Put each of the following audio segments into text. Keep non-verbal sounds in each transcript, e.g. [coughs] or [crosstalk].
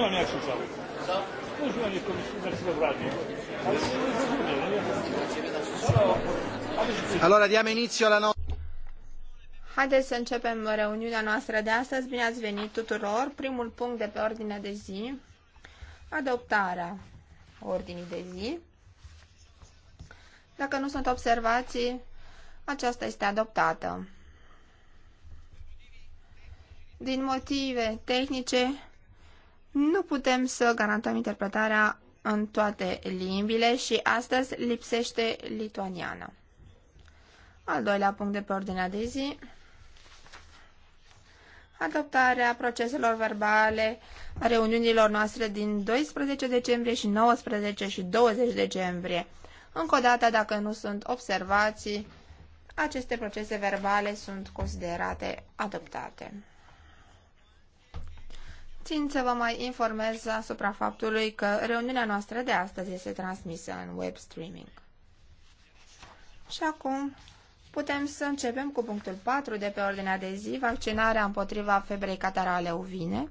byłam ja krzyczałem. Użyła mnie komisji na krzyżobranie. Ale nie Allora diamo inizio alla nostra... Haideți să începem reuniunea noastră de astăzi. Bine ați venit tuturor. Primul punct de pe ordine de zi, adoptarea ordinii de zi. Dacă nu sunt observații, aceasta este adoptată. Din motive tehnice, nu putem să garantăm interpretarea în toate limbile și astăzi lipsește lituaniană. Al doilea punct de pe ordinea de zi. Adoptarea proceselor verbale a reuniunilor noastre din 12 decembrie și 19 și 20 decembrie. Încă o dată, dacă nu sunt observații, aceste procese verbale sunt considerate adoptate. Țin să vă mai informez asupra faptului că reuniunea noastră de astăzi este transmisă în web streaming. Și acum putem să începem cu punctul 4 de pe ordinea de zi, vaccinarea împotriva febrei catarale uvine.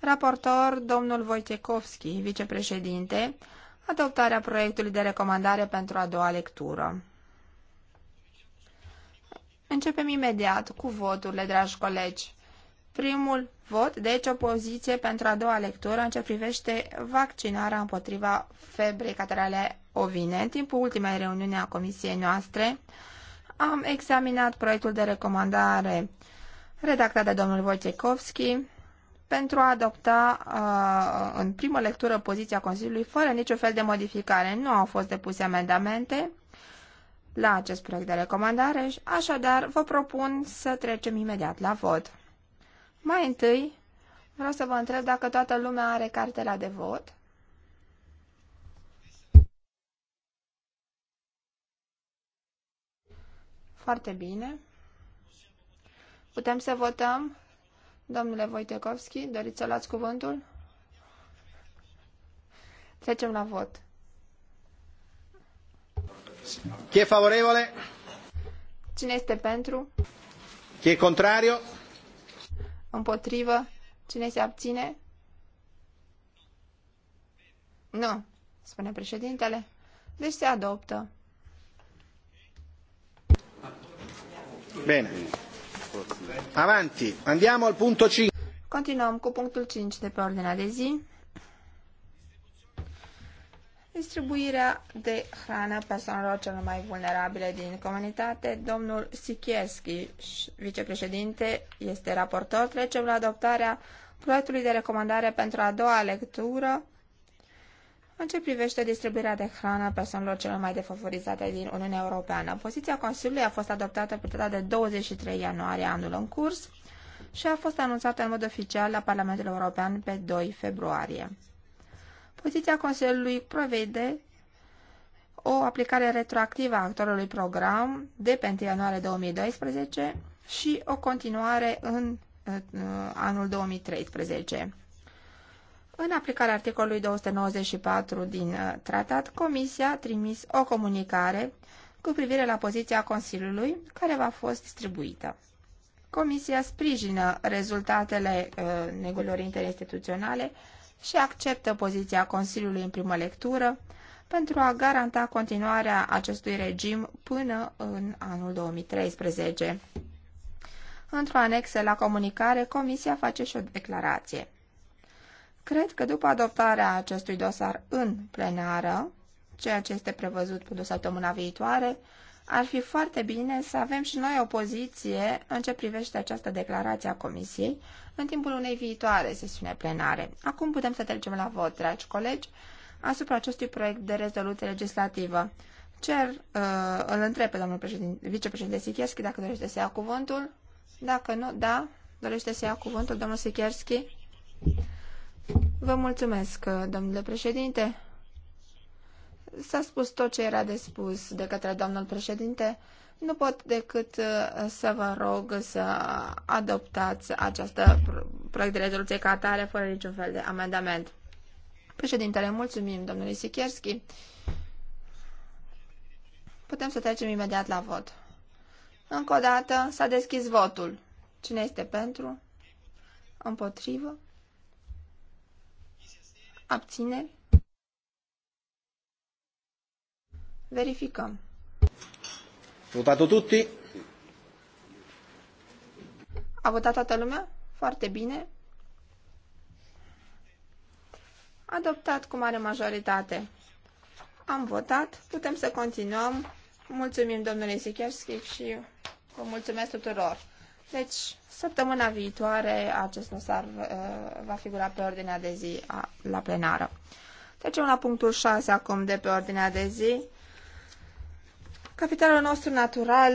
Raportor, domnul Wojciechowski, vicepreședinte, adoptarea proiectului de recomandare pentru a doua lectură. Începem imediat cu voturile, dragi colegi. Primul vot, deci o poziție pentru a doua lectură în ce privește vaccinarea împotriva febrei catarale ovine. În timpul ultimei reuniuni a comisiei noastre am examinat proiectul de recomandare redactat de domnul Wojciechowski pentru a adopta uh, în primă lectură poziția Consiliului fără niciun fel de modificare. Nu au fost depuse amendamente la acest proiect de recomandare, așadar vă propun să trecem imediat la vot. Mai întâi, vreau să vă întreb dacă toată lumea are cartela de vot. Foarte bine. Putem să votăm? Domnule Wojtekowski, doriți să luați cuvântul? Trecem la vot. Chi e favorevole? Cine este pentru? Chi e contrario? Împotrivă? Cine se abține? Nu, spune președintele. Deci se adoptă. Bine. Avanti. Andiamo al punto 5. Continuăm cu punctul 5 de pe ordinea de zi distribuirea de hrană persoanelor cel mai vulnerabile din comunitate. Domnul Sikierski, vicepreședinte, este raportor. Trecem la adoptarea proiectului de recomandare pentru a doua lectură în ce privește distribuirea de hrană persoanelor cel mai defavorizate din Uniunea Europeană. Poziția Consiliului a fost adoptată pe data de 23 ianuarie anul în curs și a fost anunțată în mod oficial la Parlamentul European pe 2 februarie. Poziția Consiliului prevede o aplicare retroactivă a actorului program de pe 1 ianuarie 2012 și o continuare în, uh, anul 2013. În aplicarea articolului 294 din uh, tratat, Comisia a trimis o comunicare cu privire la poziția Consiliului, care va fost distribuită. Comisia sprijină rezultatele uh, negulor interinstituționale și acceptă poziția Consiliului în primă lectură pentru a garanta continuarea acestui regim până în anul 2013. Într-o anexă la comunicare, Comisia face și o declarație. Cred că după adoptarea acestui dosar în plenară, ceea ce este prevăzut pentru săptămâna viitoare, ar fi foarte bine să avem și noi o poziție în ce privește această declarație a Comisiei, în timpul unei viitoare sesiune plenare. Acum putem să trecem la vot, dragi colegi, asupra acestui proiect de rezoluție legislativă. Cer, uh, îl întreb pe domnul vicepreședinte Sikierski dacă dorește să ia cuvântul. Dacă nu, da, dorește să ia cuvântul domnul Sikierski. Vă mulțumesc, uh, domnule președinte. S-a spus tot ce era de spus de către domnul președinte nu pot decât uh, să vă rog să adoptați această proiect de rezoluție ca atare, fără niciun fel de amendament. Președintele, mulțumim domnului Sikierski. Putem să trecem imediat la vot. Încă o dată s-a deschis votul. Cine este pentru? Împotrivă? Abțineri? Verificăm. Votato tutti? A votat toată lumea? Foarte bine. Adoptat cu mare majoritate. Am votat, putem să continuăm. Mulțumim domnului Sikierski și vă mulțumesc tuturor. Deci, săptămâna viitoare acest dosar uh, va figura pe ordinea de zi la plenară. Trecem la punctul 6 acum de pe ordinea de zi. Capitalul nostru natural,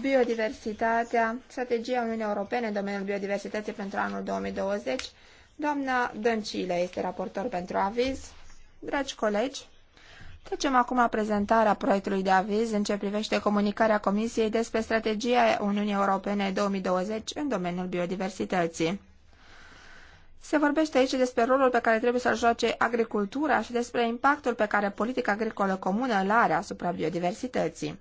biodiversitatea, strategia Uniunii Europene în domeniul biodiversității pentru anul 2020. Doamna Dăncilă este raportor pentru aviz. Dragi colegi, trecem acum la prezentarea proiectului de aviz în ce privește comunicarea Comisiei despre strategia Uniunii Europene 2020 în domeniul biodiversității. Se vorbește aici despre rolul pe care trebuie să-l joace agricultura și despre impactul pe care politica agricolă comună îl are asupra biodiversității.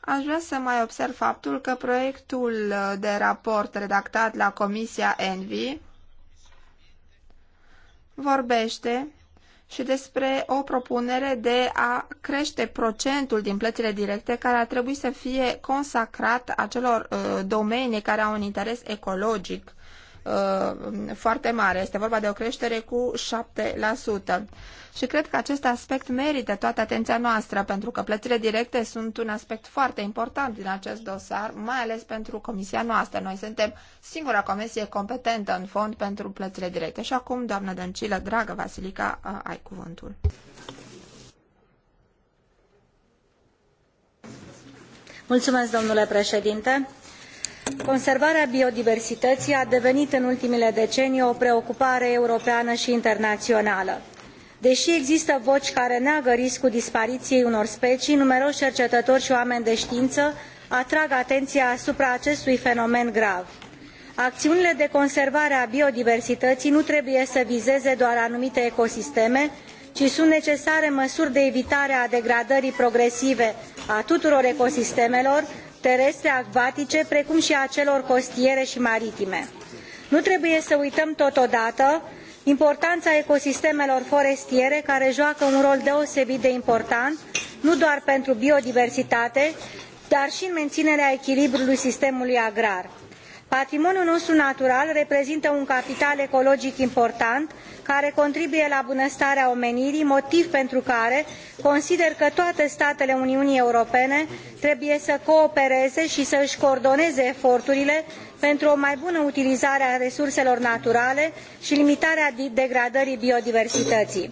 Aș vrea să mai observ faptul că proiectul de raport redactat la Comisia Envi vorbește și despre o propunere de a crește procentul din plățile directe care ar trebui să fie consacrat acelor uh, domenii care au un interes ecologic Uh, foarte mare. Este vorba de o creștere cu 7%. Și cred că acest aspect merită toată atenția noastră, pentru că plățile directe sunt un aspect foarte important din acest dosar, mai ales pentru comisia noastră. Noi suntem singura comisie competentă în fond pentru plățile directe. Și acum, doamnă Dăncilă, dragă Vasilica, uh, ai cuvântul. Mulțumesc, domnule președinte Conservarea biodiversității a devenit în ultimele decenii o preocupare europeană și internațională. Deși există voci care neagă riscul dispariției unor specii, numeroși cercetători și oameni de știință atrag atenția asupra acestui fenomen grav. Acțiunile de conservare a biodiversității nu trebuie să vizeze doar anumite ecosisteme, ci sunt necesare măsuri de evitare a degradării progresive a tuturor ecosistemelor, terestre acvatice, precum și a celor costiere și maritime. Nu trebuie să uităm totodată importanța ecosistemelor forestiere, care joacă un rol deosebit de important, nu doar pentru biodiversitate, dar și în menținerea echilibrului sistemului agrar. Patrimoniul nostru natural reprezintă un capital ecologic important care contribuie la bunăstarea omenirii, motiv pentru care consider că toate statele Uniunii Europene trebuie să coopereze și să își coordoneze eforturile pentru o mai bună utilizare a resurselor naturale și limitarea degradării biodiversității.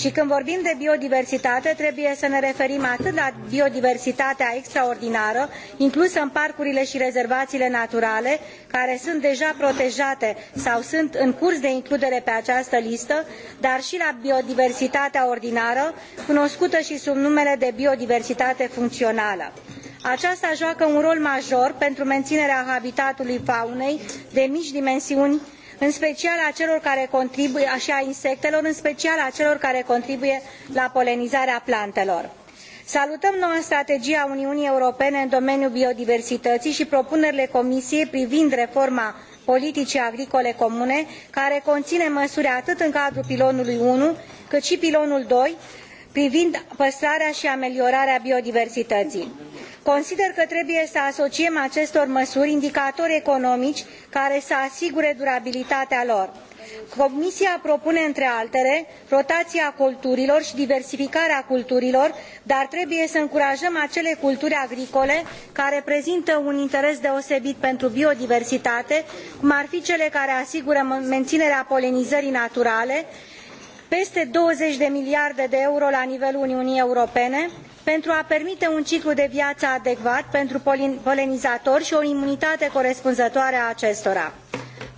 Și când vorbim de biodiversitate, trebuie să ne referim atât la biodiversitatea extraordinară, inclusă în parcurile și rezervațiile naturale, care sunt deja protejate sau sunt în curs de includere pe această listă, dar și la biodiversitatea ordinară, cunoscută și sub numele de biodiversitate funcțională. Aceasta joacă un rol major pentru menținerea habitatului faunei de mici dimensiuni, în special a celor care contribuie așa a insectelor, în special a celor care contribuie la polenizarea plantelor salutăm noua strategie a uniunii europene în domeniul biodiversităii i propunerile comisiei privind reforma politicii agricole comune care conine măsuri atât în cadrul pilonului unu cât i pilonul doi privind păstrarea i ameliorarea biodiversităii. consider că trebuie să asociem acestor măsuri indicatori economici care să asigure durabilitatea lor comisia propune între altele rotația culturilor și diversificarea culturilor dar trebuie să încurajăm acele culturi agricole care prezintă un interes deosebit pentru biodiversitate cum ar fi cele care asigură menținerea polenizării naturale peste douăzeci de miliarde de euro la nivelul uniunii europene pentru a permite un ciclu de viață adecvat pentru polenizatori și o imunitate corespunzătoare a acestora.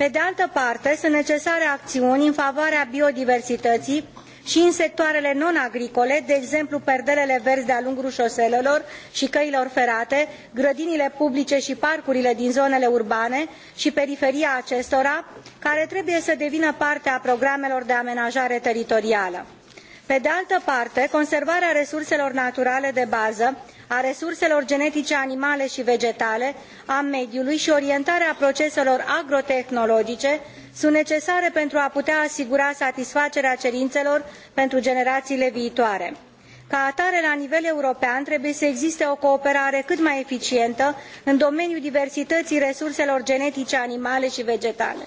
Pe de altă parte, sunt necesare acțiuni în favoarea biodiversității și în sectoarele non-agricole, de exemplu perdelele verzi de-a lungul șoselelor și căilor ferate, grădinile publice și parcurile din zonele urbane și periferia acestora, care trebuie să devină parte a programelor de amenajare teritorială. Pe de altă parte, conservarea resurselor naturale de bază, a resurselor genetice animale și vegetale, a mediului și orientarea proceselor agrotehnologice sunt necesare pentru a putea asigura satisfacerea cerințelor pentru generațiile viitoare. Ca atare, la nivel european, trebuie să existe o cooperare cât mai eficientă în domeniul diversității resurselor genetice animale și vegetale.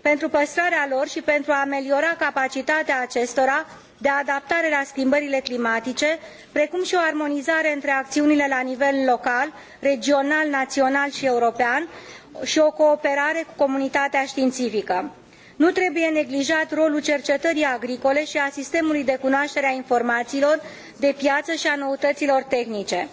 Pentru păstrarea lor și pentru a ameliora capacitatea acestora, de adaptare la schimbările climatice, precum și o armonizare între acțiunile la nivel local, regional, național și european și o cooperare cu comunitatea științifică. Nu trebuie neglijat rolul cercetării agricole și a sistemului de cunoaștere a informațiilor de piață și a noutăților tehnice.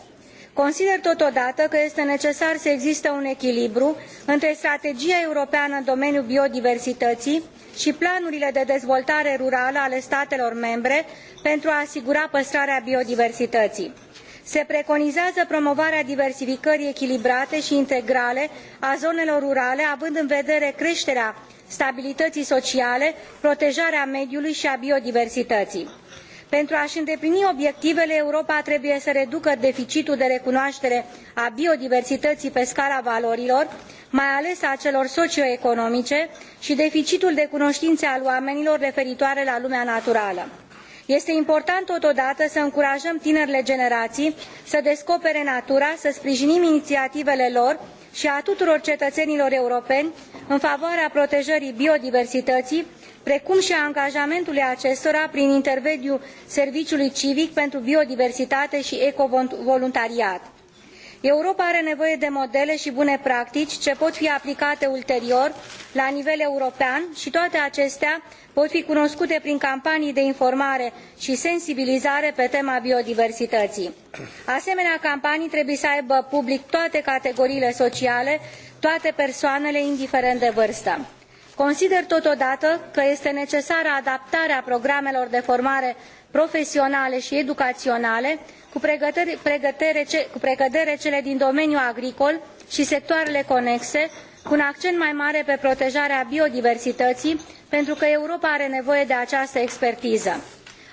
Consider totodată că este necesar să existe un echilibru între strategia europeană în domeniul biodiversității, i planurile de dezvoltare rurală ale statelor membre pentru a asigura păstrarea biodiversităii. se preconizează promovarea diversificării echilibrate i integrale a zonelor rurale având în vedere creterea stabilităii sociale protejarea mediului i a biodiversităii pentru a i îndeplini obiectivele europa trebuie să reducă deficitul de recunoatere a biodiversităii pe scara valorilor mai ales a celor socioeconomice i deficitul de cunotine al oamenilor referitoare la lumea naturală. este important totodată să încurajăm tinerele generaii să descopere natura să sprijinim iniiativele lor i ale tuturor cetăenilor europeni în favoarea protejării biodiversităii precum și a angajamentului acestora prin intermediul serviciului civic pentru biodiversitate și ecovoluntariat. Europa are nevoie de modele și bune practici ce pot fi aplicate ulterior la nivel european și toate acestea pot fi cunoscute prin campanii de informare și sensibilizare pe tema biodiversității. Asemenea, campanii trebuie să aibă public toate categoriile sociale, toate persoanele, indiferent de vârstă. Consider totodată că este necesară adaptarea programelor de formare profesionale și educaționale cu pregătere, pregătere, cu cele din domeniul agricol și sectoarele conexe, cu un accent mai mare pe protejarea biodiversității, pentru că Europa are nevoie de această expertiză.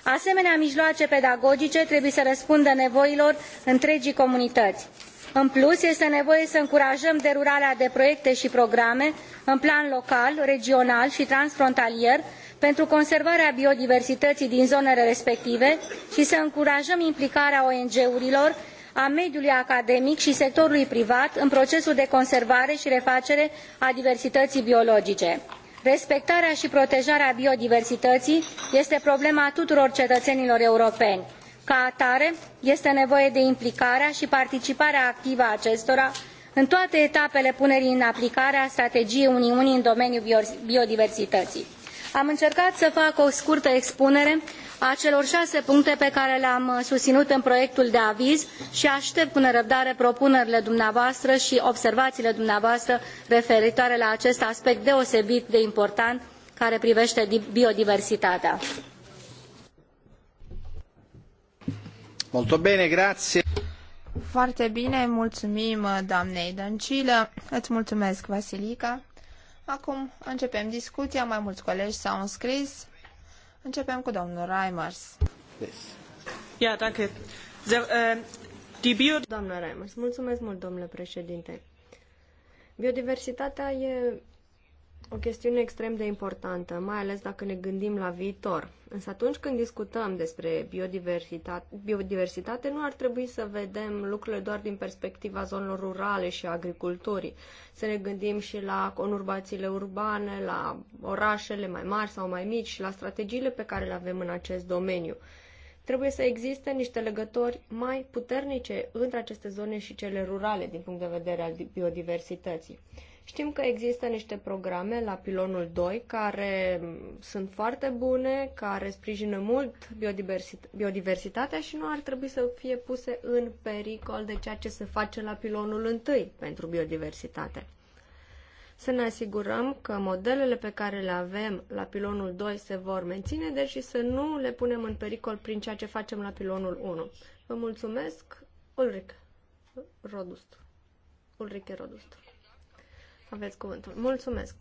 Asemenea, mijloace pedagogice trebuie să răspundă nevoilor întregii comunități. În plus, este nevoie să încurajăm derularea de proiecte și programe în plan local, regional și transfrontalier pentru conservarea biodiversității din zonele respective și să încurajăm implicarea ONG-urilor, a mediului academic și sectorului privat în procesul de conservare și refacere a diversității biologice. Respectarea și protejarea biodiversității este problema tuturor cetățenilor europeni ca atare, este nevoie de implicarea și participarea activă a acestora în toate etapele punerii în aplicare a strategiei Uniunii în domeniul biodiversității. Am încercat să fac o scurtă expunere a celor șase puncte pe care le-am uh, susținut în proiectul de aviz și aștept cu nerăbdare propunerile dumneavoastră și observațiile dumneavoastră referitoare la acest aspect deosebit de important care privește biodiversitatea. Molto bene, grazie. Foarte bine, mulțumim uh, doamnei Dăncilă. Îți mulțumesc, Vasilica. Acum începem discuția, mai mulți colegi s-au înscris. Începem cu domnul Reimers. Yes. Ja, danke. Sehr, äh, uh, die Bio... Doamna Reimers, mulțumesc mult, domnule președinte. Biodiversitatea e o chestiune extrem de importantă, mai ales dacă ne gândim la viitor. Însă atunci când discutăm despre biodiversitate, biodiversitate, nu ar trebui să vedem lucrurile doar din perspectiva zonelor rurale și agriculturii. Să ne gândim și la conurbațiile urbane, la orașele mai mari sau mai mici și la strategiile pe care le avem în acest domeniu. Trebuie să existe niște legători mai puternice între aceste zone și cele rurale din punct de vedere al biodiversității. Știm că există niște programe la pilonul 2 care sunt foarte bune, care sprijină mult biodiversitatea și nu ar trebui să fie puse în pericol de ceea ce se face la pilonul 1 pentru biodiversitate. Să ne asigurăm că modelele pe care le avem la pilonul 2 se vor menține, deși să nu le punem în pericol prin ceea ce facem la pilonul 1. Vă mulțumesc, Ulrich Rodust. Ulrike Rodust. Aveți cuvântul. Mulțumesc.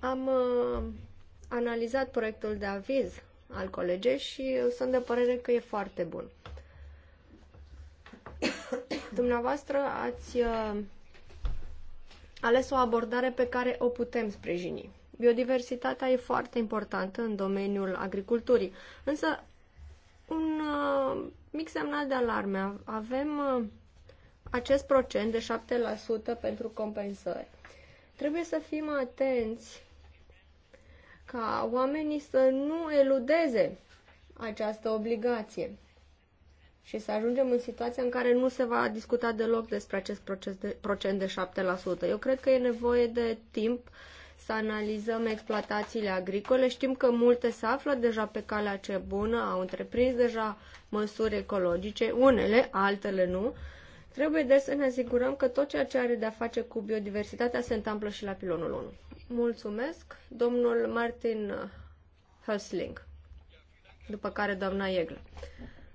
Am uh, analizat proiectul de aviz al colegei și sunt de părere că e foarte bun. [coughs] Dumneavoastră ați uh, ales o abordare pe care o putem sprijini. Biodiversitatea e foarte importantă în domeniul agriculturii, însă un uh, mic semnal de alarme. Avem uh, acest procent de 7% pentru compensări. Trebuie să fim atenți ca oamenii să nu eludeze această obligație și să ajungem în situația în care nu se va discuta deloc despre acest proces de, procent de 7%. Eu cred că e nevoie de timp să analizăm exploatațiile agricole. Știm că multe se află deja pe calea ce bună, au întreprins deja măsuri ecologice, unele, altele nu, Trebuie de să ne asigurăm că tot ceea ce are de-a face cu biodiversitatea se întâmplă și la pilonul 1. Mulțumesc, domnul Martin Hösling, după care doamna Iegla.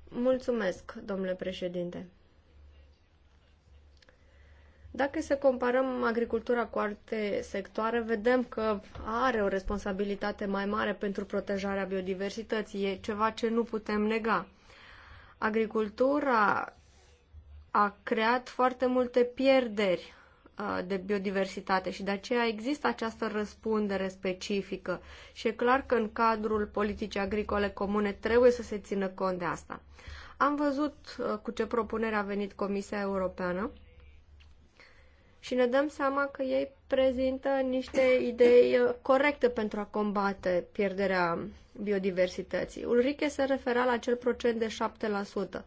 Mulțumesc, domnule președinte. Dacă să comparăm agricultura cu alte sectoare, vedem că are o responsabilitate mai mare pentru protejarea biodiversității. E ceva ce nu putem nega. Agricultura a creat foarte multe pierderi uh, de biodiversitate și de aceea există această răspundere specifică și e clar că în cadrul politicii agricole comune trebuie să se țină cont de asta. Am văzut uh, cu ce propunere a venit Comisia Europeană și ne dăm seama că ei prezintă niște idei uh, corecte pentru a combate pierderea biodiversității. Ulrike se refera la acel procent de 7%.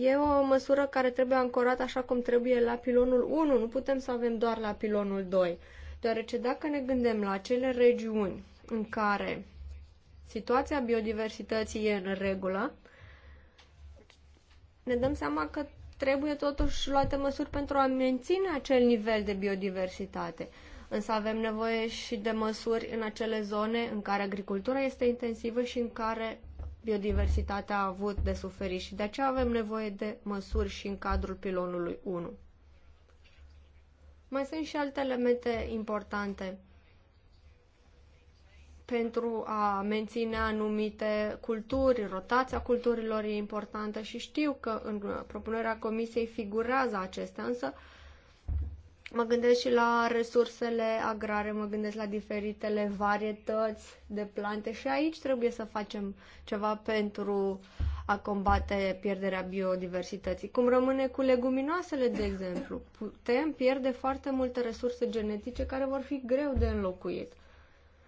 E o măsură care trebuie ancorată așa cum trebuie la pilonul 1, nu putem să avem doar la pilonul 2, deoarece dacă ne gândim la acele regiuni în care situația biodiversității e în regulă, ne dăm seama că trebuie totuși luate măsuri pentru a menține acel nivel de biodiversitate. Însă avem nevoie și de măsuri în acele zone în care agricultura este intensivă și în care biodiversitatea a avut de suferit și de aceea avem nevoie de măsuri și în cadrul pilonului 1. Mai sunt și alte elemente importante pentru a menține anumite culturi, rotația culturilor e importantă și știu că în propunerea comisiei figurează acestea, însă uh, Mă gândesc și la resursele agrare, mă gândesc la diferitele varietăți de plante și aici trebuie să facem ceva pentru a combate pierderea biodiversității. Cum rămâne cu leguminoasele, de exemplu, putem pierde foarte multe resurse genetice care vor fi greu de înlocuit.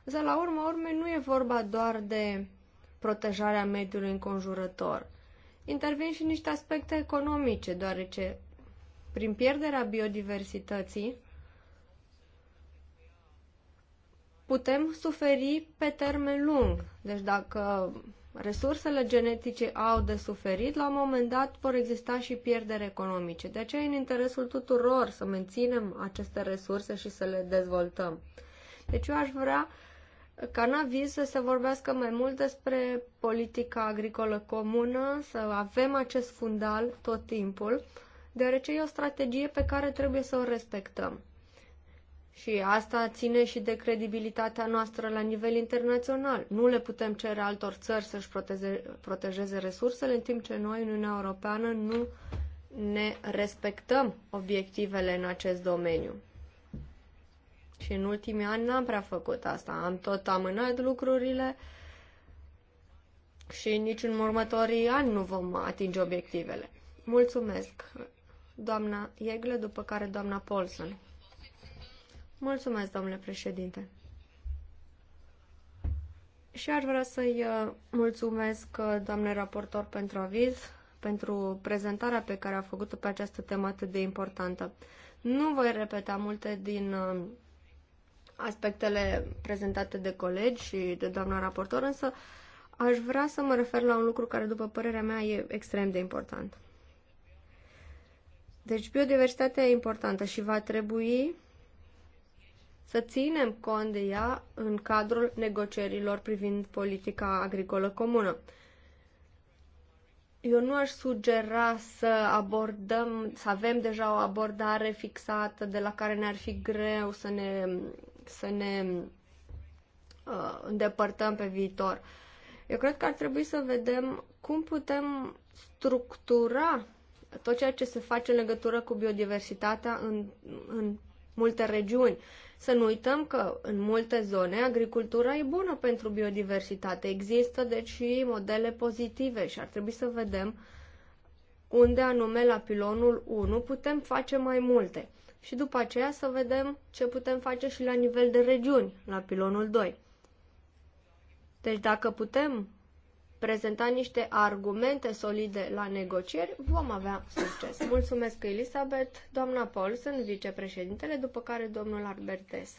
Însă, la urma urmei, nu e vorba doar de protejarea mediului înconjurător. Intervin și niște aspecte economice, deoarece prin pierderea biodiversității, putem suferi pe termen lung. Deci dacă resursele genetice au de suferit, la un moment dat vor exista și pierderi economice. De aceea e în interesul tuturor să menținem aceste resurse și să le dezvoltăm. Deci eu aș vrea ca în aviz să se vorbească mai mult despre politica agricolă comună, să avem acest fundal tot timpul, deoarece e o strategie pe care trebuie să o respectăm. Și asta ține și de credibilitatea noastră la nivel internațional. Nu le putem cere altor țări să-și proteze, protejeze resursele, în timp ce noi, în Uniunea Europeană, nu ne respectăm obiectivele în acest domeniu. Și în ultimii ani n-am prea făcut asta. Am tot amânat lucrurile și nici în următorii ani nu vom atinge obiectivele. Mulțumesc! doamna Iegle, după care doamna Paulson. Mulțumesc, domnule președinte. Și aș vrea să-i uh, mulțumesc, uh, doamne raportor, pentru aviz, pentru prezentarea pe care a făcut-o pe această temă atât de importantă. Nu voi repeta multe din uh, aspectele prezentate de colegi și de doamna raportor, însă aș vrea să mă refer la un lucru care, după părerea mea, e extrem de important. Deci biodiversitatea e importantă și va trebui să ținem cont de ea în cadrul negocierilor privind politica agricolă comună. Eu nu aș sugera să abordăm, să avem deja o abordare fixată de la care ne-ar fi greu să ne, să ne uh, îndepărtăm pe viitor. Eu cred că ar trebui să vedem cum putem structura tot ceea ce se face în legătură cu biodiversitatea în, în multe regiuni. Să nu uităm că în multe zone agricultura e bună pentru biodiversitate. Există deci și modele pozitive și ar trebui să vedem unde anume la pilonul 1 putem face mai multe. Și după aceea să vedem ce putem face și la nivel de regiuni, la pilonul 2. Deci dacă putem prezenta niște argumente solide la negocieri, vom avea succes. Mulțumesc, Elisabeth, doamna Paulsen, vicepreședintele, după care domnul Albertes.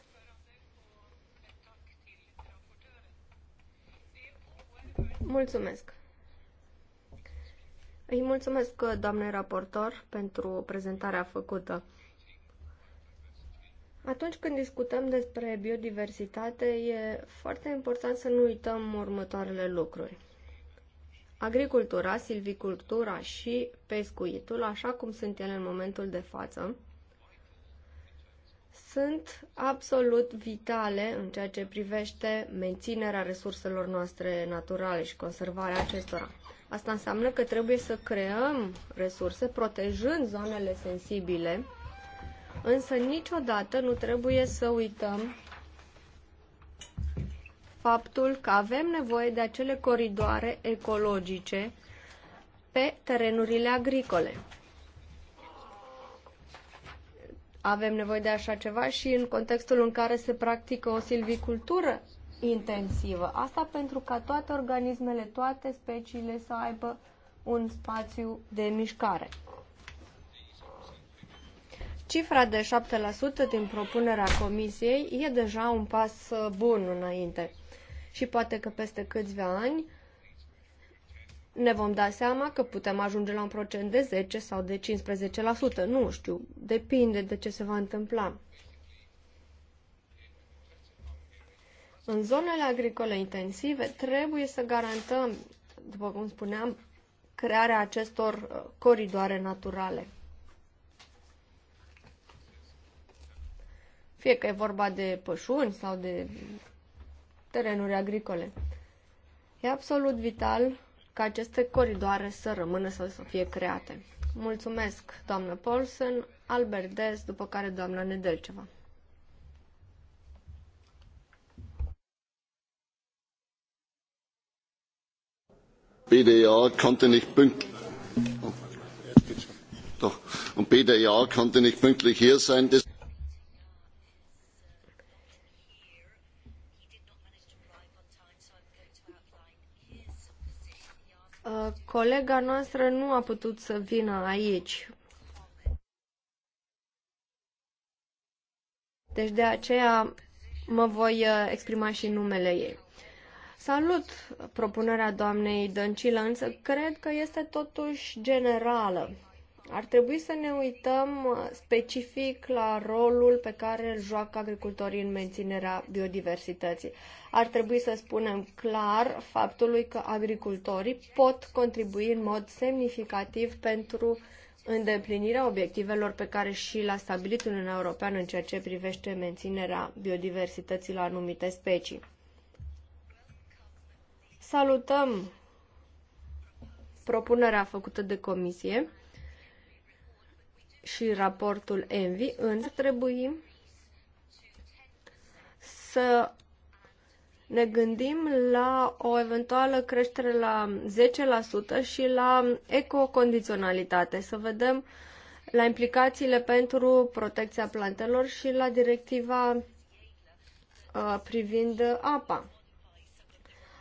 Mulțumesc. Îi mulțumesc, doamne raportor, pentru prezentarea făcută. Atunci când discutăm despre biodiversitate, e foarte important să nu uităm următoarele lucruri agricultura, silvicultura și pescuitul, așa cum sunt ele în momentul de față, sunt absolut vitale în ceea ce privește menținerea resurselor noastre naturale și conservarea acestora. Asta înseamnă că trebuie să creăm resurse protejând zonele sensibile, însă niciodată nu trebuie să uităm faptul că avem nevoie de acele coridoare ecologice pe terenurile agricole. Avem nevoie de așa ceva și în contextul în care se practică o silvicultură intensivă. Asta pentru ca toate organismele, toate speciile să aibă un spațiu de mișcare. Cifra de 7% din propunerea comisiei e deja un pas bun înainte și poate că peste câțiva ani ne vom da seama că putem ajunge la un procent de 10 sau de 15%, nu știu, depinde de ce se va întâmpla. În zonele agricole intensive trebuie să garantăm, după cum spuneam, crearea acestor uh, coridoare naturale. Fie că e vorba de pășuni sau de terenuri agricole. E absolut vital ca aceste coridoare să rămână sau să fie create. Mulțumesc, doamnă Paulsen, Albert Des, după care doamna Nedelceva. BDA konnte nicht pünktlich oh. und BDA konnte nicht pünktlich hier sein. Uh, colega noastră nu a putut să vină aici. Deci de aceea mă voi uh, exprima și numele ei. Salut propunerea doamnei Dăncilă, însă cred că este totuși generală ar trebui să ne uităm uh, specific la rolul pe care îl joacă agricultorii în menținerea biodiversității. Ar trebui să spunem clar faptului că agricultorii pot contribui în mod semnificativ pentru îndeplinirea obiectivelor pe care și l-a stabilit Uniunea Europeană în ceea ce privește menținerea biodiversității la anumite specii. Salutăm propunerea făcută de comisie și raportul Envi, însă trebuie să ne gândim la o eventuală creștere la 10% și la ecocondiționalitate, să vedem la implicațiile pentru protecția plantelor și la directiva uh, privind apa.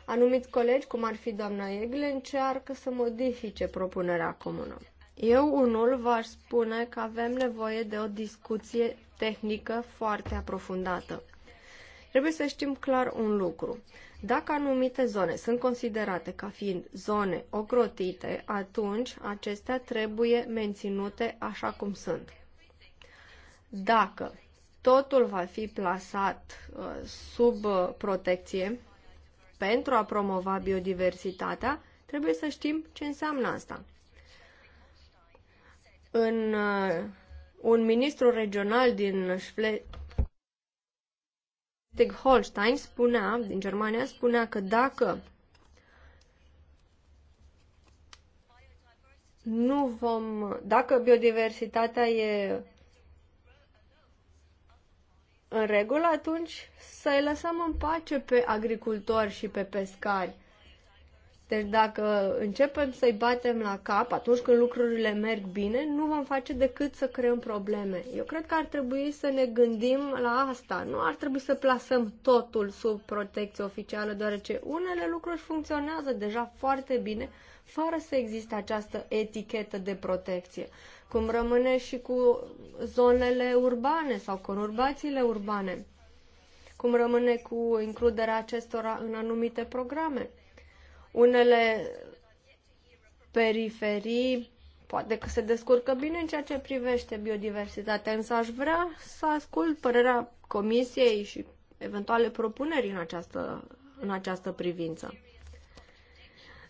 Anumiți colegi, cum ar fi doamna Egle, încearcă să modifice propunerea comună. Eu unul v-aș spune că avem nevoie de o discuție tehnică foarte aprofundată. Trebuie să știm clar un lucru. Dacă anumite zone sunt considerate ca fiind zone ocrotite, atunci acestea trebuie menținute așa cum sunt. Dacă totul va fi plasat uh, sub uh, protecție pentru a promova biodiversitatea, trebuie să știm ce înseamnă asta în uh, un ministru regional din Schleswig-Holstein spunea, din Germania, spunea că dacă nu vom, dacă biodiversitatea e în regulă, atunci să-i lăsăm în pace pe agricultori și pe pescari. Deci dacă începem să-i batem la cap atunci când lucrurile merg bine, nu vom face decât să creăm probleme. Eu cred că ar trebui să ne gândim la asta. Nu ar trebui să plasăm totul sub protecție oficială, deoarece unele lucruri funcționează deja foarte bine fără să existe această etichetă de protecție. Cum rămâne și cu zonele urbane sau conurbațiile urbane. Cum rămâne cu includerea acestora în anumite programe. Unele periferii poate că se descurcă bine în ceea ce privește biodiversitatea, însă aș vrea să ascult părerea comisiei și eventuale propuneri în această, în această privință.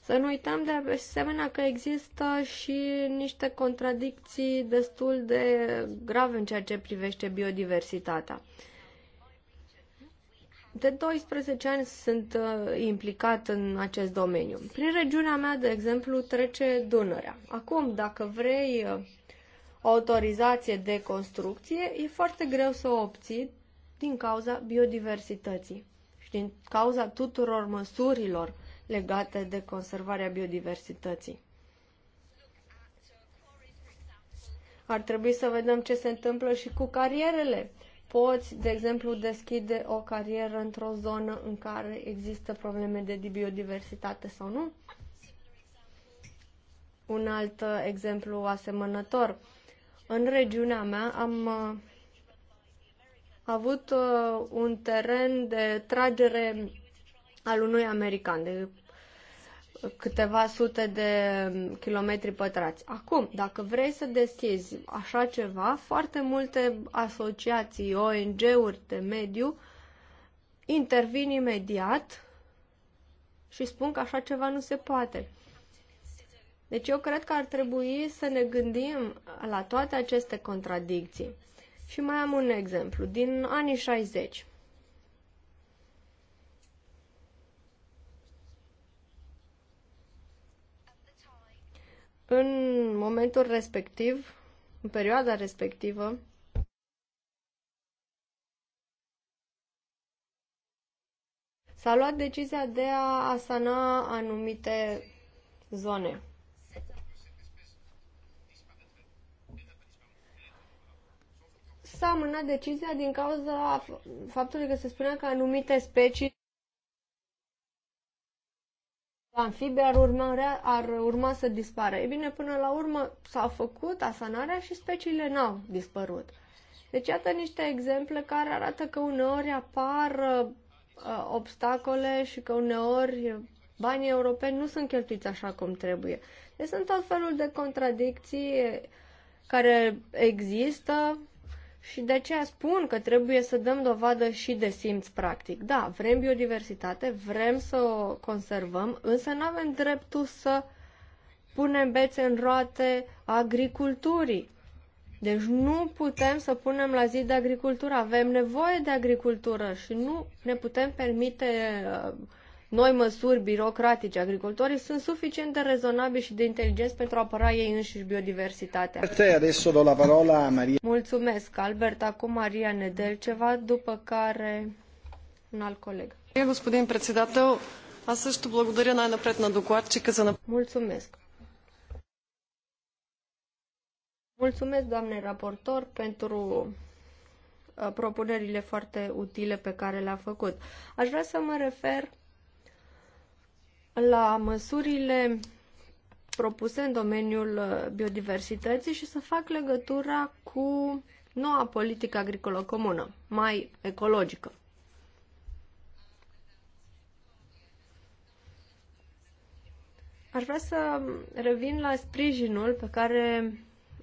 Să nu uităm de asemenea că există și niște contradicții destul de grave în ceea ce privește biodiversitatea. De 12 ani sunt uh, implicat în acest domeniu. Prin regiunea mea, de exemplu, trece Dunărea. Acum, dacă vrei uh, autorizație de construcție, e foarte greu să o obții din cauza biodiversității și din cauza tuturor măsurilor legate de conservarea biodiversității. Ar trebui să vedem ce se întâmplă și cu carierele poți, de exemplu, deschide o carieră într-o zonă în care există probleme de biodiversitate sau nu? Un alt uh, exemplu asemănător. În regiunea mea am uh, avut uh, un teren de tragere al unui american, de câteva sute de kilometri pătrați. Acum, dacă vrei să deschizi așa ceva, foarte multe asociații, ONG-uri de mediu intervin imediat și spun că așa ceva nu se poate. Deci eu cred că ar trebui să ne gândim la toate aceste contradicții. Și mai am un exemplu, din anii 60. În momentul respectiv, în perioada respectivă, s-a luat decizia de a asana anumite zone. S-a amânat decizia din cauza faptului că se spunea că anumite specii Amfibia ar urma, ar urma să dispară. E bine, până la urmă s-a făcut asanarea și speciile n-au dispărut. Deci iată niște exemple care arată că uneori apar uh, obstacole și că uneori banii europeni nu sunt cheltuiți așa cum trebuie. Deci sunt tot felul de contradicții care există și de aceea spun că trebuie să dăm dovadă și de simț practic. Da, vrem biodiversitate, vrem să o conservăm, însă nu avem dreptul să punem bețe în roate agriculturii. Deci nu putem să punem la zi de agricultură. Avem nevoie de agricultură și nu ne putem permite uh, noi măsuri birocratice. Agricultorii sunt suficient de rezonabili și de inteligenți pentru a apăra ei înșiși biodiversitatea. Adesso do la parola a Maria. Mulțumesc, Albert. Acum Maria Nedel ceva, după care un alt coleg. Господин председател, аз също благодаря най-напред на докладчика за... Mulțumesc. Mulțumesc, doamne raportor, pentru uh, propunerile foarte utile pe care le-a făcut. Aș vrea să mă refer la măsurile propuse în domeniul uh, biodiversității și să fac legătura cu noua politică agricolă comună, mai ecologică. Aș vrea să revin la sprijinul pe care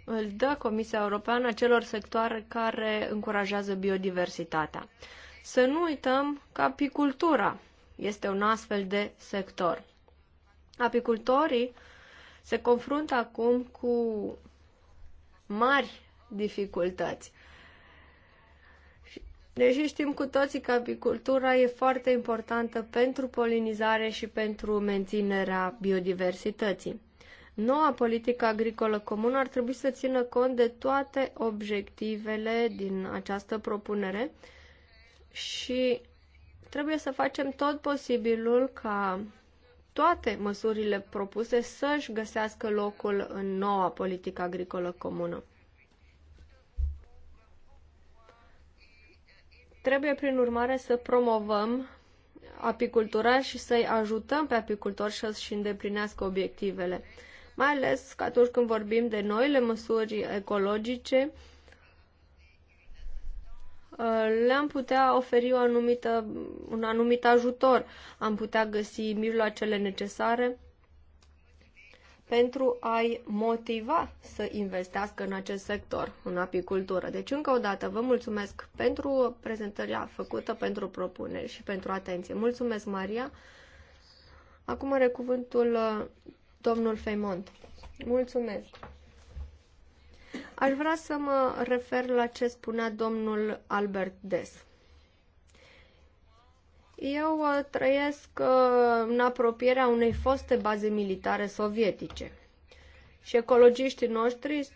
îl dă Comisia Europeană celor sectoare care încurajează biodiversitatea. Să nu uităm că apicultura este un astfel de sector. Apicultorii se confruntă acum cu mari dificultăți. Deși știm cu toții că apicultura e foarte importantă pentru polinizare și pentru menținerea biodiversității. Noua politică agricolă comună ar trebui să țină cont de toate obiectivele din această propunere și Trebuie să facem tot posibilul ca toate măsurile propuse să-și găsească locul în noua politică agricolă comună. Trebuie, prin urmare, să promovăm apicultura și să-i ajutăm pe apicultori să-și îndeplinească obiectivele, mai ales că atunci când vorbim de noile măsuri ecologice, Uh, le-am putea oferi o anumită, un anumit ajutor, am putea găsi mijloacele necesare pentru a-i motiva să investească în acest sector, în apicultură. Deci, încă o dată, vă mulțumesc pentru prezentarea făcută, pentru propuneri și pentru atenție. Mulțumesc, Maria. Acum are cuvântul uh, domnul Feimont. Mulțumesc. Aș vrea să mă refer la ce spunea domnul Albert Des. Eu uh, trăiesc uh, în apropierea unei foste baze militare sovietice. Și ecologiștii noștri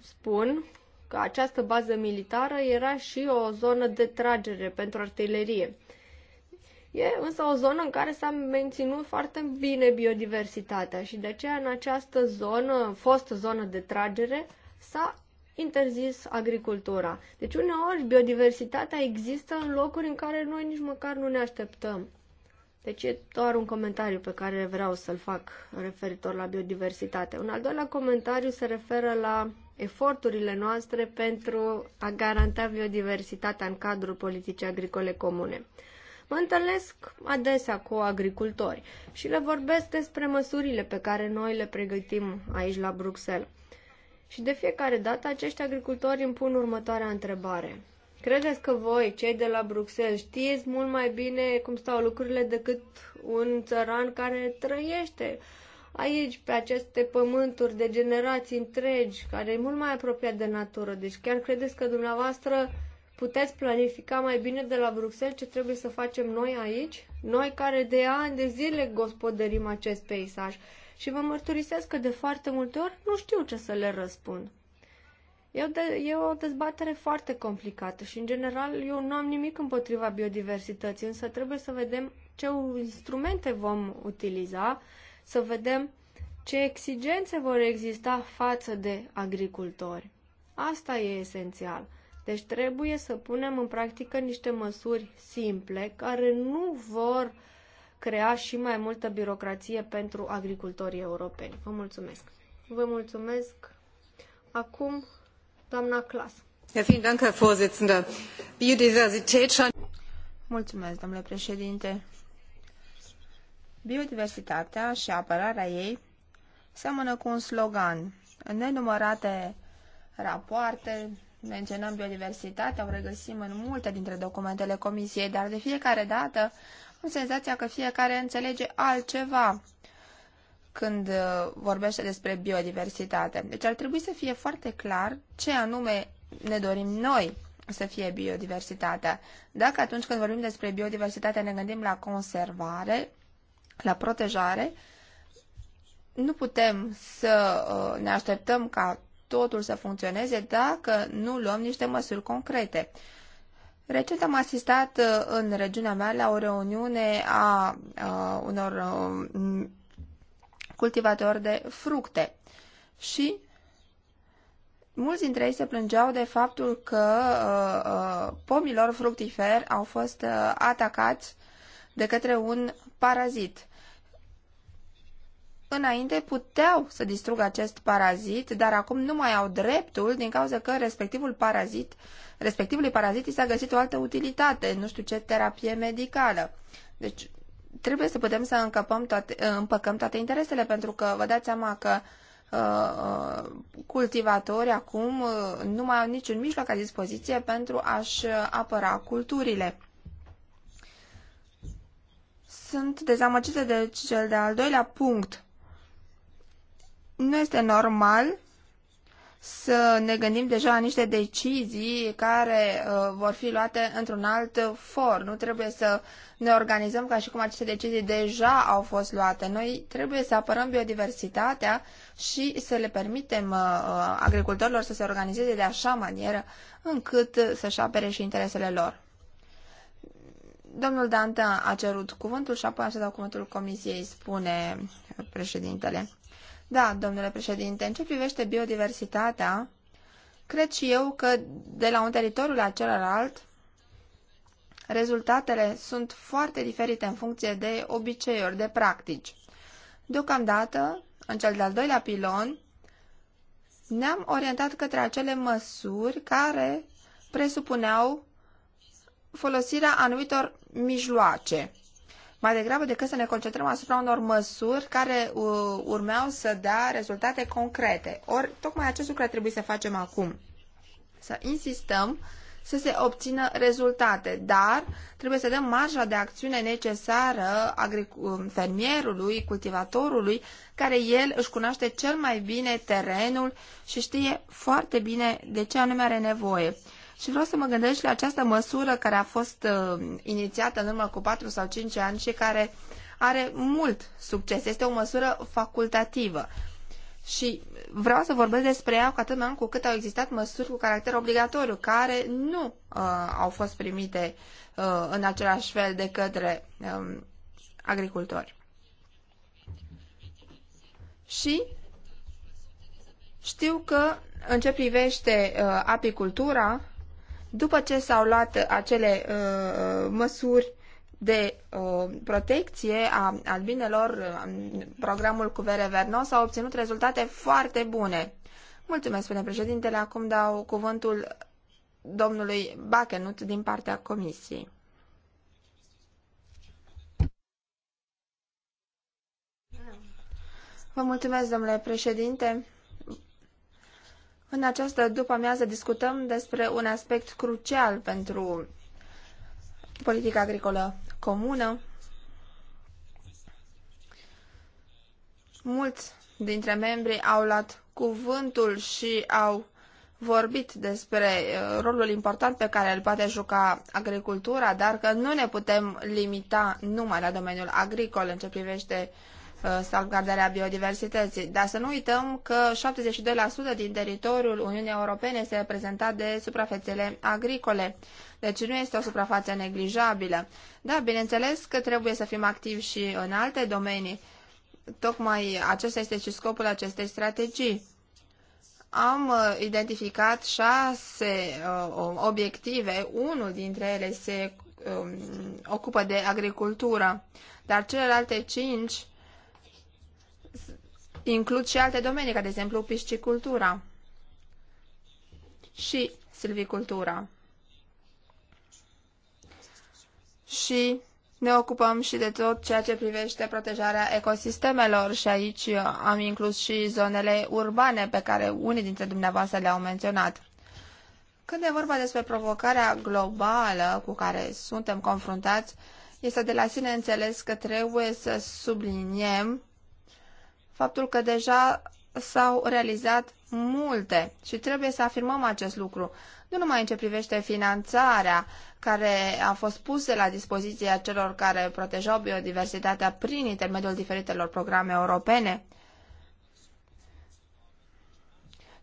spun că această bază militară era și o zonă de tragere pentru artilerie. E însă o zonă în care s-a menținut foarte bine biodiversitatea și de aceea în această zonă, fostă zonă de tragere, s-a interzis agricultura. Deci uneori biodiversitatea există în locuri în care noi nici măcar nu ne așteptăm. Deci e doar un comentariu pe care vreau să-l fac referitor la biodiversitate. Un al doilea comentariu se referă la eforturile noastre pentru a garanta biodiversitatea în cadrul politicii agricole comune. Mă întâlnesc adesea cu agricultori și le vorbesc despre măsurile pe care noi le pregătim aici la Bruxelles. Și de fiecare dată acești agricultori îmi pun următoarea întrebare. Credeți că voi, cei de la Bruxelles, știți mult mai bine cum stau lucrurile decât un țăran care trăiește aici, pe aceste pământuri de generații întregi, care e mult mai apropiat de natură. Deci chiar credeți că dumneavoastră puteți planifica mai bine de la Bruxelles ce trebuie să facem noi aici? Noi care de ani de zile gospodărim acest peisaj și vă mărturisesc că de foarte multe ori nu știu ce să le răspund. E o, de- e o dezbatere foarte complicată și, în general, eu nu am nimic împotriva biodiversității, însă trebuie să vedem ce instrumente vom utiliza, să vedem ce exigențe vor exista față de agricultori. Asta e esențial. Deci trebuie să punem în practică niște măsuri simple care nu vor uh, crea și mai multă birocrație pentru agricultorii europeni. Vă mulțumesc! Vă mulțumesc! Acum, doamna Clas. Mulțumesc, domnule președinte. Biodiversitatea și apărarea ei seamănă cu un slogan. În nenumărate rapoarte menționăm biodiversitatea, o regăsim în multe dintre documentele comisiei, dar de fiecare dată am senzația că fiecare înțelege altceva când uh, vorbește despre biodiversitate. Deci ar trebui să fie foarte clar ce anume ne dorim noi să fie biodiversitatea. Dacă atunci când vorbim despre biodiversitate ne gândim la conservare, la protejare, nu putem să uh, ne așteptăm ca totul să funcționeze dacă nu luăm niște măsuri concrete. Recent am asistat uh, în regiunea mea la o reuniune a, a uh, unor a, um, cultivatori de fructe și mulți dintre ei se plângeau de faptul că a, uh, pomilor fructiferi au fost atacați de către un parazit înainte puteau să distrugă acest parazit, dar acum nu mai au dreptul din cauza că respectivul parazit, respectivului parazit i s-a găsit o altă utilitate, nu știu ce terapie medicală. Deci trebuie să putem să încăpăm toate, împăcăm toate interesele, pentru că vă dați seama că uh, uh, cultivatori cultivatorii acum uh, nu mai au niciun mijloc la dispoziție pentru a-și apăra culturile sunt dezamăgită de cel de-al doilea punct nu este normal să ne gândim deja la niște decizii care uh, vor fi luate într-un alt for. Nu trebuie să ne organizăm ca și cum aceste decizii deja au fost luate. Noi trebuie să apărăm biodiversitatea și să le permitem uh, uh agricultorilor să se organizeze de așa manieră încât să-și apere și interesele lor. Domnul Danta a cerut cuvântul și apoi am să dau cuvântul comisiei, spune președintele. Da, domnule președinte, în ce privește biodiversitatea, cred și eu că de la un teritoriu la celălalt, rezultatele sunt foarte diferite în funcție de obiceiuri, de practici. Deocamdată, în cel de-al doilea pilon, ne-am orientat către acele măsuri care presupuneau folosirea anumitor mijloace mai degrabă decât să ne concentrăm asupra unor măsuri care uh, urmeau să dea rezultate concrete. Ori, tocmai acest lucru ar trebui să facem acum. Să insistăm să se obțină rezultate, dar trebuie să dăm marja de acțiune necesară um, fermierului, cultivatorului, care el își cunoaște cel mai bine terenul și știe foarte bine de ce anume are nevoie. Și vreau să mă gândesc la această măsură care a fost uh, inițiată în urmă cu 4 sau 5 ani și care are mult succes. Este o măsură facultativă. Și vreau să vorbesc despre ea cu atât mai mult cu cât au existat măsuri cu caracter obligatoriu, care nu uh, au fost primite uh, în același fel de către um, uh, agricultori. Și știu că în ce privește uh, apicultura, după ce s-au luat acele uh, uh, măsuri de uh, protecție a albinelor, uh, programul cu vere s a obținut rezultate foarte bune. Mulțumesc, spune președintele. Acum dau cuvântul domnului Bachenut din partea comisiei. Vă mulțumesc, domnule președinte. În această după-amiază discutăm despre un aspect crucial pentru politica agricolă comună. Mulți dintre membrii au luat cuvântul și au vorbit despre uh, rolul important pe care îl poate juca agricultura, dar că nu ne putem limita numai la domeniul agricol în ce privește uh, Uh, salvgardarea biodiversității. Dar să nu uităm că 72% din teritoriul Uniunii Europene este reprezentat de suprafețele agricole. Deci nu este o suprafață neglijabilă. Da, bineînțeles că trebuie să fim activi și în alte domenii. Tocmai acesta este și scopul acestei strategii. Am uh, identificat șase uh, obiective, unul dintre ele se um, ocupă de agricultură, dar celelalte cinci includ și alte domenii, ca de exemplu piscicultura și silvicultura. Și ne ocupăm și de tot ceea ce privește protejarea ecosistemelor și aici am inclus și zonele urbane pe care unii dintre dumneavoastră le-au menționat. Când e vorba despre provocarea globală cu care suntem confruntați, este de la sine înțeles că trebuie să subliniem faptul că deja s-au realizat multe și trebuie să afirmăm acest lucru, nu numai în ce privește finanțarea care a fost pusă la dispoziția celor care protejau biodiversitatea prin intermediul diferitelor programe europene,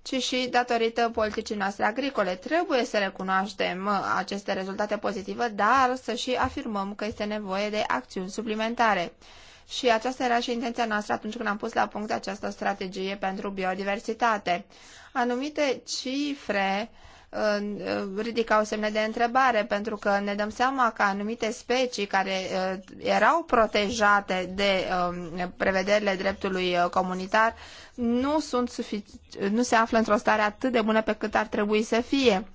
ci și datorită politicii noastre agricole. Trebuie să recunoaștem aceste rezultate pozitive, dar să și afirmăm că este nevoie de acțiuni suplimentare. Și aceasta era și intenția noastră atunci când am pus la punct această strategie pentru biodiversitate. Anumite cifre ridicau semne de întrebare, pentru că ne dăm seama că anumite specii care ă, erau protejate de ă, prevederile dreptului ă, comunitar nu, sunt sufic- nu se află într-o stare atât de bună pe cât ar trebui să fie.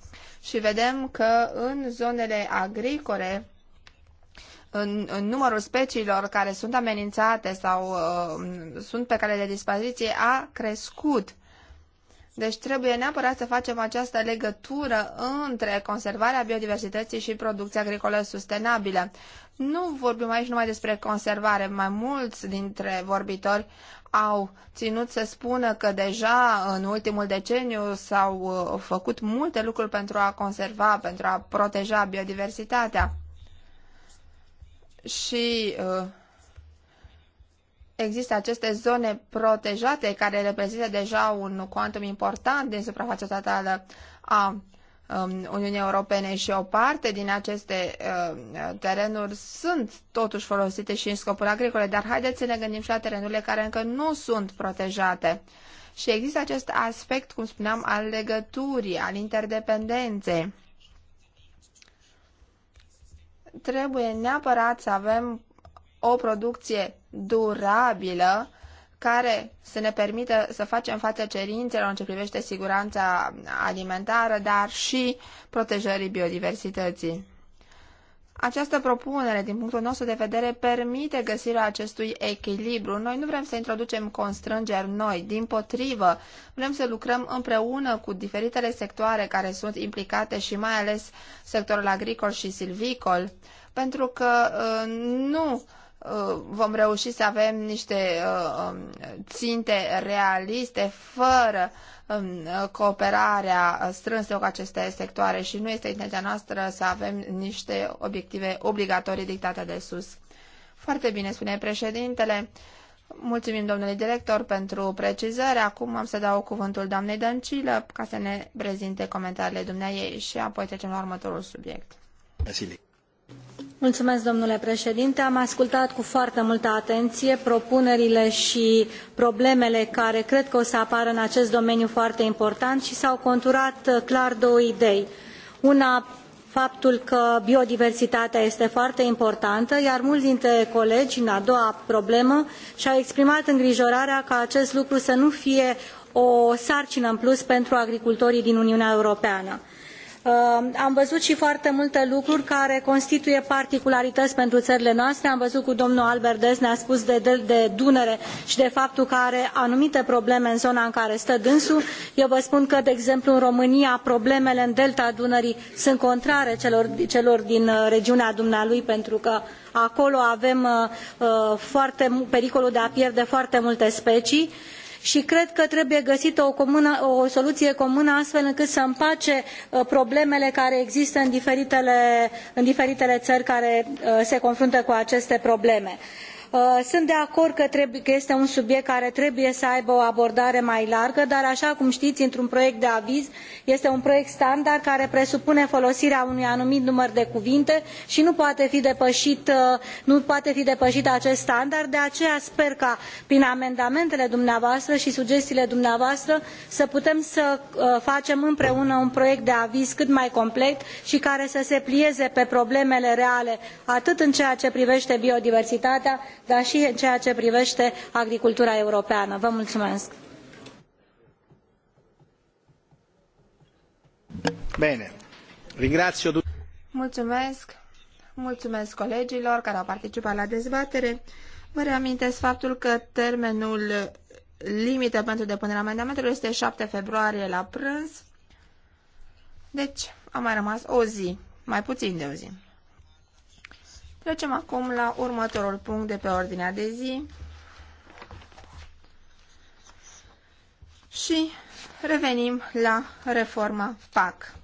Și vedem că în zonele agricole în, în numărul speciilor care sunt amenințate sau uh, sunt pe cale de dispariție a crescut. Deci trebuie neapărat să facem această legătură între conservarea biodiversității și producția agricolă sustenabilă. Nu vorbim aici numai despre conservare. Mai mulți dintre vorbitori au ținut să spună că deja în ultimul deceniu s-au uh, făcut multe lucruri pentru a conserva, pentru a proteja biodiversitatea și uh, există aceste zone protejate care reprezintă deja un cuantum important din suprafața totală a um, Uniunii Europene și o parte din aceste uh, terenuri sunt totuși folosite și în scopuri agricole, dar haideți să ne gândim și la terenurile care încă nu sunt protejate. Și există acest aspect, cum spuneam, al legăturii, al interdependenței trebuie neapărat să avem o producție durabilă care să ne permită să facem față cerințelor în ce privește siguranța alimentară, dar și protejării biodiversității. Această propunere, din punctul nostru de vedere, permite găsirea acestui echilibru. Noi nu vrem să introducem constrângeri noi, din potrivă, vrem să lucrăm împreună cu diferitele sectoare care sunt implicate și mai ales sectorul agricol și silvicol, pentru că uh, nu uh, vom reuși să avem niște uh, um, ținte realiste fără Um, cooperarea strânsă cu aceste sectoare și nu este intenția noastră să avem niște obiective obligatorii dictate de sus. Foarte bine, spune președintele. Mulțumim domnului director pentru precizări. Acum am să dau cuvântul doamnei Dăncilă ca să ne prezinte comentariile dumneai și apoi trecem la următorul subiect. Vasile. Mulțumesc, domnule președinte. Am ascultat cu foarte multă atenție propunerile și problemele care cred că o să apară în acest domeniu foarte important și s-au conturat uh, clar două idei. Una, faptul că biodiversitatea este foarte importantă, iar mulți dintre colegi, în a doua problemă, și-au exprimat îngrijorarea ca acest lucru să nu fie o sarcină în plus pentru agricultorii din Uniunea Europeană Uh, am văzut și foarte multe lucruri care constituie particularități pentru țările noastre. Am văzut cu domnul Alberdes, ne-a spus de, de Dunăre și de faptul că are anumite probleme în zona în care stă dânsul. Eu vă spun că, de exemplu, în România, problemele în delta Dunării sunt contrare celor, celor din uh, regiunea dumnealui, pentru că acolo avem uh, uh foarte, pericolul de a pierde foarte multe specii. Uh, și cred că trebuie găsită o, comună, o soluție comună astfel încât să împace uh, problemele care există în diferitele, în diferitele țări care uh, se confruntă cu aceste probleme. Uh, sunt de acord că, trebuie, că este un subiect care trebuie să aibă o abordare mai largă dar aa cum tii într un proiect de aviz este un proiect standard care presupune folosirea unui anumit număr de cuvinte i nu poate fi depăit uh, nu poate fi depăit acest standard de aceea sper ca prin amendamentele dumneavoastră i sugestiile dumneavoastră să putem să uh, facem împreună un proiect de aviz cât mai complet i care să se plieze pe problemele reale atât în ceea ce privete biodiversitatea dar și în ceea ce privește agricultura europeană. Vă mulțumesc! Bine, Mulțumesc, mulțumesc colegilor care au participat la dezbatere. Vă reamintesc faptul că termenul limită pentru depunerea amendamentelor este 7 februarie la prânz. Deci, a mai rămas o zi, mai puțin de o zi. Trecem acum la următorul punct de pe ordinea de zi și revenim la reforma PAC,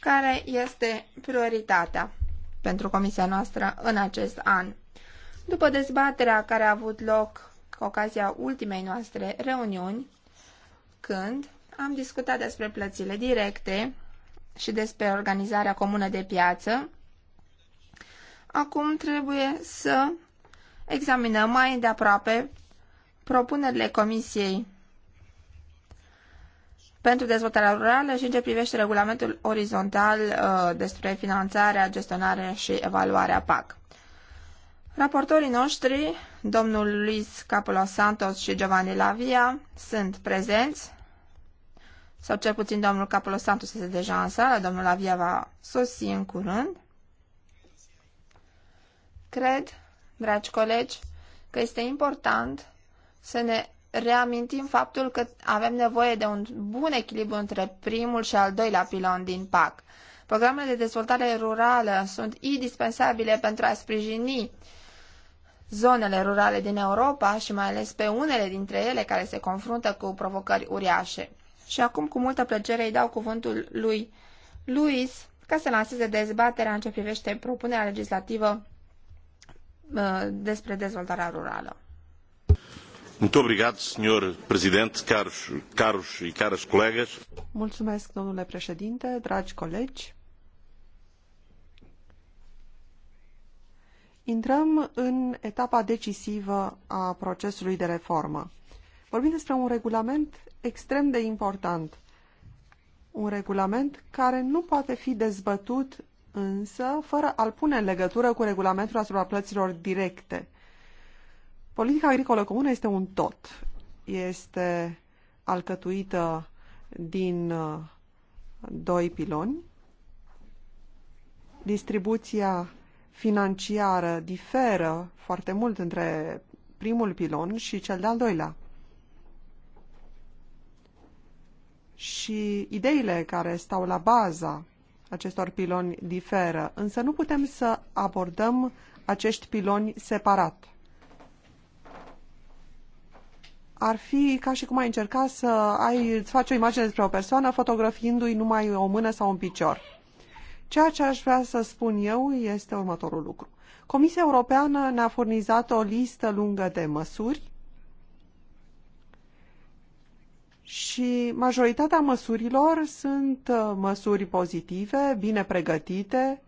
care este prioritatea pentru comisia noastră în acest an. După dezbaterea care a avut loc cu ocazia ultimei noastre reuniuni, când am discutat despre plățile directe și despre organizarea comună de piață, Acum trebuie să examinăm mai de aproape propunerile Comisiei pentru dezvoltarea rurală și în ce privește regulamentul orizontal uh, despre finanțarea, gestionarea și evaluarea PAC. Raportorii noștri, domnul Luis Capolo Santos și Giovanni Lavia, sunt prezenți, sau cel puțin domnul Capolo Santos este deja în sală, domnul Lavia va sosi în curând. Cred, dragi colegi, că este important să ne reamintim faptul că avem nevoie de un bun echilibru între primul și al doilea pilon din PAC. Programele de dezvoltare rurală sunt indispensabile pentru a sprijini zonele rurale din Europa și mai ales pe unele dintre ele care se confruntă cu provocări uriașe. Și acum cu multă plăcere îi dau cuvântul lui Luis ca să lanseze dezbaterea în ce privește propunerea legislativă Uh, despre dezvoltarea rurală. Muito obrigado, senhor presidente, caros, caros e caras colegas. Mulțumesc, domnule președinte, dragi colegi. Intrăm în etapa decisivă a procesului de reformă. Vorbim despre un regulament extrem de important. Un regulament care nu poate fi dezbătut însă fără a-l pune în legătură cu regulamentul asupra plăților directe. Politica agricolă comună este un tot. Este alcătuită din uh, doi piloni. Distribuția financiară diferă foarte mult între primul pilon și cel de-al doilea. Și ideile care stau la baza acestor piloni diferă, însă nu putem să abordăm acești piloni separat. Ar fi ca și cum ai încerca să ai, îți faci o imagine despre o persoană fotografiindu-i numai o mână sau un picior. Ceea ce aș vrea să spun eu este următorul lucru. Comisia Europeană ne-a furnizat o listă lungă de măsuri și majoritatea măsurilor sunt uh, măsuri pozitive, bine pregătite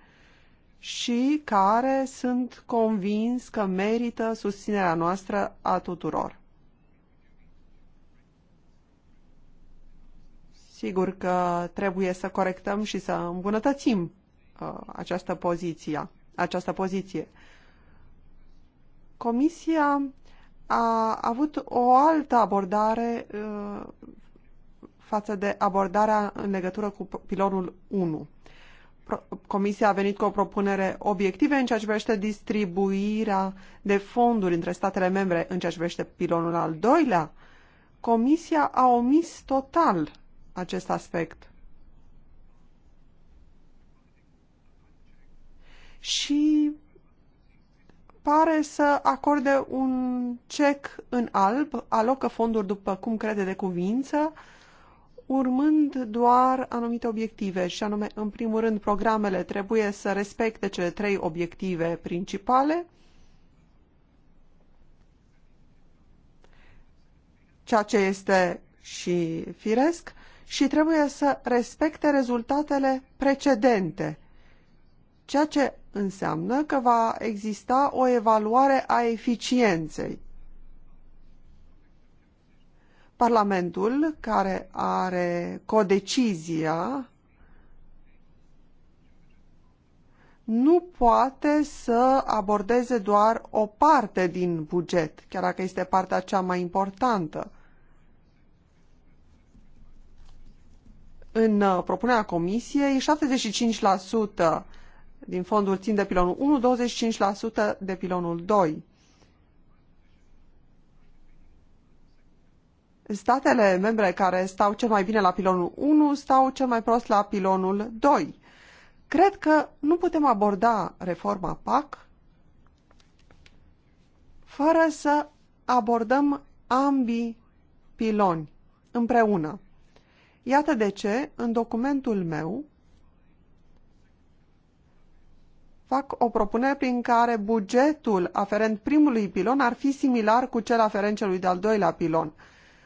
și care sunt convins că merită susținerea noastră a tuturor. Sigur că trebuie să corectăm și să îmbunătățim uh, această poziție. Această poziție. Comisia a avut o altă abordare uh, față de abordarea în legătură cu pilonul 1. Comisia a venit cu o propunere obiective în ceea ce privește distribuirea de fonduri între statele membre în ceea ce privește pilonul al doilea. Comisia a omis total acest aspect. Și pare să acorde un cec în alb, alocă fonduri după cum crede de cuvință, uh, urmând doar anumite obiective și anume, în primul rând, programele trebuie să respecte cele trei obiective principale, ceea ce este și firesc, și trebuie să respecte rezultatele precedente, ceea ce înseamnă că va exista o evaluare a eficienței. Parlamentul, care are codecizia, nu poate să abordeze doar o parte din buget, chiar dacă este partea cea mai importantă. În uh, propunerea comisiei, 75% din fondul țin de pilonul 1, 25% de pilonul 2. statele membre care stau cel mai bine la pilonul 1 stau cel mai prost la pilonul 2. Cred că nu putem aborda reforma PAC fără să abordăm ambii piloni împreună. Iată de ce, în documentul meu, fac o propunere prin care bugetul aferent primului pilon ar fi similar cu cel aferent celui de-al doilea pilon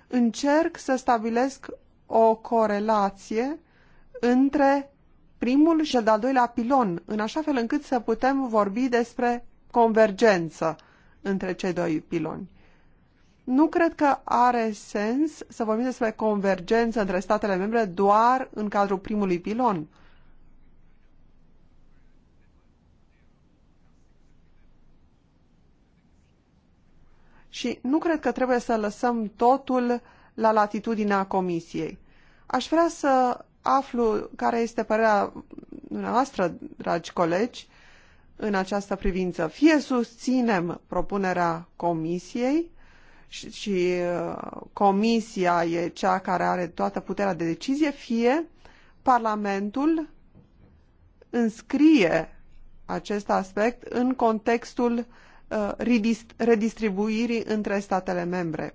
încerc să stabilesc o corelație între primul și al doilea pilon, în așa fel încât să putem vorbi despre convergență între cei doi piloni. Nu cred că are sens să vorbim despre convergență între statele membre doar în cadrul primului pilon. și nu cred că trebuie să lăsăm totul la latitudinea comisiei. Aș vrea să aflu care este părerea dumneavoastră, dragi colegi, în această privință. Fie susținem propunerea comisiei și, și uh, comisia e cea care are toată puterea de decizie, fie Parlamentul înscrie acest aspect în contextul Uh, redistribuirii între statele membre.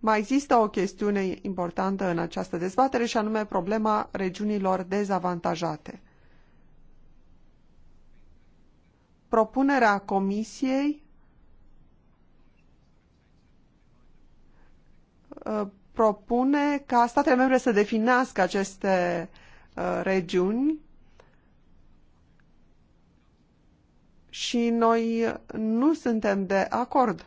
Mai există o chestiune importantă în această dezbatere și anume problema regiunilor dezavantajate. Propunerea Comisiei uh, propune ca statele membre să definească aceste uh, regiuni și noi nu suntem de acord.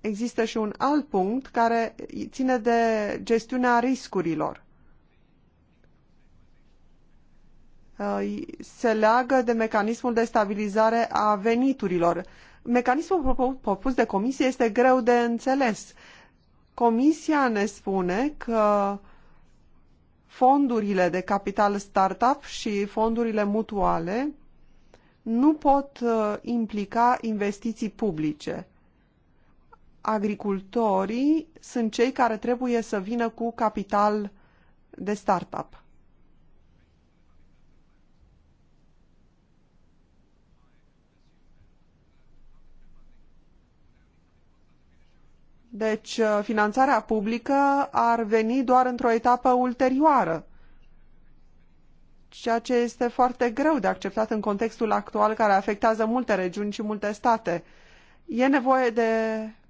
Există și un alt punct care ține de gestiunea riscurilor. Se leagă de mecanismul de stabilizare a veniturilor. Mecanismul propus de comisie este greu de înțeles. Comisia ne spune că uh, fondurile de capital startup și fondurile mutuale nu pot uh, implica investiții publice. Agricultorii sunt cei care trebuie să vină cu capital de startup. Deci uh, finanțarea publică ar veni doar într-o etapă ulterioară, ceea ce este foarte greu de acceptat în contextul actual care afectează multe regiuni și multe state. E nevoie de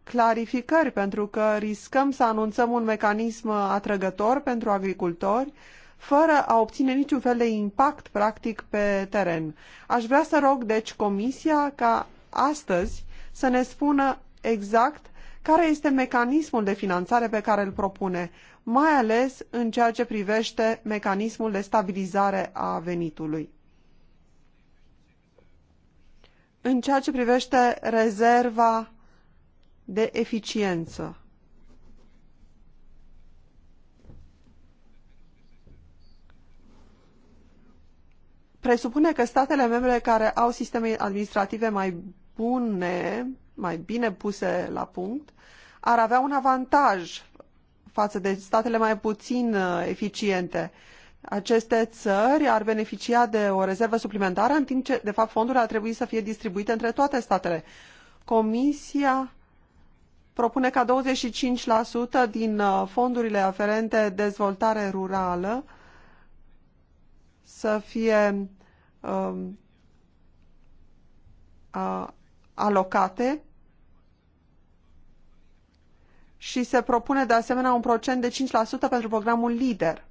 clarificări pentru că riscăm să anunțăm un mecanism atrăgător pentru agricultori fără a obține niciun fel de impact practic pe teren. Aș vrea să rog deci Comisia ca astăzi să ne spună exact care este mecanismul de finanțare pe care îl propune, mai ales în ceea ce privește mecanismul de stabilizare a venitului. În ceea ce privește rezerva de eficiență. Presupune că statele membre care au sisteme administrative mai bune mai bine puse la punct, ar avea un avantaj față de statele mai puțin uh, eficiente. Aceste țări ar beneficia de o rezervă suplimentară, în timp ce, de fapt, fondurile ar trebui să fie distribuite între toate statele. Comisia propune ca 25% din uh, fondurile aferente dezvoltare rurală să fie uh, uh, alocate și se propune de asemenea un procent de 5% pentru programul LIDER.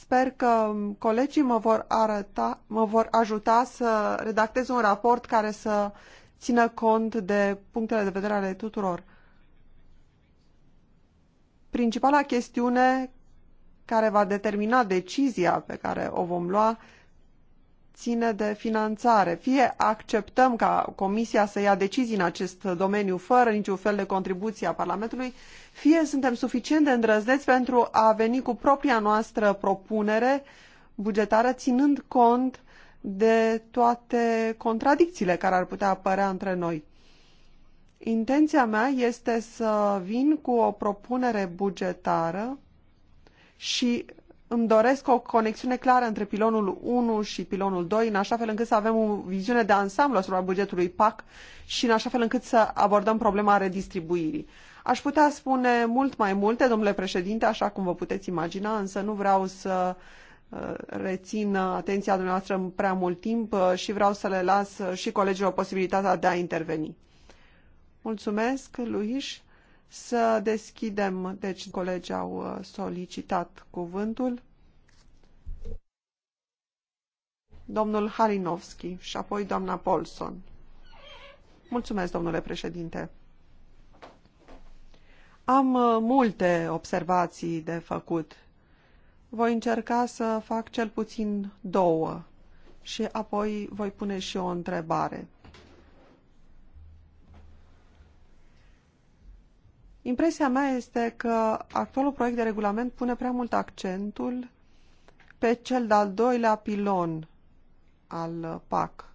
Sper că colegii mă vor, arăta, mă vor ajuta să redactez un raport care să țină cont de punctele de vedere ale tuturor. Principala chestiune care va determina decizia pe care o vom lua ține de finanțare. Fie acceptăm ca Comisia să ia decizii în acest domeniu fără niciun fel de contribuție a Parlamentului, fie suntem suficient de îndrăzneți pentru a veni cu propria noastră propunere bugetară, ținând cont de toate contradicțiile care ar putea apărea între noi. Intenția mea este să vin cu o propunere bugetară și îmi doresc o conexiune clară între pilonul 1 și pilonul 2, în așa fel încât să avem o viziune de ansamblu asupra bugetului PAC și în așa fel încât să abordăm problema redistribuirii. Aș putea spune mult mai multe, domnule președinte, așa cum vă puteți imagina, însă nu vreau să uh, rețin atenția dumneavoastră în prea mult timp uh, și vreau să le las uh, și colegilor posibilitatea de a interveni. Mulțumesc, Luiș să deschidem, deci colegii au uh, solicitat cuvântul. Domnul Harinovski și apoi doamna Polson. Mulțumesc, domnule președinte. Am uh, multe observații de făcut. Voi încerca să fac cel puțin două și apoi voi pune și o întrebare. Impresia mea este că actualul proiect de regulament pune prea mult accentul pe cel de-al doilea pilon al PAC.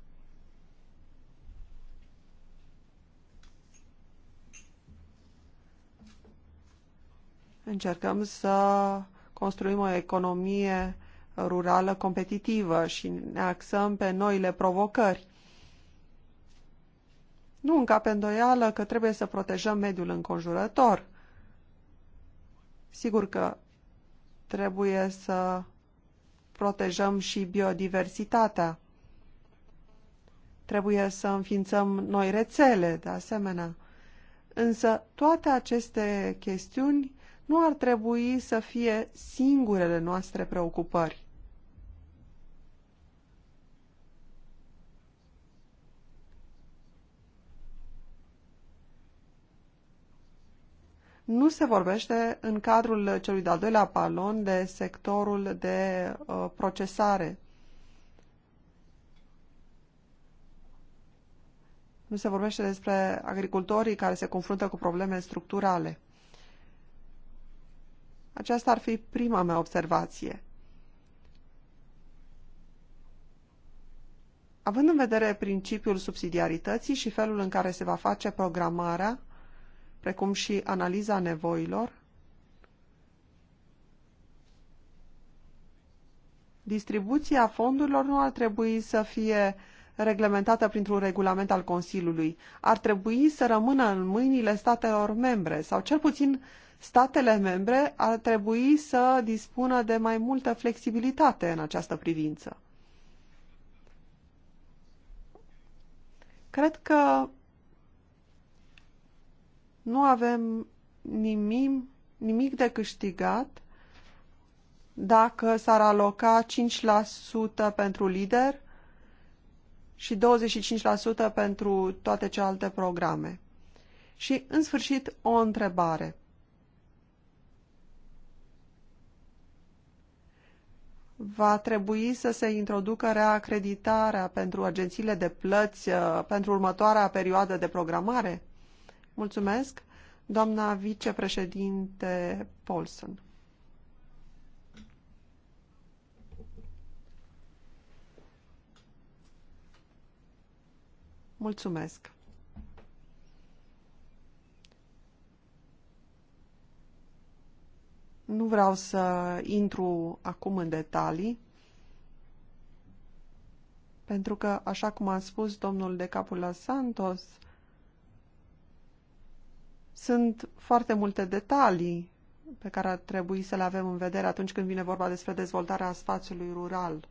Încercăm să construim o economie rurală competitivă și ne axăm pe noile provocări. Nu încape îndoială că trebuie să protejăm mediul înconjurător. Sigur că trebuie să protejăm și biodiversitatea. Trebuie să înființăm noi rețele, de asemenea. Însă toate aceste chestiuni nu ar trebui să fie singurele noastre preocupări. Nu se vorbește în cadrul celui de-al doilea palon de sectorul de uh, procesare. Nu se vorbește despre agricultorii care se confruntă cu probleme structurale. Aceasta ar fi prima mea observație. Având în vedere principiul subsidiarității și felul în care se va face programarea, precum și analiza nevoilor, distribuția fondurilor nu ar trebui să fie reglementată printr-un regulament al Consiliului. Ar trebui să rămână în mâinile statelor membre sau cel puțin statele membre ar trebui să dispună de mai multă flexibilitate în această privință. Cred că nu avem nimic, nimic de câștigat dacă s-ar aloca 5% pentru lider și 25% pentru toate celelalte programe. Și, în sfârșit, o întrebare. Va trebui să se introducă reacreditarea pentru agențiile de plăți uh, pentru următoarea perioadă de programare? Mulțumesc, doamna vicepreședinte Paulson. Mulțumesc. Nu vreau să intru acum în detalii, pentru că, așa cum a spus domnul de Capula Santos, sunt foarte multe detalii pe care ar trebui să le avem în vedere atunci când vine vorba despre dezvoltarea spațiului rural.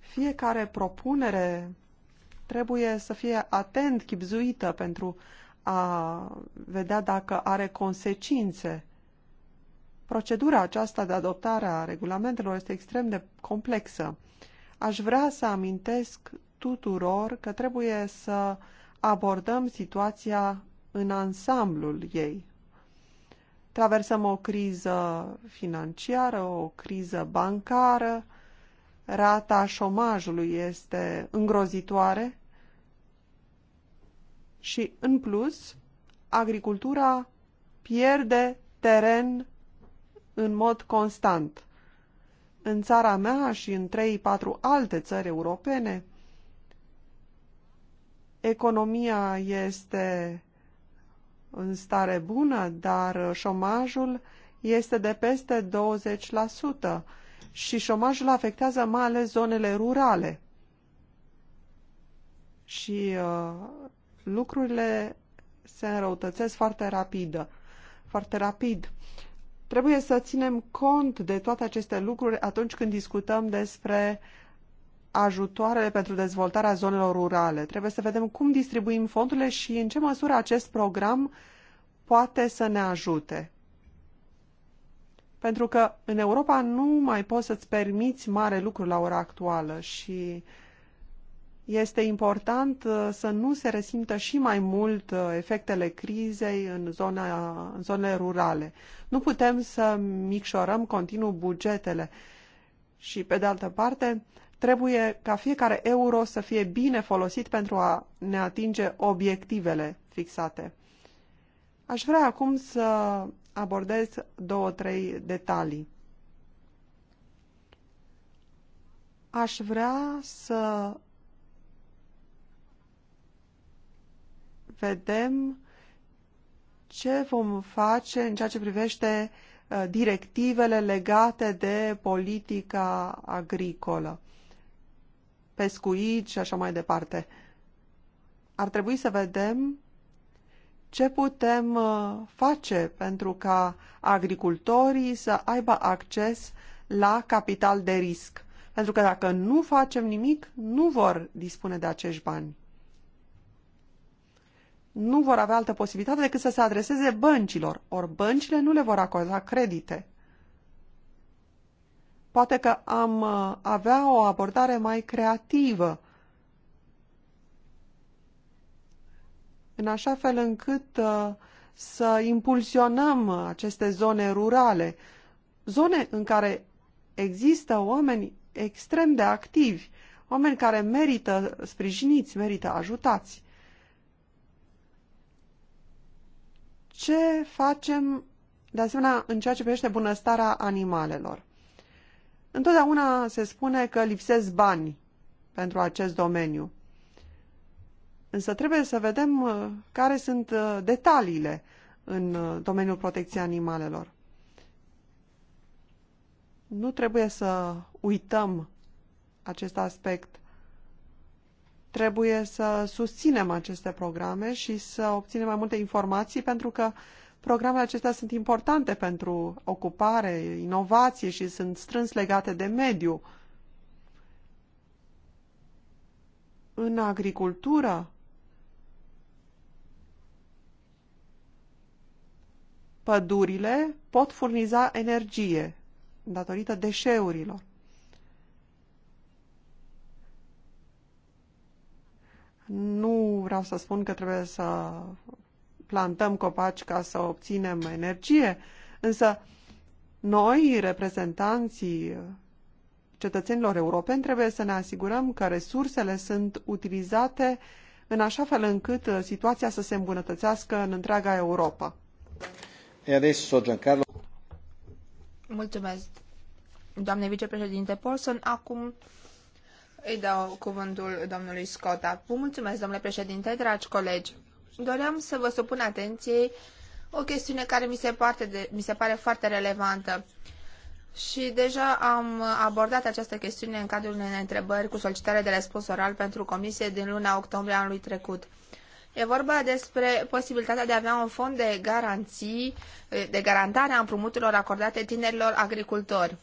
Fiecare propunere trebuie să fie atent chipzuită pentru a vedea dacă are consecințe. Procedura aceasta de adoptare a regulamentelor este extrem de complexă. Aș vrea să amintesc tuturor că trebuie să abordăm situația în ansamblul ei. Traversăm o criză financiară, o criză bancară, rata șomajului este îngrozitoare și, în plus, agricultura pierde teren în mod constant. În țara mea și în 3-4 alte țări europene, economia este în stare bună, dar șomajul este de peste 20% și șomajul afectează mai ales zonele rurale. Și uh, lucrurile se înrăutățesc foarte rapid. Foarte rapid. Trebuie să ținem cont de toate aceste lucruri atunci când discutăm despre uh, ajutoarele pentru dezvoltarea zonelor rurale. Trebuie să vedem cum distribuim fondurile și în ce măsură acest program poate să ne ajute. Pentru că în Europa nu mai poți să-ți permiți mare lucru la ora actuală și este important uh, să nu se resimtă și mai mult uh, efectele crizei în, zona, în zonele rurale. Nu putem să micșorăm continuu bugetele. Și, pe de altă parte, Trebuie ca fiecare euro să fie bine folosit pentru a ne atinge obiectivele fixate. Aș vrea acum să abordez două, trei detalii. Aș vrea să vedem ce vom face în ceea ce privește uh, directivele legate de politica agricolă pescuit și așa mai departe. Ar trebui să vedem ce putem uh, face pentru ca agricultorii să aibă acces la capital de risc. Pentru că dacă nu facem nimic, nu vor dispune de acești bani. Nu vor avea altă posibilitate decât să se adreseze băncilor, ori băncile nu le vor acorda credite. Poate că am uh, avea o abordare mai creativă, în așa fel încât uh, să impulsionăm aceste zone rurale, zone în care există oameni extrem de activi, oameni care merită sprijiniți, merită ajutați. Ce facem, de asemenea, în ceea ce privește bunăstarea animalelor? Întotdeauna se spune că lipsesc bani pentru acest domeniu. Însă trebuie să vedem uh, care sunt uh, detaliile în uh, domeniul protecției animalelor. Nu trebuie să uităm acest aspect. Trebuie să susținem aceste programe și să obținem mai multe informații pentru că uh, Programele acestea sunt importante pentru ocupare, inovație și sunt strâns legate de mediu. În agricultură, pădurile pot furniza energie datorită deșeurilor. Nu vreau să spun că trebuie să plantăm copaci ca să obținem energie, însă noi, reprezentanții cetățenilor europeni, trebuie să ne asigurăm că resursele sunt utilizate în așa fel încât uh, situația să se îmbunătățească în întreaga Europa. E adesso Giancarlo. Mulțumesc, doamne vicepreședinte Paulson. Acum îi dau cuvântul domnului Scott. Vă mulțumesc, domnule președinte, dragi colegi doream să vă supun atenției o chestiune care mi se, parte de, mi se pare foarte relevantă. Și deja am abordat această chestiune în cadrul unei întrebări cu solicitare de răspuns oral pentru comisie din luna octombrie anului trecut. E vorba despre posibilitatea de a avea un fond de garanții, de garantare a împrumuturilor acordate tinerilor agricultori.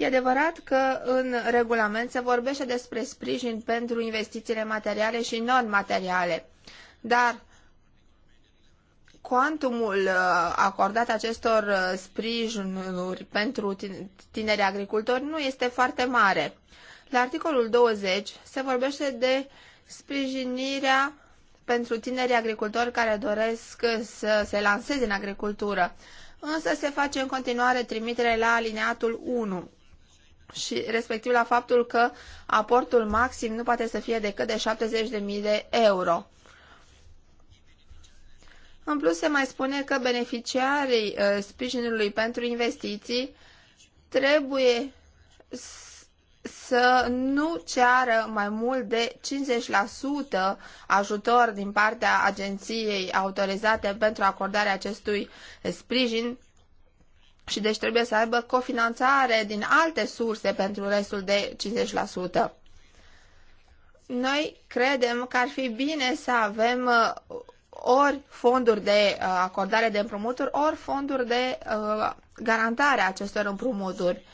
E adevărat că în regulament se vorbește despre sprijin pentru investițiile materiale și non-materiale, dar cuantumul uh, acordat acestor uh, sprijinuri pentru tineri agricultori nu este foarte mare. La articolul 20 se vorbește de sprijinirea pentru tinerii agricultori care doresc uh, să se lanseze în agricultură, însă se face în continuare trimitere la alineatul 1 și respectiv la faptul că aportul maxim nu poate să fie decât de 70.000 de euro. În plus, se mai spune că beneficiarii uh, sprijinului pentru investiții trebuie să nu ceară mai mult de 50% ajutor din partea agenției autorizate pentru acordarea acestui sprijin și deci trebuie să aibă cofinanțare din alte surse pentru restul de 50%. Noi credem că ar fi bine să avem uh, ori fonduri de uh, acordare de împrumuturi, ori fonduri de uh, garantare a acestor împrumuturi.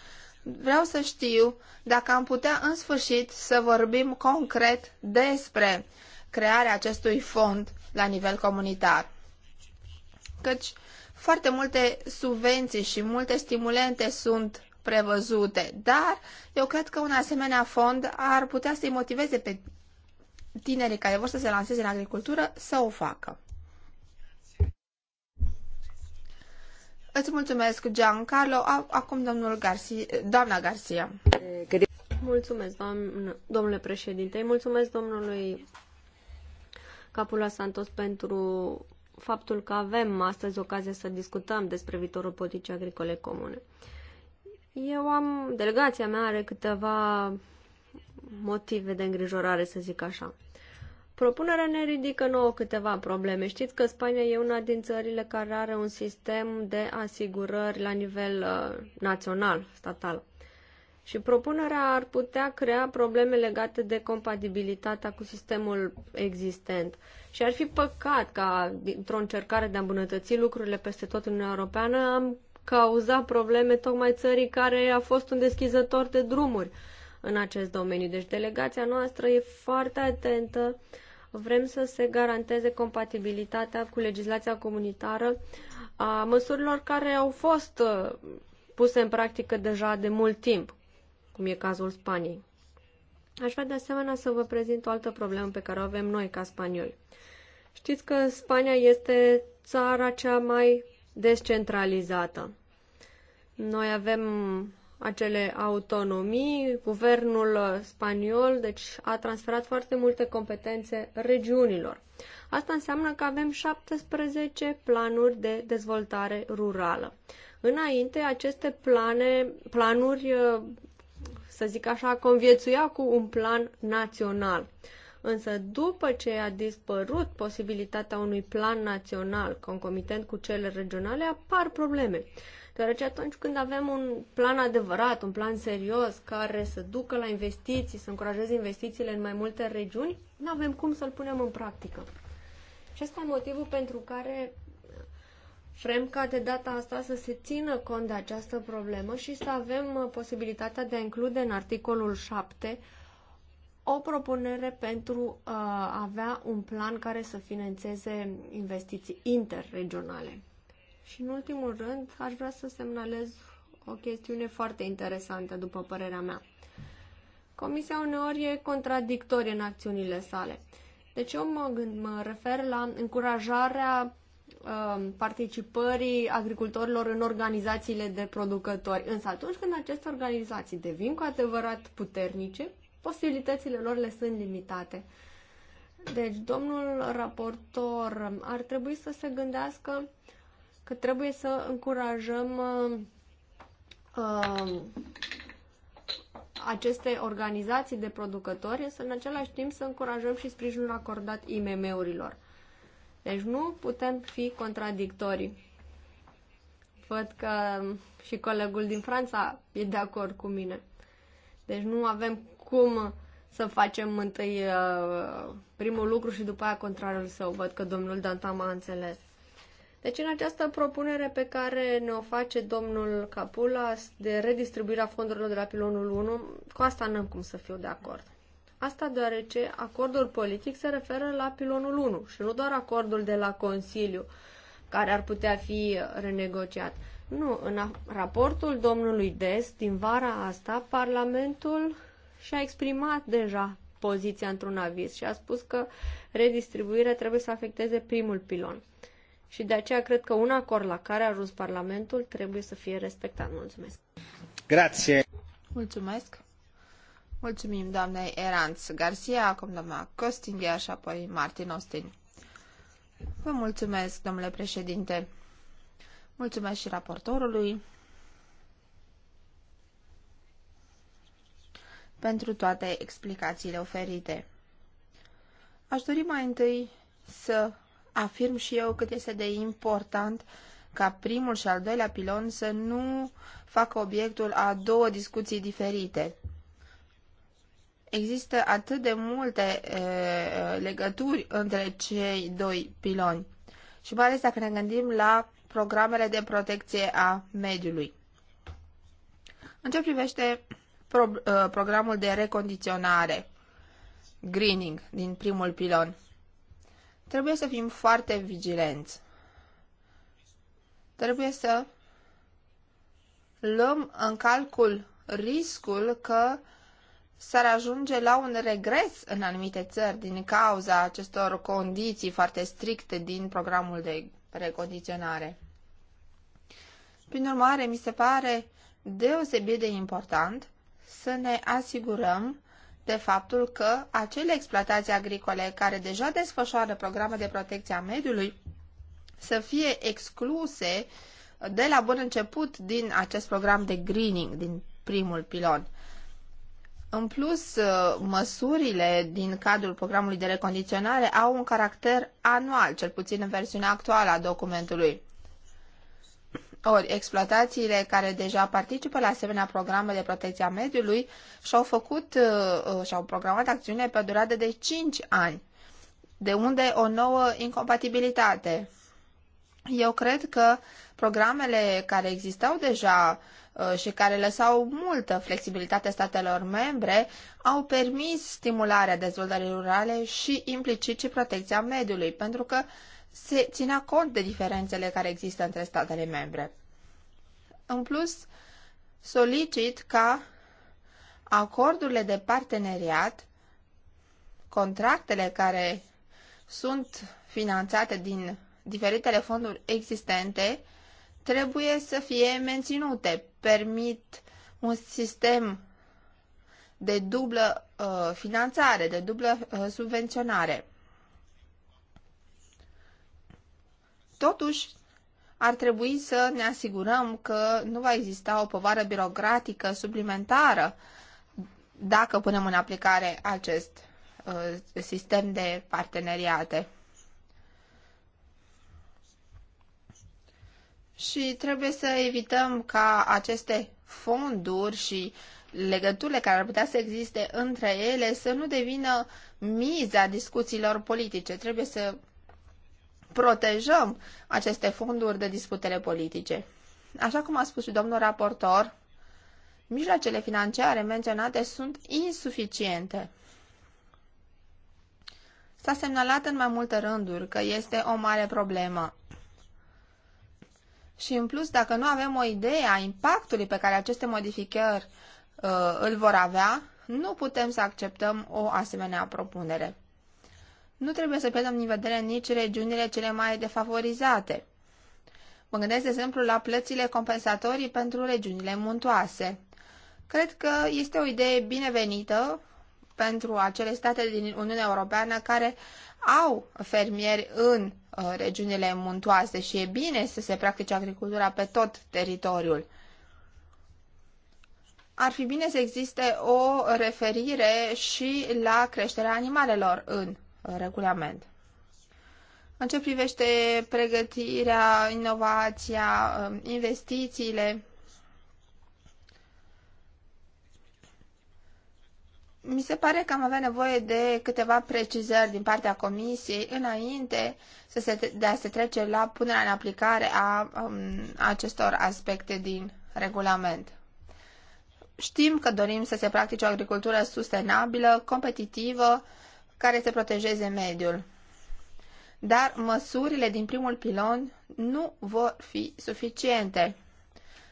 Vreau să știu dacă am putea în sfârșit să vorbim concret despre crearea acestui fond la nivel comunitar. Căci foarte multe subvenții și multe stimulente sunt prevăzute, dar eu cred că un asemenea fond ar putea să-i motiveze pe tinerii care vor să se lanseze în agricultură să o facă. Îți mulțumesc, Giancarlo. Acum domnul Garcia, doamna Garcia. Mulțumesc, doamnă, domnule președinte. Mulțumesc domnului Capula Santos pentru faptul că avem astăzi ocazia să discutăm despre viitorul politicii agricole comune. Eu am, delegația mea are câteva motive de îngrijorare, să zic așa. Propunerea ne ridică nouă câteva probleme. Știți că Spania e una din țările care are un sistem de asigurări la nivel uh, național, statal. Și propunerea ar putea crea probleme legate de compatibilitatea cu sistemul existent. Și ar fi păcat ca, dintr-o încercare de a îmbunătăți lucrurile peste tot în Uniunea Europeană, am cauzat probleme tocmai țării care a fost un deschizător de drumuri în acest domeniu. Deci delegația noastră e foarte atentă. Vrem să se garanteze compatibilitatea cu legislația comunitară a măsurilor care au fost uh, puse în practică deja de mult timp cum e cazul Spaniei. Aș vrea de asemenea să vă prezint o altă problemă pe care o avem noi ca spanioli. Știți că Spania este țara cea mai descentralizată. Noi avem acele autonomii, guvernul spaniol, deci a transferat foarte multe competențe regiunilor. Asta înseamnă că avem 17 planuri de dezvoltare rurală. Înainte, aceste plane, planuri să zic așa, conviețuia cu un plan național. Însă după ce a dispărut posibilitatea unui plan național concomitent cu cele regionale, apar probleme. Deoarece atunci când avem un plan adevărat, un plan serios, care să ducă la investiții, să încurajeze investițiile în mai multe regiuni, nu avem cum să-l punem în practică. Și ăsta e motivul pentru care Vrem ca de data asta să se țină cont de această problemă și să avem uh, posibilitatea de a include în articolul 7 o propunere pentru a uh, avea un plan care să financeze investiții interregionale. Și în ultimul rând, aș vrea să semnalez o chestiune foarte interesantă, după părerea mea. Comisia uneori e contradictorie în acțiunile sale. Deci eu mă, gând, mă refer la încurajarea Um, participării agricultorilor în organizațiile de producători. Însă atunci când aceste organizații devin cu adevărat puternice, posibilitățile lor le sunt limitate. Deci, domnul raportor ar trebui să se gândească că trebuie să încurajăm uh, aceste organizații de producători, însă în același timp să încurajăm și sprijinul acordat IMM-urilor. Deci nu putem fi contradictorii. Văd că și colegul din Franța e de acord cu mine. Deci nu avem cum să facem întâi uh, primul lucru și după aia contrarul său. Văd că domnul Dantam a înțeles. Deci în această propunere pe care ne-o face domnul Capula de redistribuirea fondurilor de la pilonul 1, cu asta n-am cum să fiu de acord. Asta deoarece acordul politic se referă la pilonul 1 și nu doar acordul de la Consiliu care ar putea fi renegociat. Nu, în raportul domnului Des din vara asta, Parlamentul și-a exprimat deja poziția într-un aviz și a spus că redistribuirea trebuie să afecteze primul pilon. Și de aceea cred că un acord la care a ajuns Parlamentul trebuie să fie respectat. Mulțumesc. Grație. Mulțumesc. Mulțumim doamnei Eranț Garcia, acum doamna Costinger și apoi Martin Austin. Vă mulțumesc, domnule președinte. Mulțumesc și raportorului pentru toate explicațiile oferite. Aș dori mai întâi să afirm și eu cât este de important ca primul și al doilea pilon să nu facă obiectul a două discuții diferite există atât de multe e, legături între cei doi piloni și mai ales dacă ne gândim la programele de protecție a mediului. În ce privește pro, programul de recondiționare, greening, din primul pilon, trebuie să fim foarte vigilenți. Trebuie să luăm în calcul riscul că uh, s-ar ajunge la un regres în anumite țări din cauza acestor condiții foarte stricte din programul de recondiționare. Prin urmare, mi se pare deosebit de important să ne asigurăm de faptul că acele exploatații agricole care deja desfășoară programe de protecție a mediului să fie excluse de la bun început din acest program de greening, din primul pilon. În plus, uh, măsurile din cadrul programului de recondiționare au un caracter anual, cel puțin în versiunea actuală a documentului. Ori, exploatațiile care deja participă la asemenea programe de protecție a mediului și-au făcut uh, uh, și-au programat acțiune pe o durată de 5 ani, de unde o nouă incompatibilitate. Eu cred că programele care existau deja Uh, și care lăsau multă flexibilitate statelor membre, au permis stimularea dezvoltării rurale și implicit și protecția mediului, pentru că se ținea cont de diferențele care există între statele membre. În plus, solicit ca acordurile de parteneriat, contractele care sunt finanțate din diferitele fonduri existente, trebuie să fie menținute permit un sistem de dublă uh, finanțare, de dublă uh, subvenționare. Totuși, ar trebui să ne asigurăm că nu va exista o povară birocratică suplimentară dacă punem în aplicare acest uh, sistem de parteneriate. și trebuie să evităm ca aceste fonduri și legăturile care ar putea să existe între ele să nu devină miza discuțiilor politice. Trebuie să protejăm aceste fonduri de disputele politice. Așa cum a spus și domnul raportor, mijloacele financiare menționate sunt insuficiente. S-a semnalat în mai multe rânduri că este o mare problemă și, în plus, dacă nu avem o idee a impactului pe care aceste modificări uh, îl vor avea, nu putem să acceptăm o asemenea propunere. Nu trebuie să pierdem din vedere nici regiunile cele mai defavorizate. Mă gândesc, de exemplu, la plățile compensatorii pentru regiunile muntoase. Cred că este o idee binevenită pentru acele state din Uniunea Europeană care au fermieri în uh, regiunile muntoase și e bine să se practice agricultura pe tot teritoriul. Ar fi bine să existe o referire și la creșterea animalelor în uh, regulament. În ce privește pregătirea, inovația, uh, investițiile, mi se pare că am avea nevoie de câteva precizări din partea comisiei înainte să se, de a se trece la punerea în aplicare a um, acestor aspecte din regulament. Știm că dorim să se practice o agricultură sustenabilă, competitivă, care să protejeze mediul. Dar măsurile din primul pilon nu vor fi suficiente.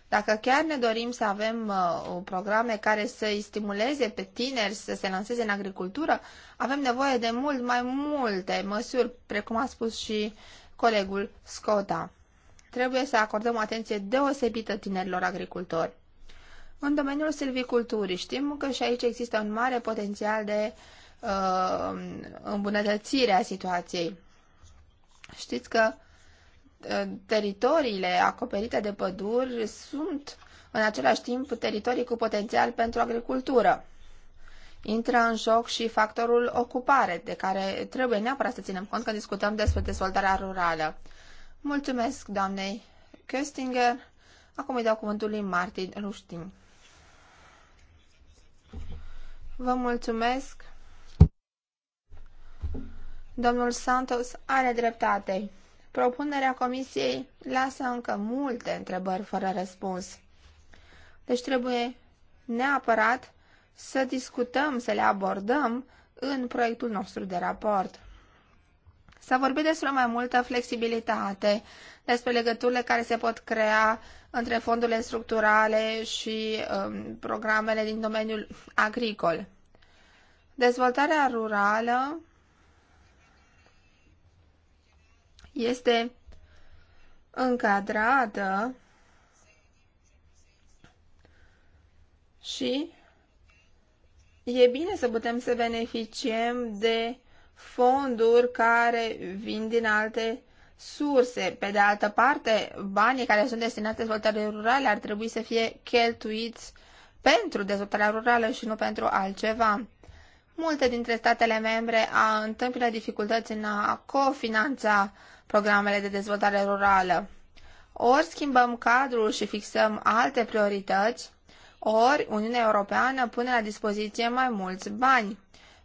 Dacă chiar ne dorim să avem uh, programe care să îi stimuleze pe tineri să se lanseze în agricultură, avem nevoie de mult mai multe măsuri, precum a spus și colegul Scota. Trebuie să acordăm atenție deosebită tinerilor agricultori. În domeniul silviculturii știm că și aici există un mare potențial de uh, îmbunătățire a situației. Știți că teritoriile acoperite de păduri sunt în același timp teritorii cu potențial pentru agricultură. Intră în joc și factorul ocupare, de care trebuie neapărat să ținem cont când discutăm despre dezvoltarea rurală. Mulțumesc, doamnei Köstinger. Acum îi dau cuvântul lui Martin Ruștin. Vă mulțumesc. Domnul Santos are dreptate. Propunerea comisiei lasă încă multe întrebări fără răspuns. Deci trebuie neapărat să discutăm, să le abordăm în proiectul nostru de raport. S-a vorbit despre mai multă flexibilitate, despre legăturile care se pot crea între fondurile structurale și um, programele din domeniul agricol. Dezvoltarea rurală este încadrată și e bine să putem să beneficiem de fonduri care vin din alte surse. Pe de altă parte, banii care sunt destinați dezvoltării rurale ar trebui să fie cheltuiți pentru dezvoltarea rurală și nu pentru altceva. Multe dintre statele membre întâmpinat dificultăți în a cofinanța programele de dezvoltare rurală. Ori schimbăm cadrul și fixăm alte priorități, ori Uniunea Europeană pune la dispoziție mai mulți bani.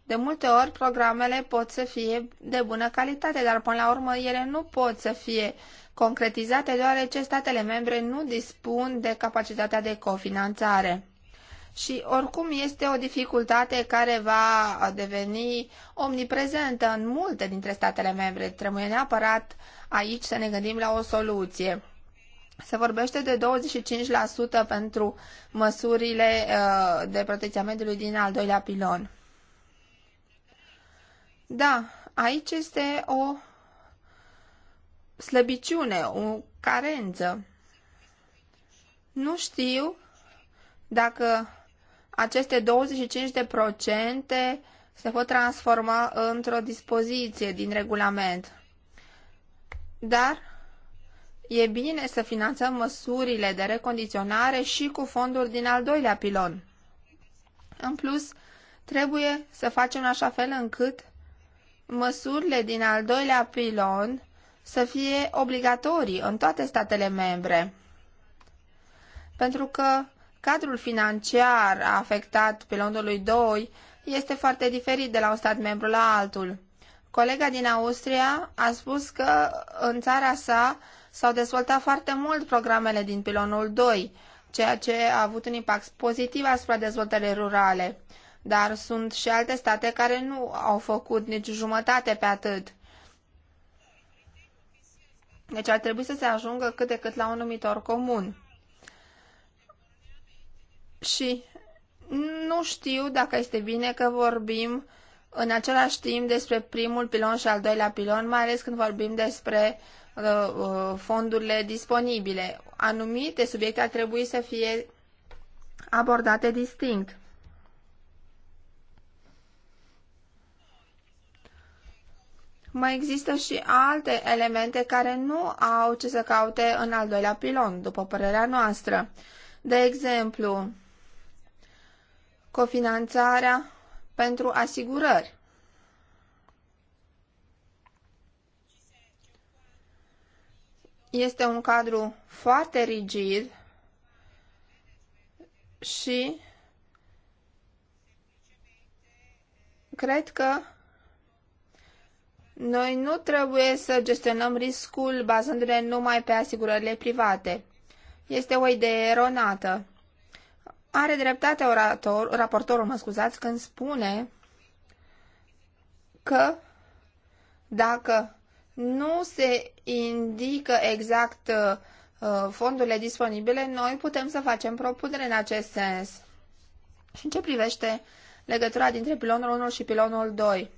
De multe ori, programele pot să fie de bună calitate, dar până la urmă ele nu pot să fie concretizate deoarece statele membre nu dispun de capacitatea de cofinanțare și oricum este o dificultate care va deveni omniprezentă în multe dintre statele membre. Trebuie neapărat aici să ne gândim la o soluție. Se vorbește de 25% pentru măsurile uh, de protecția mediului din al doilea pilon. Da, aici este o slăbiciune, o carență. Nu știu dacă aceste 25% se pot transforma într-o dispoziție din regulament. Dar e bine să finanțăm măsurile de recondiționare și cu fonduri din al doilea pilon. În plus, trebuie să facem așa fel încât măsurile din al doilea pilon să fie obligatorii în toate statele membre. Pentru că Cadrul financiar afectat pilonului 2 este foarte diferit de la un stat membru la altul. Colega din Austria a spus că în țara sa s-au dezvoltat foarte mult programele din pilonul 2, ceea ce a avut un impact pozitiv asupra dezvoltării rurale. Dar sunt și alte state care nu au făcut nici jumătate pe atât. Deci ar trebui să se ajungă cât de cât la un numitor comun. Și nu știu dacă este bine că vorbim în același timp despre primul pilon și al doilea pilon, mai ales când vorbim despre uh, uh, fondurile disponibile. Anumite subiecte ar trebui să fie abordate distinct. Mai există și alte elemente care nu au ce să caute în al doilea pilon, după părerea noastră. De exemplu, cofinanțarea pentru asigurări. Este un cadru foarte rigid și cred că noi nu trebuie să gestionăm riscul bazându-ne numai pe asigurările private. Este o idee eronată. Are dreptate orator, raportorul, mă scuzați, când spune că dacă nu se indică exact uh, fondurile disponibile, noi putem să facem propunere în acest sens. Și în ce privește legătura dintre pilonul 1 și pilonul 2?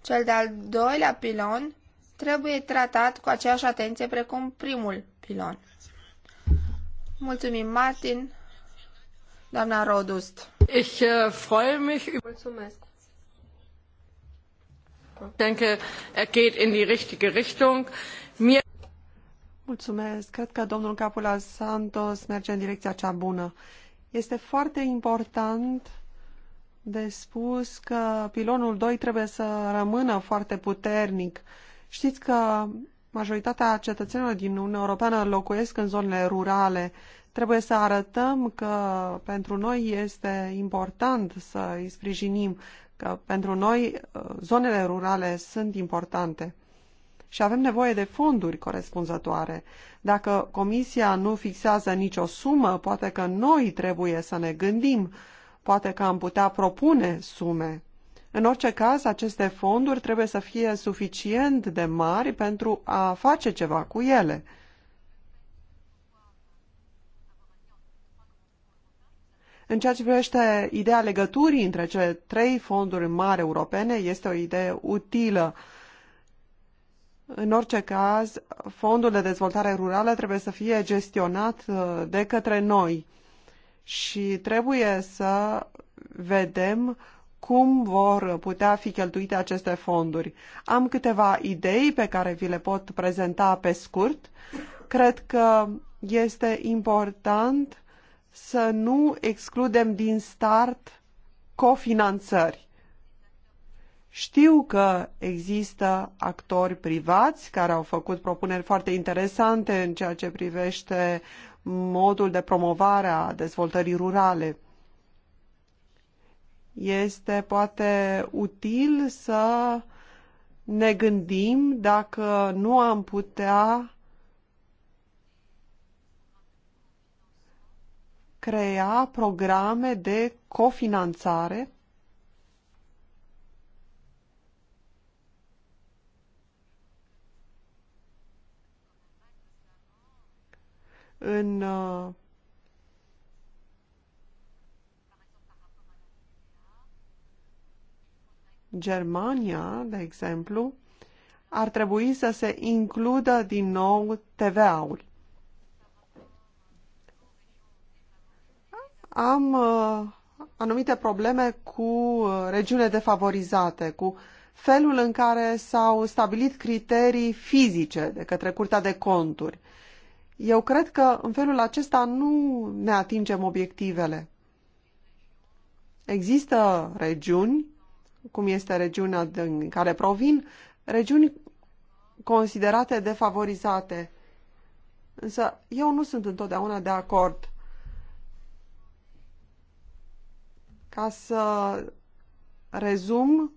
Cel de-al doilea pilon trebuie tratat cu aceeași atenție precum primul pilon. Mulțumim, Martin. Doamna Rodust. Ich äh, freue mich. Mulțumesc. Denke, er geht in die richtige Richtung. Mir Mulțumesc. Cred că domnul Capula Santos merge în direcția cea bună. Este foarte important de spus că pilonul 2 trebuie să rămână foarte puternic. Știți că majoritatea cetățenilor din Uniunea Europeană locuiesc în zonele rurale. Trebuie să arătăm că pentru noi este important să îi sprijinim, că pentru noi uh, zonele rurale sunt importante și avem nevoie de fonduri corespunzătoare. Dacă comisia nu fixează nicio sumă, poate că noi trebuie să ne gândim, poate că am putea propune sume. În orice caz, aceste fonduri trebuie să fie suficient de mari pentru a face ceva cu ele. În ceea ce privește ideea legăturii între cele trei fonduri mari europene, este o idee utilă. În orice caz, fondul de dezvoltare rurală trebuie să fie gestionat uh, de către noi și trebuie să vedem cum vor putea fi cheltuite aceste fonduri. Am câteva idei pe care vi le pot prezenta pe scurt. Cred că este important să nu excludem din start cofinanțări. Știu că există actori privați care au făcut propuneri foarte interesante în ceea ce privește modul de promovare a dezvoltării rurale. Este poate util să ne gândim dacă nu am putea crea programe de cofinanțare în uh, Germania, de exemplu, ar trebui să se includă din nou TVA-ul. am uh, anumite probleme cu uh, regiunile defavorizate, cu felul în care s-au stabilit criterii fizice de către Curtea de Conturi. Eu cred că în felul acesta nu ne atingem obiectivele. Există regiuni, cum este regiunea din care provin, regiuni considerate defavorizate. Însă eu nu sunt întotdeauna de acord Ca să rezum,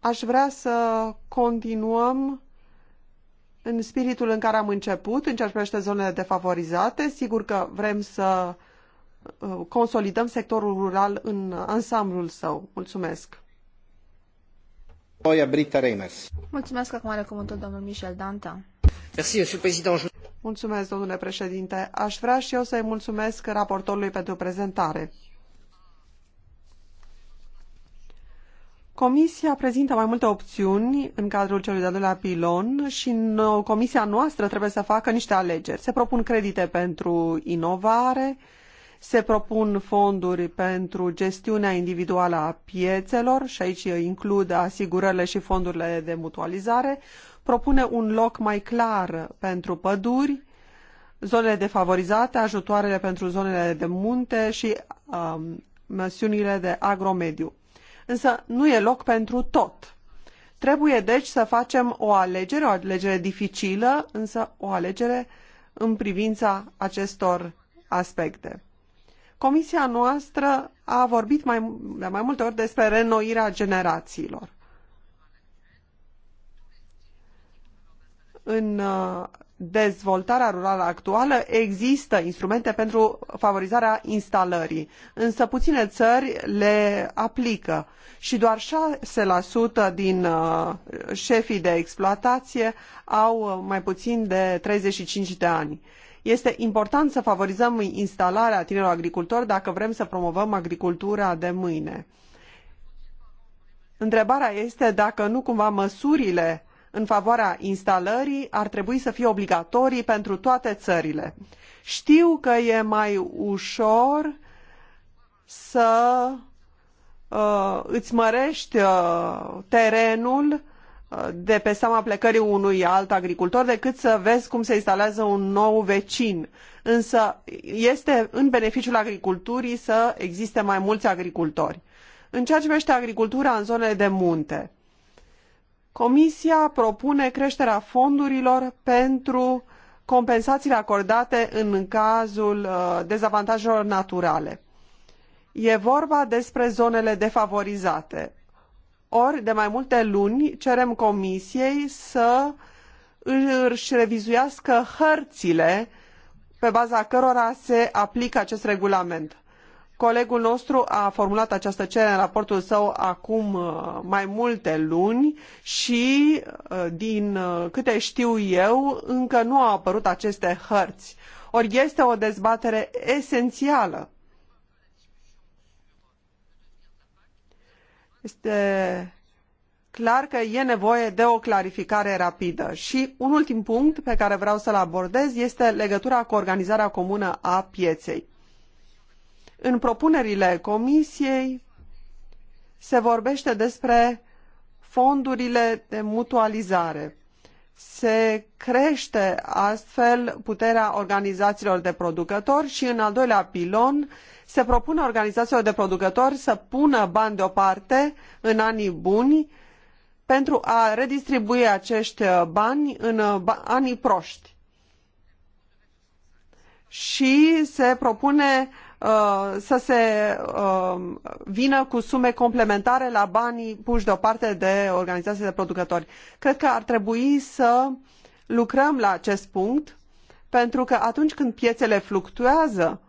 aș vrea să continuăm în spiritul în care am început, în ceea ce privește zonele defavorizate. Sigur că vrem să uh, consolidăm sectorul rural în ansamblul său. Mulțumesc! Oia Brita Reimers. Mulțumesc acum are cuvântul domnul Michel Danta. Merci, Mulțumesc, domnule președinte. Aș vrea și eu să-i mulțumesc raportorului pentru prezentare. Comisia prezintă mai multe opțiuni în cadrul celui de-al doilea pilon și comisia noastră trebuie să facă niște alegeri. Se propun credite pentru inovare, se propun fonduri pentru gestiunea individuală a piețelor și aici includ asigurările și fondurile de mutualizare, propune un loc mai clar pentru păduri, zonele defavorizate, ajutoarele pentru zonele de munte și um, măsiunile de agromediu. Însă nu e loc pentru tot. Trebuie deci să facem o alegere, o alegere dificilă, însă o alegere în privința acestor aspecte. Comisia noastră a vorbit mai, de mai multe ori despre renoirea generațiilor. în uh, dezvoltarea rurală actuală există instrumente pentru favorizarea instalării, însă puține țări le aplică și doar 6% din uh, șefii de exploatație au uh, mai puțin de 35 de ani. Este important să favorizăm instalarea tinerilor agricultori dacă vrem să promovăm agricultura de mâine. Întrebarea este dacă nu cumva măsurile în favoarea instalării ar trebui să fie obligatorii pentru toate țările. Știu că e mai ușor să uh, îți mărești uh, terenul uh, de pe seama plecării unui alt agricultor decât să vezi cum se instalează un nou vecin. Însă este în beneficiul agriculturii să existe mai mulți agricultori. În ceea ce privește agricultura în zonele de munte, Comisia propune creșterea fondurilor pentru compensațiile acordate în cazul uh, dezavantajelor naturale. E vorba despre zonele defavorizate. Ori, de mai multe luni, cerem Comisiei să își revizuiască hărțile pe baza cărora se aplică acest regulament. Colegul nostru a formulat această cerere în raportul său acum uh, mai multe luni și, uh, din uh, câte știu eu, încă nu au apărut aceste hărți. Ori este o dezbatere esențială. Este clar că e nevoie de o clarificare rapidă. Și un ultim punct pe care vreau să-l abordez este legătura cu organizarea comună a pieței. În propunerile comisiei se vorbește despre fondurile de mutualizare. Se crește astfel puterea organizațiilor de producători și în al doilea pilon se propune organizațiilor de producători să pună bani deoparte în anii buni pentru a redistribui acești bani în anii proști. Și se propune Uh, să se uh, vină cu sume complementare la banii puși deoparte de organizații de producători. Cred că ar trebui să lucrăm la acest punct, pentru că atunci când piețele fluctuează,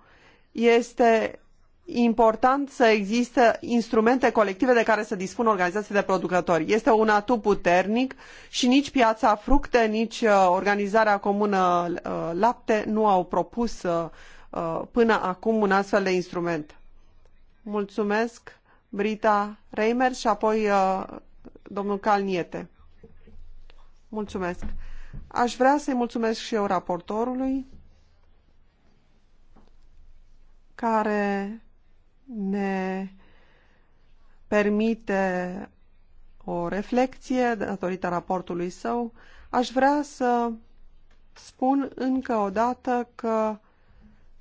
este important să existe instrumente colective de care să dispună organizații de producători. Este un atu puternic și nici piața fructe, nici uh, organizarea comună lapte nu au propus Uh, până acum un astfel de instrument. Mulțumesc, Brita Reimer și apoi uh, domnul Calniete. Mulțumesc. Aș vrea să-i mulțumesc și eu raportorului care ne permite o reflexie datorită raportului său. Aș vrea să spun încă o dată că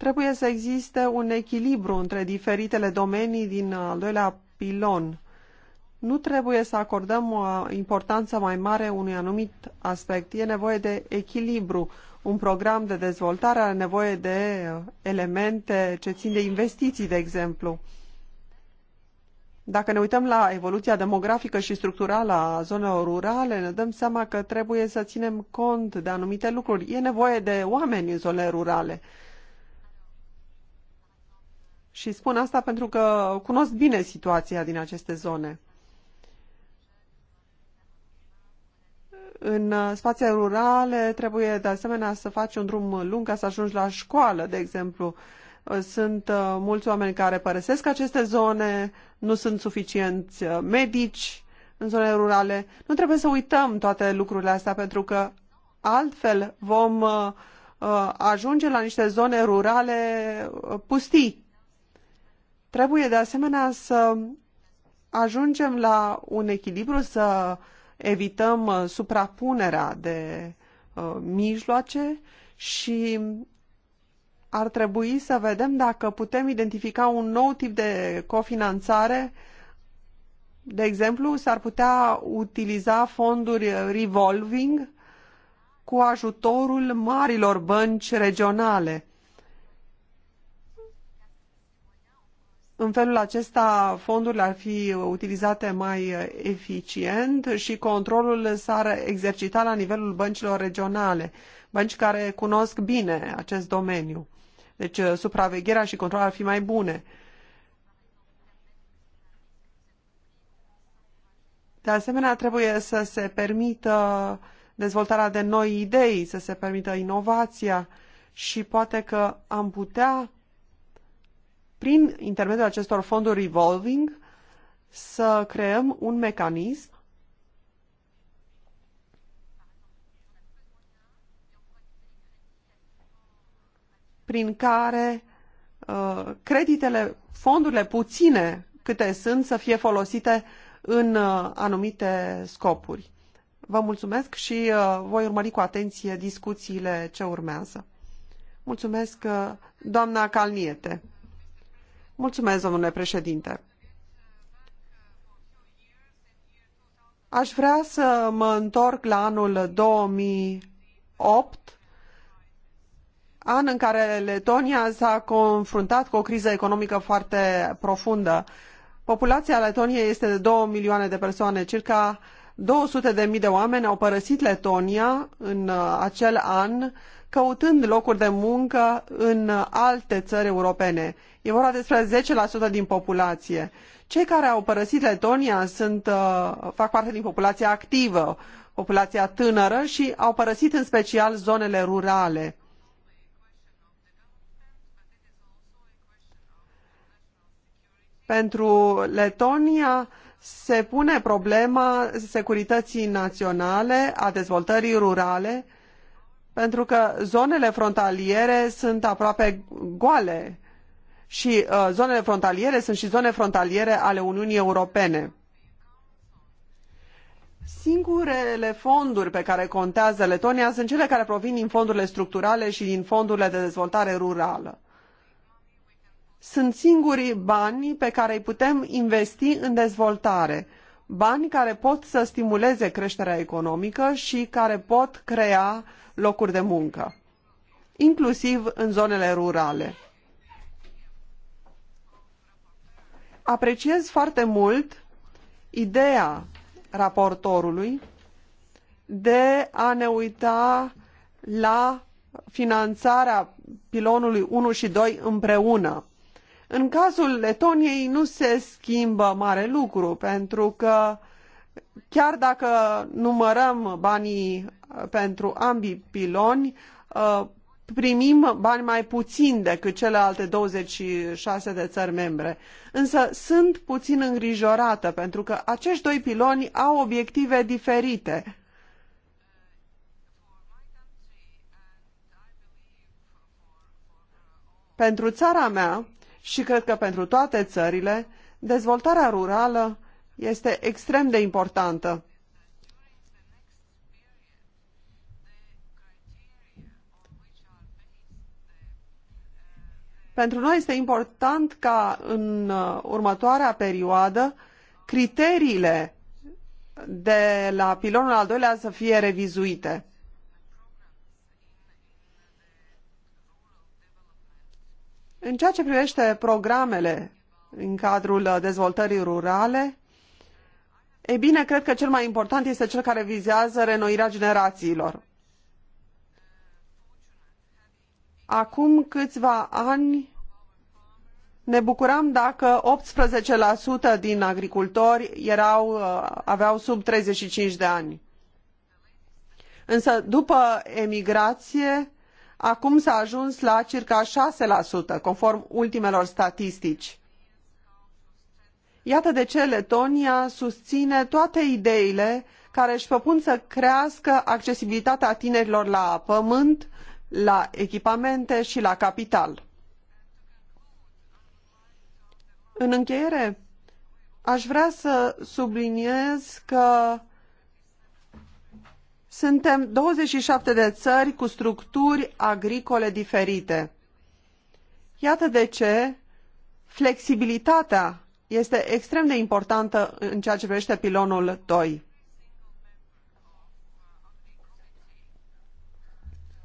Trebuie să existe un echilibru între diferitele domenii din uh, al doilea pilon. Nu trebuie să acordăm o uh, importanță mai mare unui anumit aspect. E nevoie de echilibru. Un program de dezvoltare are nevoie de uh, elemente ce țin de investiții, de exemplu. Dacă ne uităm la evoluția demografică și structurală a zonelor rurale, ne dăm seama că trebuie să ținem cont de anumite lucruri. E nevoie de oameni în zonele rurale. Și spun asta pentru că cunosc bine situația din aceste zone. În spații rurale trebuie de asemenea să faci un drum lung ca să ajungi la școală, de exemplu. Sunt uh, mulți oameni care părăsesc aceste zone, nu sunt suficienți uh, medici în zonele rurale. Nu trebuie să uităm toate lucrurile astea pentru că altfel vom uh, ajunge la niște zone rurale pustii Trebuie de asemenea să ajungem la un echilibru, să evităm uh, suprapunerea de uh, mijloace și ar trebui să vedem dacă putem identifica un nou tip de cofinanțare. De exemplu, s-ar putea utiliza fonduri revolving cu ajutorul marilor bănci regionale În felul acesta, fondurile ar fi utilizate mai eficient și controlul s-ar exercita la nivelul băncilor regionale, bănci care cunosc bine acest domeniu. Deci, uh, supravegherea și controlul ar fi mai bune. De asemenea, trebuie să se permită dezvoltarea de noi idei, să se permită inovația și poate că am putea prin intermediul acestor fonduri revolving, să creăm un mecanism prin care uh, creditele, fondurile puține câte sunt, să fie folosite în uh, anumite scopuri. Vă mulțumesc și uh, voi urmări cu atenție discuțiile ce urmează. Mulțumesc, uh, doamna Calniete. Mulțumesc, domnule președinte. Aș vrea să mă întorc la anul 2008, an în care Letonia s-a confruntat cu o criză economică foarte profundă. Populația Letoniei este de 2 milioane de persoane, circa 200 de mii de oameni au părăsit Letonia în uh, acel an căutând locuri de muncă în alte țări europene. E vorba despre 10% din populație. Cei care au părăsit Letonia sunt, uh, fac parte din populația activă, populația tânără și au părăsit în special zonele rurale. Pentru Letonia se pune problema securității naționale, a dezvoltării rurale, pentru că zonele frontaliere sunt aproape goale și uh, zonele frontaliere sunt și zone frontaliere ale Uniunii Europene. Singurele fonduri pe care contează Letonia sunt cele care provin din fondurile structurale și din fondurile de dezvoltare rurală. Sunt singurii bani pe care îi putem investi în dezvoltare bani care pot să stimuleze creșterea economică și care pot crea locuri de muncă, inclusiv în zonele rurale. Apreciez foarte mult ideea raportorului de a ne uita la finanțarea pilonului 1 și 2 împreună. În cazul Letoniei nu se schimbă mare lucru, pentru că chiar dacă numărăm banii uh, pentru ambii piloni, uh, primim bani mai puțin decât celelalte 26 de țări membre. Însă sunt puțin îngrijorată pentru că acești doi piloni au obiective diferite. Pentru țara mea și cred că pentru toate țările, dezvoltarea rurală este extrem de importantă. Pentru noi este important ca în uh, următoarea perioadă criteriile de la pilonul al doilea să fie revizuite. În ceea ce privește programele în cadrul uh, dezvoltării rurale, e bine, cred că cel mai important este cel care vizează renoirea generațiilor. Acum câțiva ani ne bucuram dacă 18% din agricultori erau, uh, aveau sub 35 de ani. Însă după emigrație, Acum s-a ajuns la circa 6%, conform ultimelor statistici. Iată de ce Letonia susține toate ideile care își propun să crească accesibilitatea tinerilor la pământ, la echipamente și la capital. În încheiere, aș vrea să subliniez că suntem 27 de țări cu structuri agricole diferite. Iată de ce flexibilitatea este extrem de importantă în ceea ce privește pilonul 2.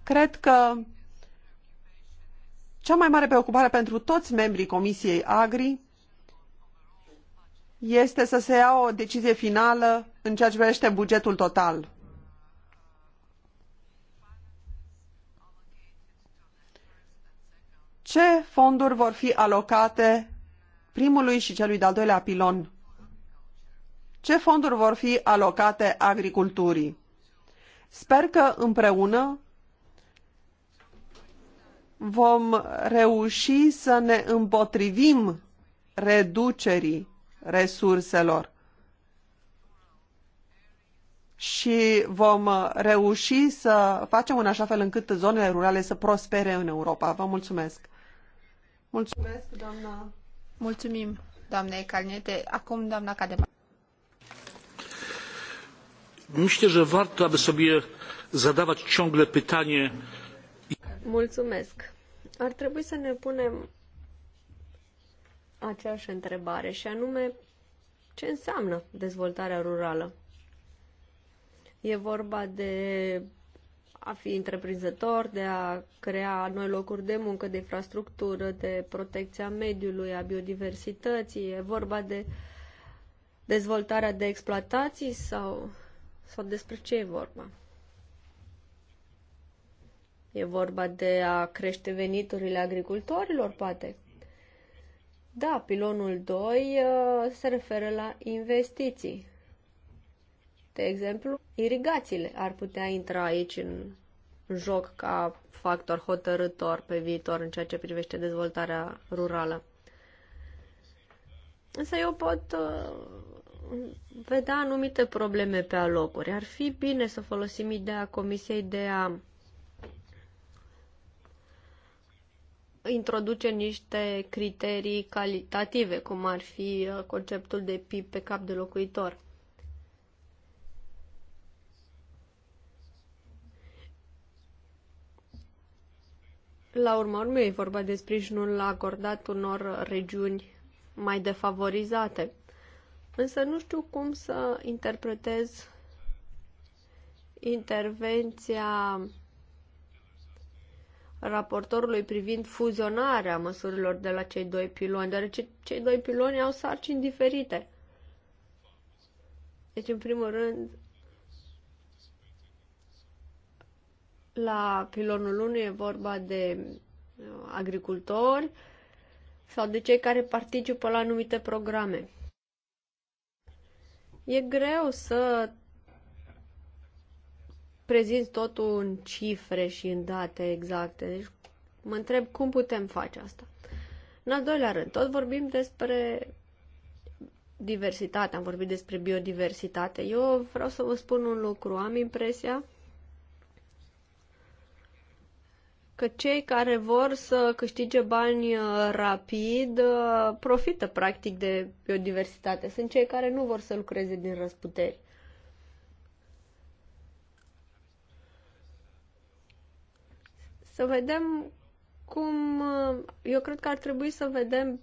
Cred că cea mai mare preocupare pentru toți membrii Comisiei Agri este să se ia o decizie finală în ceea ce privește bugetul total. ce fonduri vor fi alocate primului și celui de-al doilea pilon? Ce fonduri vor fi alocate agriculturii? Sper că împreună vom reuși să ne împotrivim reducerii resurselor și vom reuși să facem în așa fel încât zonele rurale să prospere în Europa. Vă mulțumesc! Mulțumesc, doamna. Mulțumim, doamnei Calniete. Acum, doamna Cadema. Myślę, że warto, aby sobie zadawać ciągle pytanie. Mulțumesc. Ar trebui să ne punem aceeași întrebare și anume ce înseamnă dezvoltarea rurală. E vorba de a fi întreprinzător, de a crea noi locuri de muncă, de infrastructură, de protecția mediului, a biodiversității, e vorba de dezvoltarea de exploatații sau, sau despre ce e vorba? E vorba de a crește veniturile agricultorilor, poate. Da, pilonul 2 uh, se referă la investiții. De exemplu, irigațiile ar putea intra aici în joc ca factor hotărător pe viitor în ceea ce privește dezvoltarea rurală. Însă eu pot uh, vedea anumite probleme pe alocuri. Ar fi bine să folosim ideea Comisiei de a introduce niște criterii calitative, cum ar fi uh, conceptul de PIB pe cap de locuitor. La urmă, nu e vorba de sprijinul acordat unor regiuni mai defavorizate. Însă nu știu cum să interpretez intervenția raportorului privind fuzionarea măsurilor de la cei doi piloni, deoarece cei doi piloni au sarcini diferite. Deci, în primul rând, La pilonul 1 e vorba de uh, agricultori sau de cei care participă la anumite programe. E greu să prezinți totul în cifre și în date exacte. Deci mă întreb cum putem face asta. În al doilea rând, tot vorbim despre diversitate, am vorbit despre biodiversitate. Eu vreau să vă spun un lucru. Am impresia că cei care vor să câștige bani uh, rapid uh, profită practic de biodiversitate. Sunt cei care nu vor să lucreze din răsputeri. Să vedem cum... Uh, eu cred că ar trebui să vedem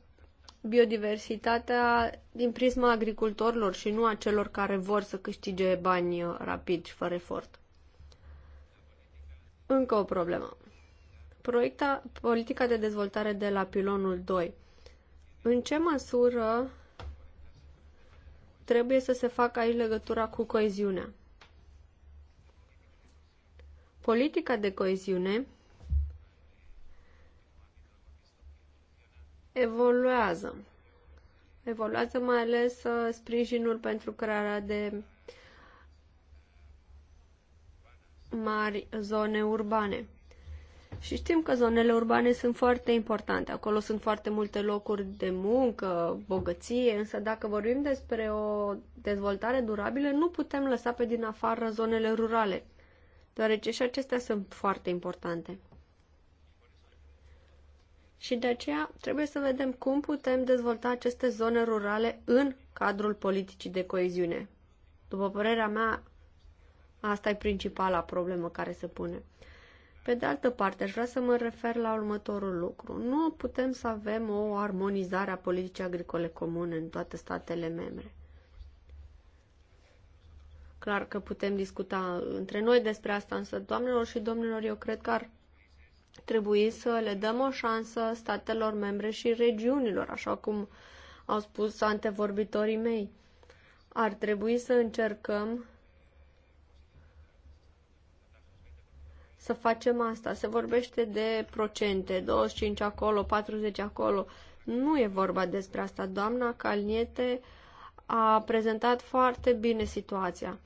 biodiversitatea din prisma agricultorilor și nu a celor care vor să câștige bani rapid și fără efort. Încă o problemă proiecta, politica de dezvoltare de la pilonul 2. În ce măsură trebuie să se facă aici legătura cu coeziunea? Politica de coeziune evoluează. Evoluează mai ales uh, sprijinul pentru crearea de mari zone urbane. Și știm că zonele urbane sunt foarte importante. Acolo sunt foarte multe locuri de muncă, bogăție, însă dacă vorbim despre o dezvoltare durabilă, nu putem lăsa pe din afară zonele rurale, deoarece și acestea sunt foarte importante. Și de aceea trebuie să vedem cum putem dezvolta aceste zone rurale în cadrul politicii de coeziune. După părerea mea, asta e principala problemă care se pune. Pe de altă parte, aș vrea să mă refer la următorul lucru. Nu putem să avem o armonizare a politicii agricole comune în toate statele membre. Clar că putem discuta între noi despre asta, însă, doamnelor și domnilor, eu cred că ar trebui să le dăm o șansă statelor membre și regiunilor, așa cum au spus antevorbitorii mei. Ar trebui să încercăm să facem asta. Se vorbește de procente, 25 acolo, 40 acolo. Nu e vorba despre asta. Doamna Calniete a prezentat foarte bine situația.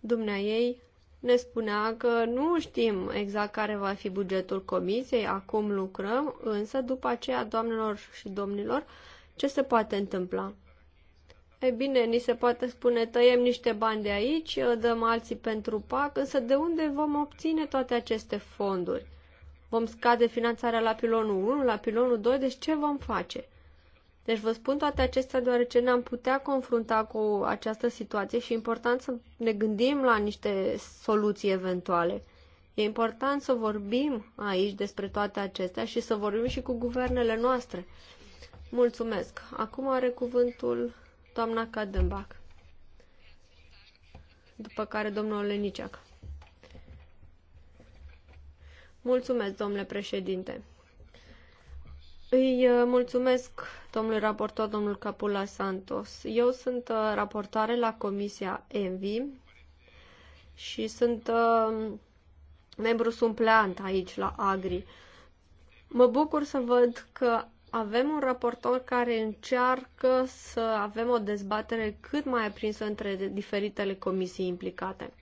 Dumnea ei ne spunea că nu știm exact care va fi bugetul comisiei, acum lucrăm, însă după aceea, doamnelor și domnilor, ce se poate întâmpla? E bine, ni se poate spune tăiem niște bani de aici, dăm alții pentru PAC, însă de unde vom obține toate aceste fonduri? Vom scade finanțarea la pilonul 1, la pilonul 2, deci ce vom face? Deci vă spun toate acestea deoarece ne-am putea confrunta cu această situație și e important să ne gândim la niște soluții eventuale. E important să vorbim aici despre toate acestea și să vorbim și cu guvernele noastre. Mulțumesc. Acum are cuvântul doamna Kadenbach. După care domnul Leniciac. Mulțumesc, domnule președinte. Îi uh, mulțumesc domnului raportor, domnul Capula Santos. Eu sunt uh, raportare la Comisia ENVI și sunt uh, membru sumpleant aici la Agri. Mă bucur să văd că avem un raportor care încearcă să avem o dezbatere cât mai aprinsă între diferitele comisii implicate.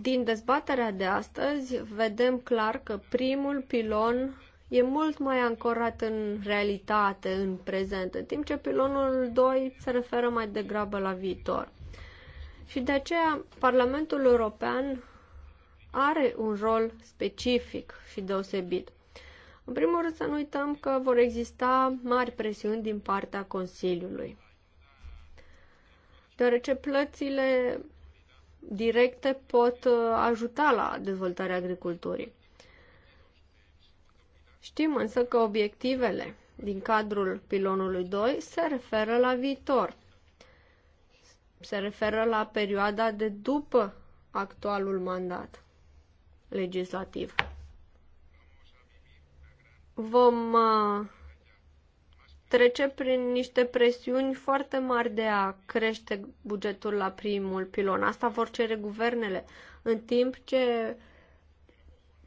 Din dezbaterea de astăzi vedem clar că primul pilon e mult mai ancorat în realitate, în prezent, în timp ce pilonul 2 se referă mai degrabă la viitor. Și de aceea Parlamentul European are un rol specific și deosebit. În primul rând să nu uităm că vor exista mari presiuni din partea Consiliului, deoarece plățile directe pot uh, ajuta la dezvoltarea agriculturii. Știm însă că obiectivele din cadrul pilonului 2 se referă la viitor. Se referă la perioada de după actualul mandat legislativ vom uh, trece prin niște presiuni foarte mari de a crește bugetul la primul pilon. Asta vor cere guvernele, în timp ce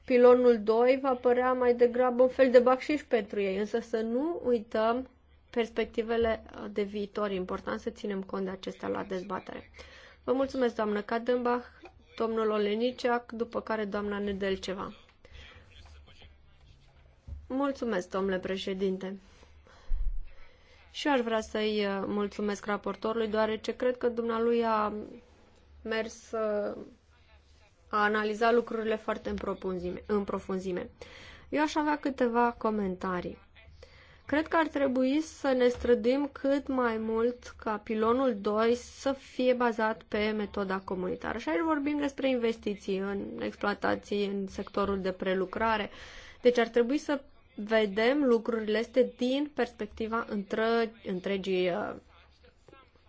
pilonul 2 va părea mai degrabă un fel de bacșiș pentru ei. Însă să nu uităm perspectivele de viitor. Important să ținem cont de acestea la dezbatere. Vă mulțumesc, doamnă Kadenbach, domnul Oleniceac, după care doamna Nedelceva. Mulțumesc, domnule președinte. Și eu aș vrea să-i uh, mulțumesc raportorului, deoarece cred că dumnealui a mers uh, a analizat lucrurile foarte în profunzime. În profunzime. Eu aș avea câteva comentarii. Cred că ar trebui să ne străduim cât mai mult ca pilonul 2 să fie bazat pe metoda comunitară. Și aici vorbim despre investiții în exploatații, în sectorul de prelucrare. Deci ar trebui să vedem lucrurile este din perspectiva între, întregii uh,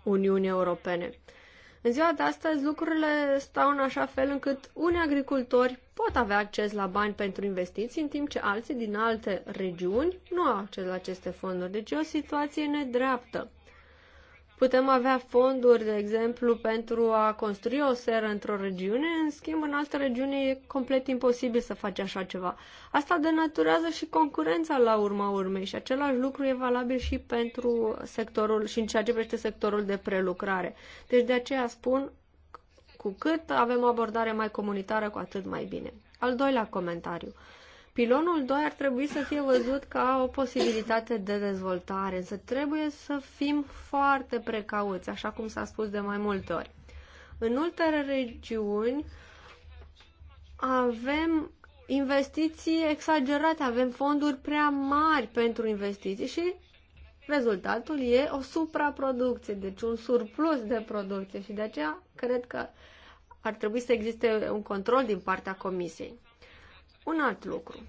Uniuni Europene. În ziua de astăzi lucrurile stau în așa fel încât unii agricultori pot avea acces la bani pentru investiții, în timp ce alții din alte regiuni nu au acces la aceste fonduri. Deci e o situație nedreaptă. Putem avea fonduri, de exemplu, pentru a construi o seră într-o regiune, în schimb, în altă regiune e complet imposibil să faci așa ceva. Asta denaturează și concurența la urma urmei și același lucru e valabil și pentru sectorul și în ceea ce privește sectorul de prelucrare. Deci de aceea spun, cu cât avem o abordare mai comunitară, cu atât mai bine. Al doilea comentariu. Uh, Pilonul 2 ar trebui să fie văzut ca o posibilitate de dezvoltare, însă trebuie să fim foarte precauți, așa cum s-a spus de mai multe ori. În multe regiuni avem investiții exagerate, avem fonduri prea mari pentru investiții și rezultatul e o supraproducție, deci un surplus de producție și de aceea cred că ar trebui să existe un control din partea Comisiei. Un alt lucru,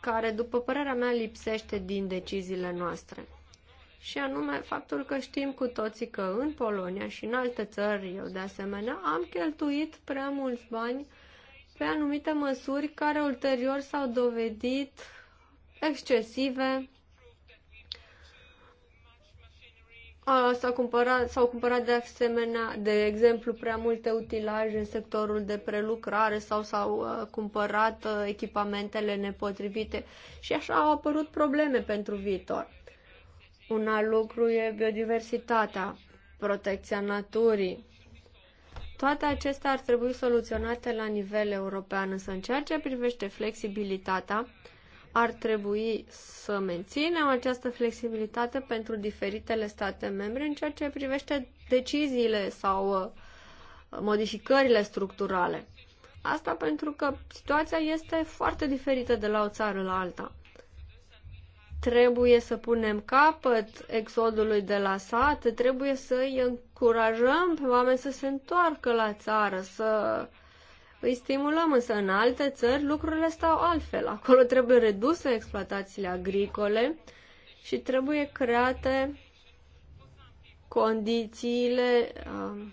care, după părerea mea, lipsește din deciziile noastre, și anume faptul că știm cu toții că în Polonia și în alte țări, eu de asemenea, am cheltuit prea mulți bani pe anumite măsuri care ulterior s-au dovedit excesive, S-au cumpărat, s-au cumpărat de asemenea, de exemplu, prea multe utilaje în sectorul de prelucrare sau s-au uh, cumpărat uh, echipamentele nepotrivite și așa au apărut probleme pentru viitor. Un alt lucru e biodiversitatea, protecția naturii. Toate acestea ar trebui soluționate la nivel european, însă în ceea ce privește flexibilitatea, ar trebui să menținem această flexibilitate pentru diferitele state membre în ceea ce privește deciziile sau uh, modificările structurale. Asta pentru că situația este foarte diferită de la o țară la alta. Trebuie să punem capăt exodului de la sat, trebuie să îi încurajăm pe oameni să se întoarcă la țară, să îi stimulăm însă în alte țări, lucrurile stau altfel. Acolo trebuie reduse exploatațiile agricole și trebuie create condițiile um,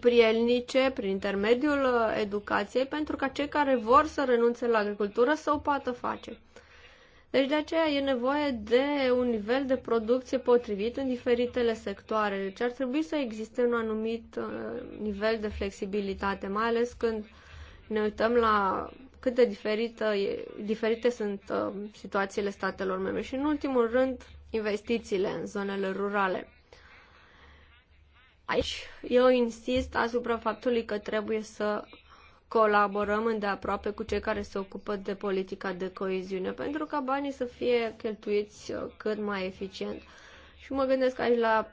prielnice prin intermediul uh, educației pentru ca cei care vor să renunțe la agricultură să o poată face. Deci de aceea e nevoie de un nivel de producție potrivit în diferitele sectoare. Deci ar trebui să existe un anumit uh, nivel de flexibilitate, mai ales când ne uităm la cât de diferită, diferite sunt uh, situațiile statelor membre. Și în ultimul rând, investițiile în zonele rurale. Aici eu insist asupra faptului că trebuie să colaborăm îndeaproape cu cei care se ocupă de politica de coeziune pentru ca banii să fie cheltuiți uh, cât mai eficient. Și mă gândesc aici la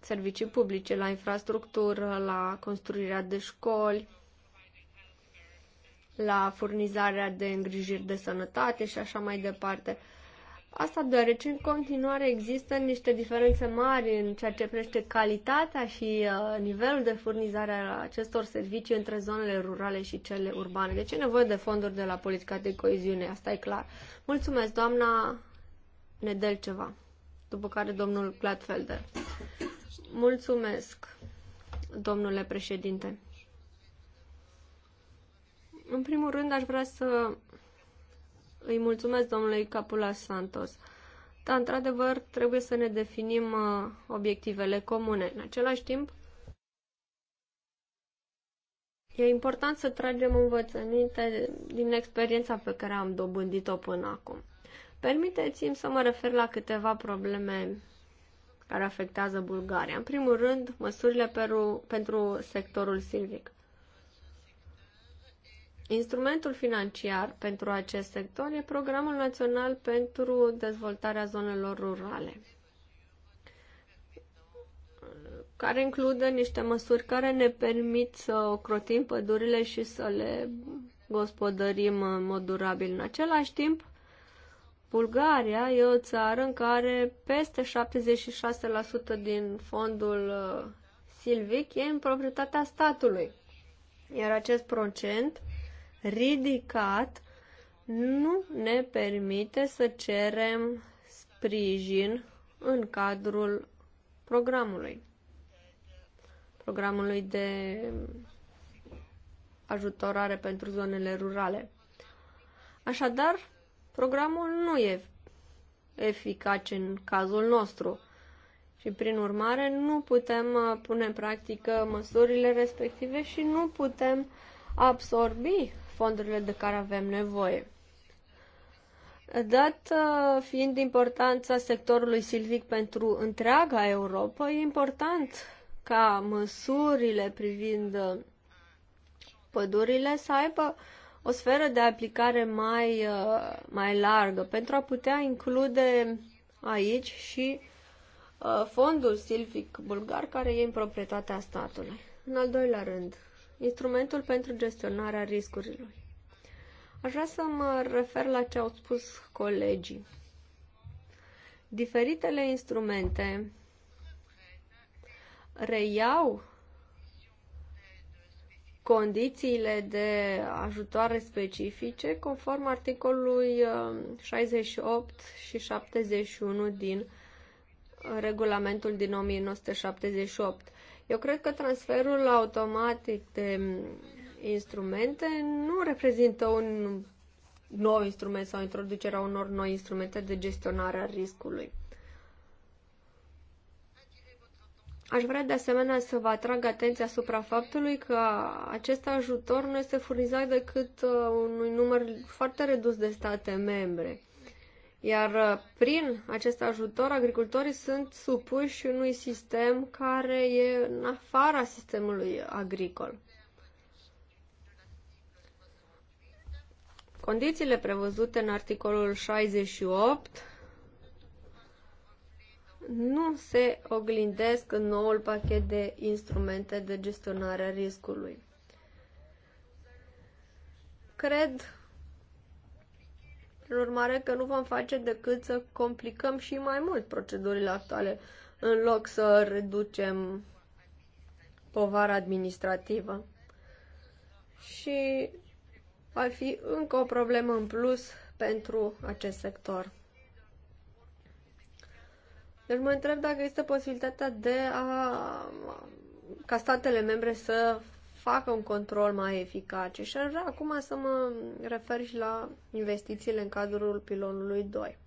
servicii publice, la infrastructură, la construirea de școli, la furnizarea de îngrijiri de sănătate și așa mai departe. Asta deoarece în continuare există niște diferențe mari în ceea ce privește calitatea și uh, nivelul de furnizare a acestor servicii între zonele rurale și cele urbane. Deci e nevoie de fonduri de la politica de coeziune, asta e clar. Mulțumesc, doamna Nedelceva, după care domnul Gladfelder. Mulțumesc, domnule președinte. În primul rând, aș vrea să îi mulțumesc domnului Capula Santos. Dar, într-adevăr, trebuie să ne definim uh, obiectivele comune. În același timp, e important să tragem învățăminte din experiența pe care am dobândit-o până acum. Permiteți-mi să mă refer la câteva probleme care afectează Bulgaria. În primul rând, măsurile peru, pentru sectorul silvic. Instrumentul financiar pentru acest sector e Programul Național pentru Dezvoltarea Zonelor Rurale, care include niște măsuri care ne permit să ocrotim pădurile și să le gospodărim în mod durabil. În același timp, Bulgaria e o țară în care peste 76% din fondul uh, silvic e în proprietatea statului, iar acest procent – ridicat nu ne permite să cerem sprijin în cadrul programului, programului de ajutorare pentru zonele rurale. Așadar, programul nu e eficace în cazul nostru și, prin urmare, nu putem uh, pune în practică măsurile respective și nu putem absorbi fondurile de care avem nevoie. Dat uh, fiind importanța sectorului silvic pentru întreaga Europa, e important ca măsurile privind uh, pădurile să aibă o sferă de aplicare mai, uh, mai largă pentru a putea include aici și fondul silvic bulgar care e în proprietatea statului. În al doilea rând, instrumentul pentru gestionarea riscurilor. Aș vrea să mă refer la ce au spus colegii. Diferitele instrumente reiau condițiile de ajutoare specifice conform articolului 68 uh, și 71 din regulamentul din 1978. Eu cred că transferul automatic de instrumente nu reprezintă un nou instrument sau introducerea unor noi instrumente de gestionare a riscului. Aș vrea de asemenea să vă atrag atenția asupra faptului că acest ajutor nu este furnizat decât uh, unui număr foarte redus de state membre. Iar uh, prin acest ajutor, agricultorii sunt supuși unui sistem care e în afara sistemului agricol. Condițiile prevăzute în articolul 68 nu se oglindesc în noul pachet de instrumente de gestionare a riscului. Cred prin urmare că nu vom face decât să complicăm și mai mult procedurile actuale, în loc să reducem povara administrativă. Și va fi încă o problemă în plus pentru acest sector. Deci mă întreb dacă este posibilitatea de a ca statele membre să facă un control mai eficace. Și aș vrea acum să mă refer și la investițiile în cadrul pilonului 2.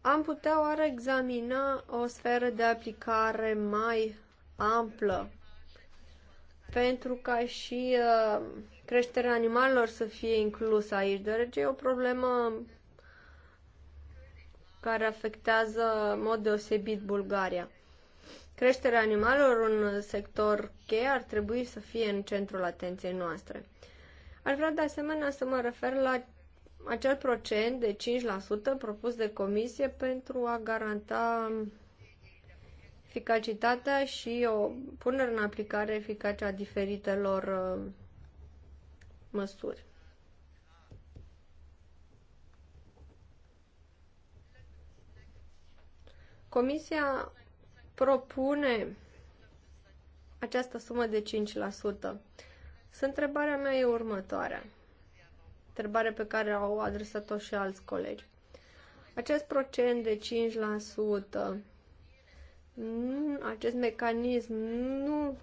Am putea oare examina o sferă de aplicare mai amplă pentru ca și uh, creșterea animalelor să fie inclusă aici, deoarece e o problemă care afectează în mod deosebit Bulgaria. Creșterea animalelor, un sector cheie, ar trebui să fie în centrul atenției noastre. Ar vrea de asemenea să mă refer la acel procent de 5% propus de comisie pentru a garanta eficacitatea și o punere în aplicare eficace a diferitelor uh, măsuri. Comisia propune această sumă de 5%. Să întrebarea mea e următoarea. Întrebare pe care au adresat-o și alți colegi. Acest procent de 5%, acest mecanism nu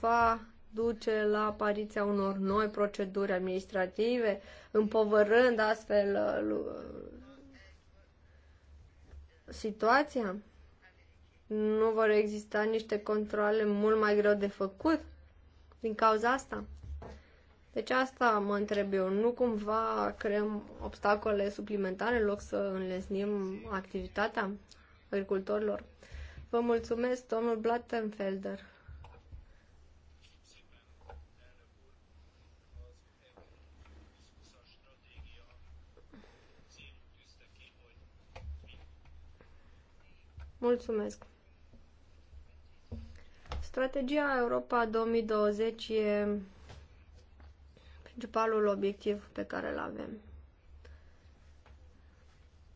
va duce la apariția unor noi proceduri administrative, împovărând astfel uh, situația? nu vor exista niște controle mult mai greu de făcut din cauza asta? Deci asta mă întreb eu. Nu cumva creăm obstacole suplimentare în loc să înlesnim activitatea agricultorilor? Vă mulțumesc, domnul Blattenfelder. Mulțumesc. Strategia Europa 2020 e principalul obiectiv pe care îl avem.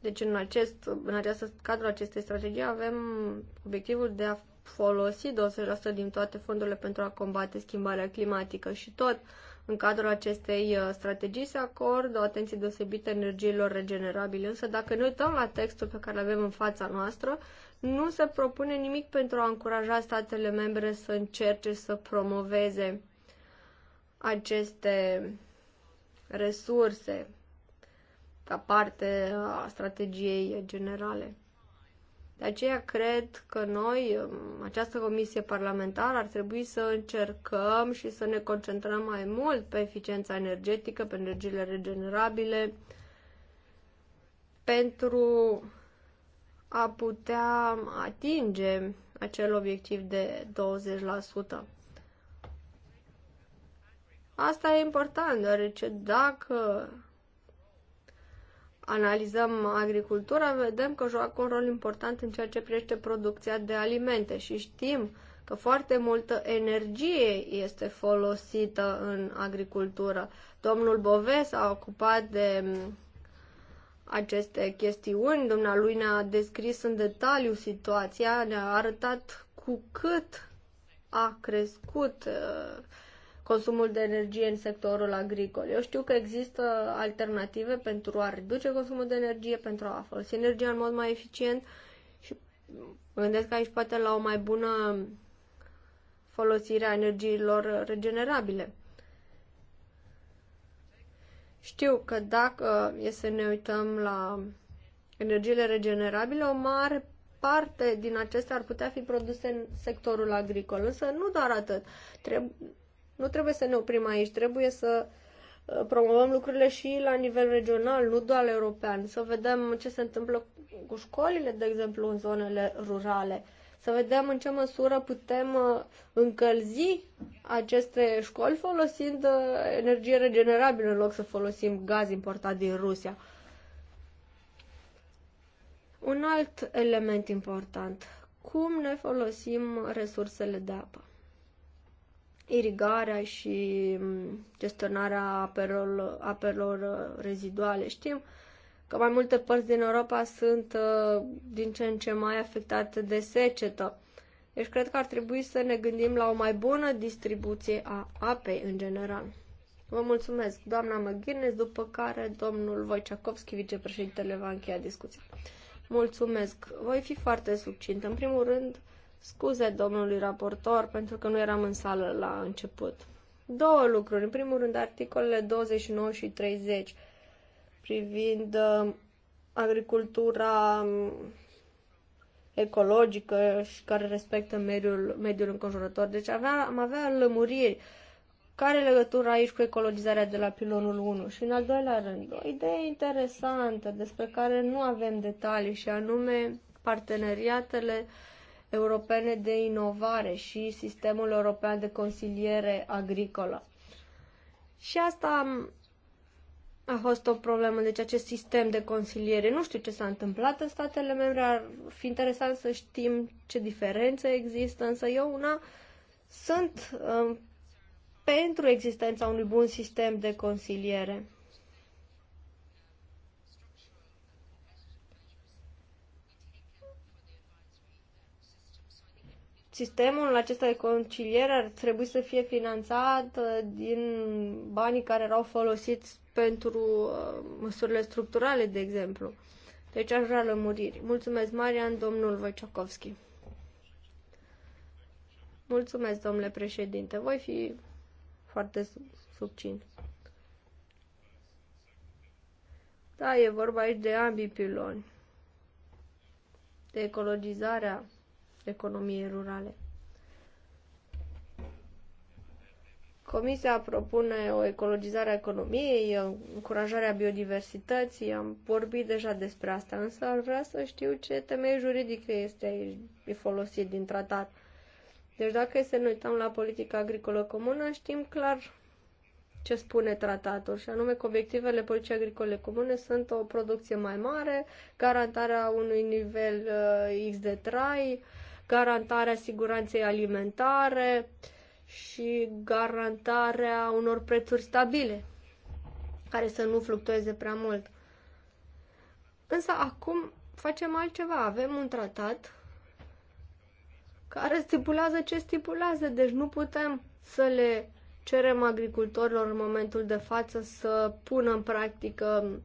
Deci în, acest, în această, cadrul acestei strategii avem obiectivul de a folosi 20% din toate fondurile pentru a combate schimbarea climatică și tot în cadrul acestei uh, strategii se acordă o atenție deosebită energiilor regenerabile, însă dacă ne uităm la textul pe care îl avem în fața noastră, nu se propune nimic pentru a încuraja statele membre să încerce să promoveze aceste resurse ca parte a strategiei generale. De aceea cred că noi, această comisie parlamentară, ar trebui să încercăm și să ne concentrăm mai mult pe eficiența energetică, pe energiile regenerabile, pentru a putea atinge acel obiectiv de 20%. Asta e important, deoarece dacă analizăm agricultura, vedem că joacă un rol important în ceea ce privește producția de alimente și știm că foarte multă energie este folosită în agricultură. Domnul Boves a ocupat de aceste chestiuni. lui ne-a descris în detaliu situația, ne-a arătat cu cât a crescut uh, consumul de energie în sectorul agricol. Eu știu că există alternative pentru a reduce consumul de energie, pentru a folosi energia în mod mai eficient și mă gândesc aici poate la o mai bună folosire a energiilor regenerabile. Știu că dacă e să ne uităm la energiile regenerabile, o mare parte din acestea ar putea fi produse în sectorul agricol. Însă nu doar atât. Treb- nu trebuie să ne oprim aici, trebuie să uh, promovăm lucrurile și la nivel regional, nu doar european. Să vedem ce se întâmplă cu școlile, de exemplu, în zonele rurale să vedem în ce măsură putem uh, încălzi aceste școli folosind uh, energie regenerabilă în loc să folosim gaz importat din Rusia. Un alt element important, cum ne folosim resursele de apă? irigarea și mm, gestionarea apelor, apelor uh, reziduale. Știm că mai multe părți din Europa sunt uh, din ce în ce mai afectate de secetă. Deci cred că ar trebui să ne gândim la o mai bună distribuție a apei în general. Vă mulțumesc, doamna McGuinness, după care domnul Wojciechowski, vicepreședintele, va încheia discuția. Mulțumesc. Voi fi foarte succint. În primul rând, scuze domnului raportor pentru că nu eram în sală la început. Două lucruri. În primul rând, articolele 29 și 30 privind uh, agricultura um, ecologică și care respectă mediul, mediul înconjurător. Deci avea, am avea lămuriri. Care e legătura aici cu ecologizarea de la pilonul 1? Și în al doilea rând, o idee interesantă despre care nu avem detalii și anume parteneriatele europene de inovare și sistemul european de consiliere agricolă. Și asta a fost o problemă, deci acest sistem de consiliere. Nu știu ce s-a întâmplat în statele membre, ar fi interesant să știm ce diferențe există, însă eu una sunt um, pentru existența unui bun sistem de consiliere. Sistemul acesta de conciliere ar trebui să fie finanțat uh, din banii care erau folosiți pentru uh, măsurile structurale, de exemplu. Deci aș vrea lămuriri. Mulțumesc, Marian, domnul Wojciechowski. Mulțumesc, domnule președinte. Voi fi foarte subțin. Da, e vorba aici de ambii piloni. De ecologizarea economiei rurale. Comisia propune o ecologizare a economiei, încurajarea biodiversității, am vorbit deja despre asta, însă ar vrea să știu ce temei juridică este folosit din tratat. Deci dacă este să ne uităm la politica agricolă comună, știm clar ce spune tratatul, și anume că obiectivele politicii agricole comune sunt o producție mai mare, garantarea unui nivel uh, X de trai, uh, garantarea siguranței alimentare și garantarea unor prețuri stabile, care să nu fluctueze prea mult. Însă acum facem altceva. Avem un tratat care stipulează ce stipulează, deci nu putem să le cerem agricultorilor în momentul de față să pună în practică uh,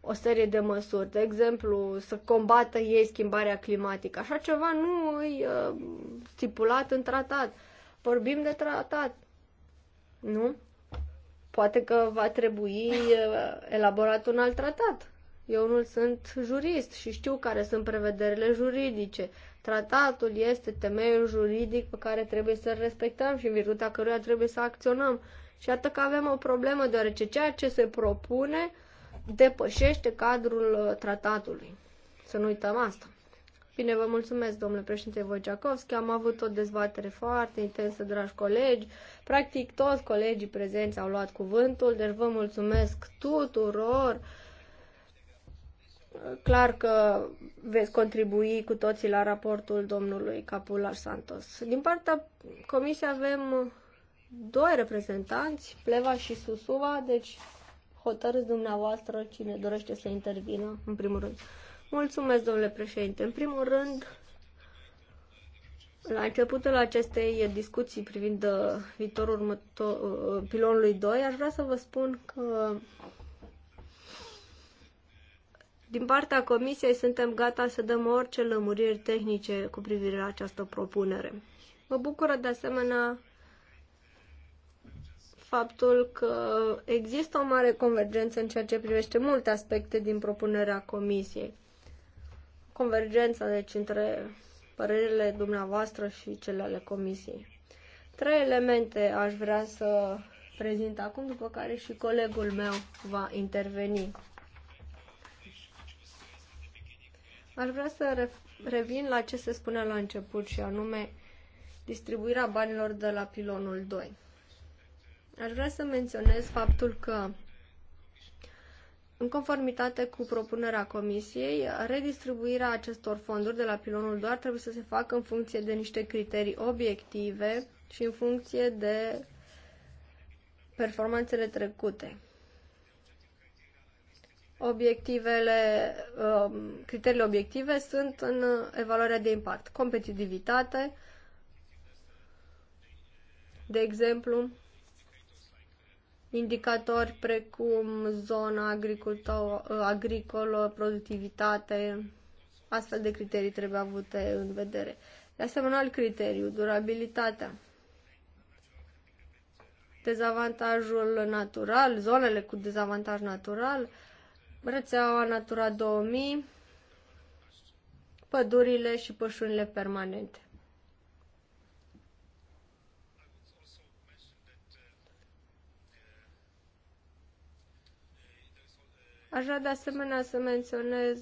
o serie de măsuri, de exemplu, să combată ei schimbarea climatică. Așa ceva nu e uh, stipulat în tratat. Vorbim de tratat, nu? Poate că va trebui uh, elaborat un alt tratat. Eu nu sunt jurist și știu care sunt prevederile juridice. Tratatul este temeiul juridic pe care trebuie să-l respectăm și în virtutea căruia trebuie să acționăm. Și atât că avem o problemă, deoarece ceea ce se propune uh, depășește cadrul uh, tratatului. Să nu uităm asta. Bine, vă mulțumesc, domnule președinte Wojciechowski. Am avut o dezbatere foarte intensă, dragi colegi. Practic toți colegii prezenți au luat cuvântul, deci vă mulțumesc tuturor. Clar că veți contribui cu toții la raportul domnului Capular Santos. Din partea comisiei avem doi reprezentanți, Pleva și Susuva, deci hotărâți dumneavoastră cine dorește să intervină, în primul rând. Mulțumesc, domnule președinte. În primul rând, la începutul acestei discuții privind uh, viitorul următor, uh, uh, pilonului 2, aș vrea să vă spun că din partea Comisiei suntem gata să dăm orice lămuriri tehnice cu privire la această propunere. Mă bucură de asemenea faptul că există o mare convergență în ceea ce privește multe aspecte din propunerea comisiei. Convergența, deci, între părerile dumneavoastră și cele ale comisiei. Trei elemente aș vrea să prezint acum, după care și colegul meu va interveni. Aș vrea să revin la ce se spunea la început și anume distribuirea banilor de la pilonul 2. Aș vrea să menționez faptul că în conformitate cu propunerea Comisiei, redistribuirea acestor fonduri de la pilonul doar trebuie să se facă în funcție de niște criterii obiective și în funcție de performanțele trecute. Obiectivele, um, criteriile obiective sunt în evaluarea de impact. Competitivitate, de exemplu, indicatori precum zona agricolă, productivitate, astfel de criterii trebuie avute în vedere. De asemenea, alt criteriu, durabilitatea. Dezavantajul natural, zonele cu dezavantaj natural, rețeaua Natura 2000, pădurile și pășunile permanente. Aș vrea de asemenea să menționez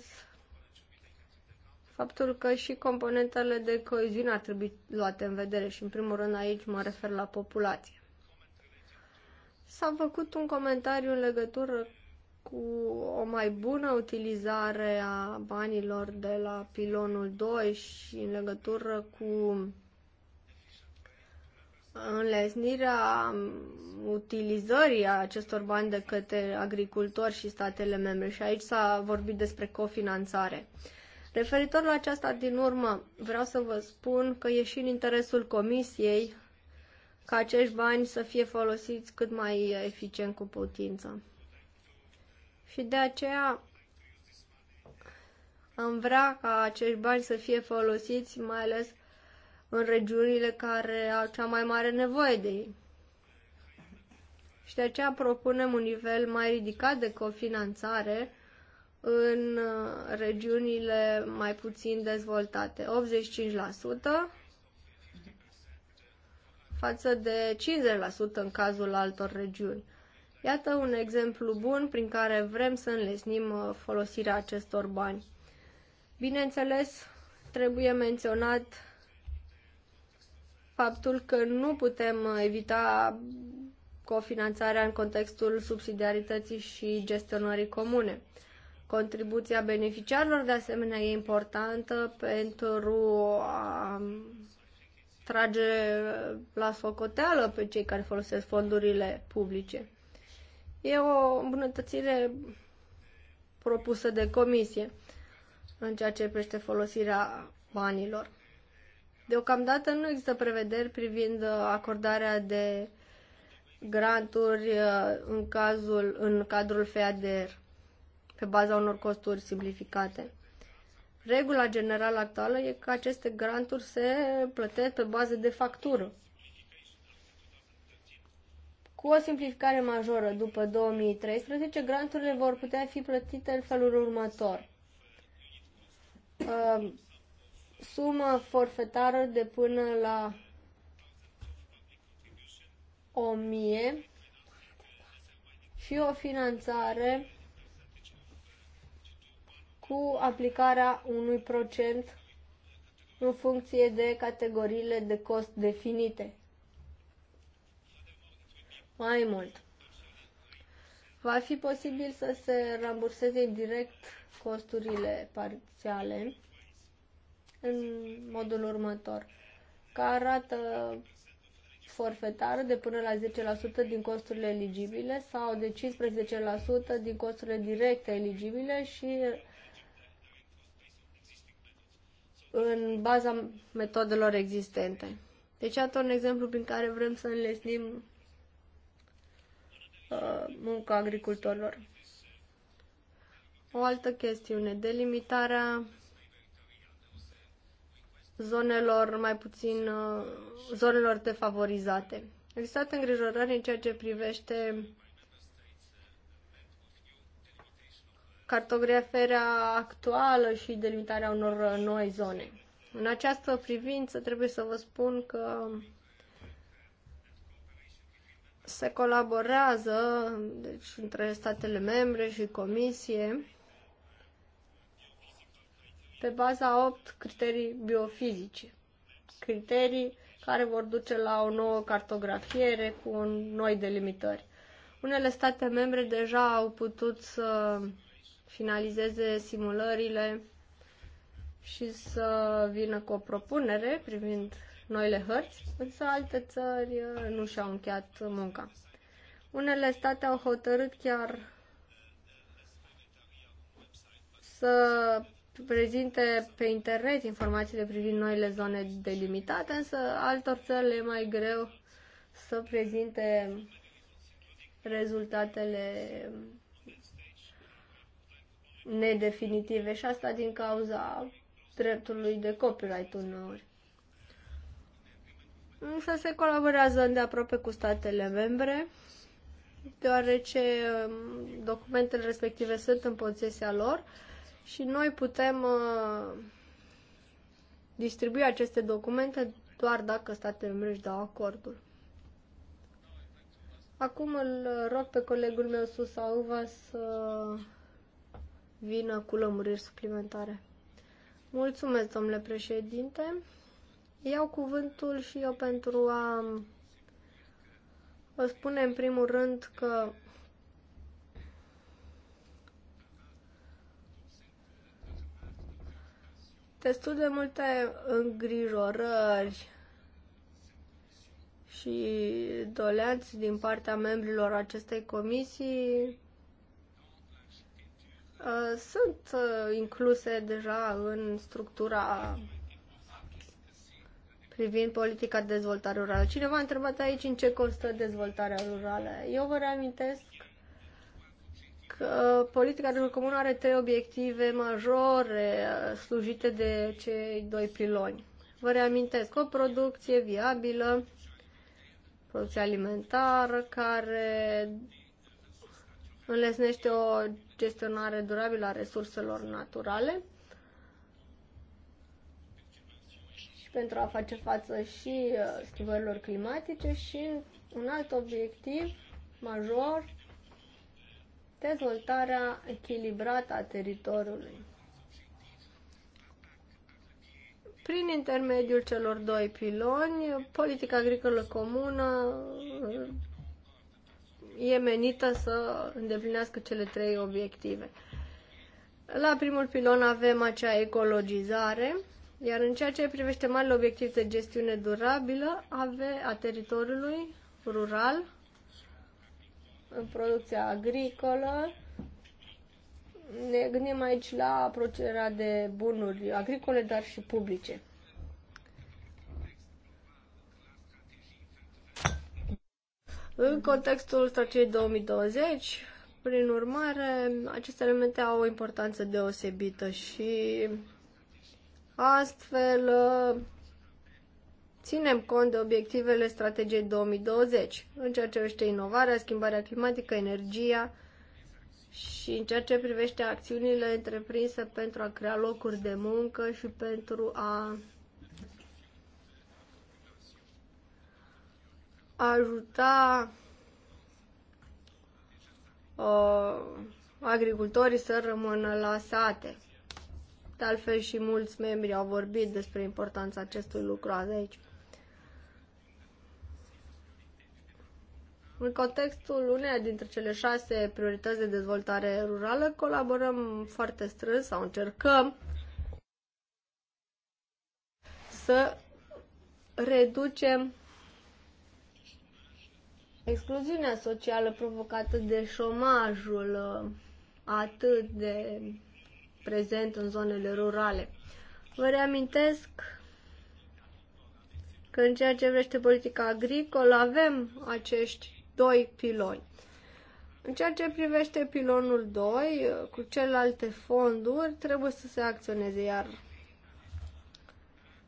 faptul că și componentele de coeziune ar trebui luate în vedere și, în primul rând, aici mă refer la populație. S-a făcut un comentariu în legătură cu o mai bună utilizare a banilor de la pilonul 2 și în legătură cu înlesnirea um, utilizării acestor bani de către agricultori și statele membre. Și aici s-a vorbit despre cofinanțare. Referitor la aceasta din urmă, vreau să vă spun că e și în interesul Comisiei ca acești bani să fie folosiți cât mai eficient cu putință. Și de aceea am vrea ca acești bani să fie folosiți mai ales în regiunile care au cea mai mare nevoie de ei. Și de aceea propunem un nivel mai ridicat de cofinanțare în uh, regiunile mai puțin dezvoltate, 85% față de 50% în cazul altor regiuni. Iată un exemplu bun prin care vrem să înlesnim uh, folosirea acestor bani. Bineînțeles, trebuie menționat faptul că nu putem uh, evita cofinanțarea în contextul subsidiarității și gestionării comune. Contribuția beneficiarilor, de asemenea, e importantă pentru a um, trage la socoteală pe cei care folosesc fondurile publice. E o îmbunătățire propusă de comisie în ceea ce privește folosirea banilor. Deocamdată nu există prevederi privind uh, acordarea de granturi uh, în, cazul, în cadrul FEADER pe baza unor costuri simplificate. Regula generală actuală e că aceste granturi se plătesc pe bază de factură. Cu o simplificare majoră după 2013, granturile vor putea fi plătite în felul următor. Uh, sumă forfetară de până la 1000 și o finanțare cu aplicarea unui procent în funcție de categoriile de cost definite. Mai mult, va fi posibil să se ramburseze direct costurile parțiale în modul următor. Ca arată forfetară de până la 10% din costurile eligibile sau de 15% din costurile directe eligibile și în baza metodelor existente. Deci, atunci un exemplu prin care vrem să înlesnim uh, munca agricultorilor. O altă chestiune, delimitarea zonelor mai puțin, uh, zonelor defavorizate. Existat îngrijorări în ceea ce privește cartografierea actuală și delimitarea unor uh, noi zone. În această privință trebuie să vă spun că se colaborează deci, între statele membre și comisie pe baza 8 criterii biofizice, criterii care vor duce la o nouă cartografiere cu noi delimitări. Unele state membre deja au putut să finalizeze simulările și să vină cu o propunere privind noile hărți, însă alte țări uh, nu și-au încheiat munca. Unele state au hotărât chiar să prezinte pe internet informațiile privind noile zone delimitate, însă altor țări e mai greu să prezinte rezultatele nedefinitive și asta din cauza dreptului de copyright uneori. Însă se colaborează îndeaproape cu statele membre, deoarece um, documentele respective sunt în posesia lor, și noi putem uh, distribui aceste documente doar dacă statele membre își dau acordul. Acum îl rog pe colegul meu Susa Uva să vină cu lămuriri suplimentare. Mulțumesc, domnule președinte. Iau cuvântul și eu pentru a vă spune în primul rând că destul de multe îngrijorări și doleanți din partea membrilor acestei comisii uh, sunt uh, incluse deja în structura privind politica de dezvoltare rurală. Cineva a întrebat aici în ce constă dezvoltarea rurală. Eu vă reamintesc politica de comun are trei obiective majore uh, slujite de cei doi piloni. Vă reamintesc, o producție viabilă, producție alimentară, care înlesnește o gestionare durabilă a resurselor naturale și pentru a face față și uh, schimbărilor climatice și un alt obiectiv major dezvoltarea echilibrată a teritoriului. Prin intermediul celor doi piloni, politica agricolă comună uh, e menită să îndeplinească cele trei obiective. La primul pilon avem acea ecologizare, iar în ceea ce privește marile obiective de gestiune durabilă ave, a teritoriului rural, în producția agricolă. Ne gândim aici la producerea de bunuri agricole, dar și publice. În contextul strategiei 2020, prin urmare, aceste elemente au o importanță deosebită și astfel ținem cont de obiectivele strategiei 2020 în ceea ce privește inovarea, schimbarea climatică, energia și în ceea ce privește acțiunile întreprinse pentru a crea locuri de muncă și pentru a ajuta uh, agricultorii să rămână la sate. De altfel și mulți membri au vorbit despre importanța acestui lucru aici. În contextul uneia dintre cele șase priorități de dezvoltare rurală, colaborăm foarte strâns sau încercăm să reducem excluziunea socială provocată de șomajul uh, atât de prezent în zonele rurale. Vă reamintesc că în ceea ce vrește politica agricolă avem acești doi piloni. În ceea ce privește pilonul 2, cu celelalte fonduri, trebuie să se acționeze, iar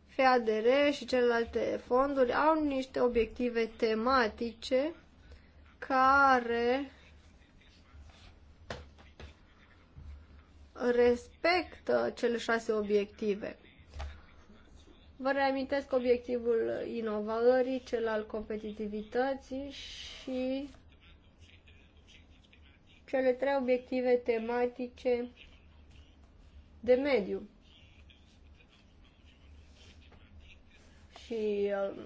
FADR și celelalte fonduri au niște obiective tematice care respectă cele șase obiective. Vă reamintesc obiectivul inovării, cel al competitivității și cele trei obiective tematice de mediu. și um,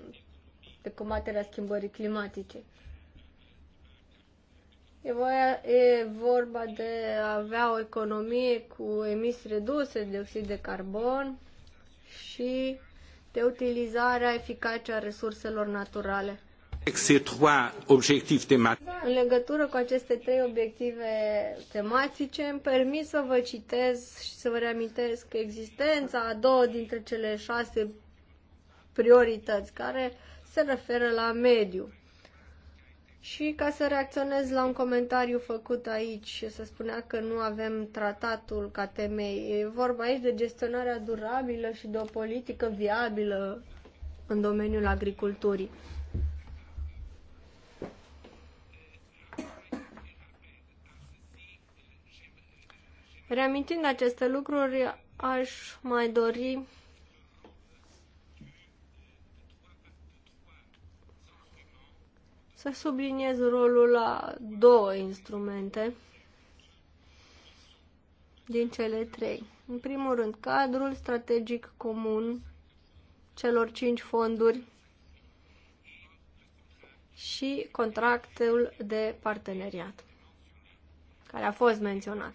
de combaterea schimbării climatice. E, voia, e vorba de a avea o economie cu emisii reduse de oxid de carbon și de utilizarea eficace a resurselor naturale. În legătură cu aceste trei obiective tematice, îmi permit să vă citez și să vă reamintesc existența a două dintre cele șase priorități care se referă la mediu. Și ca să reacționez la un comentariu făcut aici, se spunea că nu avem tratatul ca temei. E vorba aici de gestionarea durabilă și de o politică viabilă în domeniul agriculturii. Reamintind aceste lucruri, aș mai dori să subliniez rolul la două instrumente din cele trei. În primul rând, cadrul strategic comun celor cinci fonduri și contractul de parteneriat, care a fost menționat.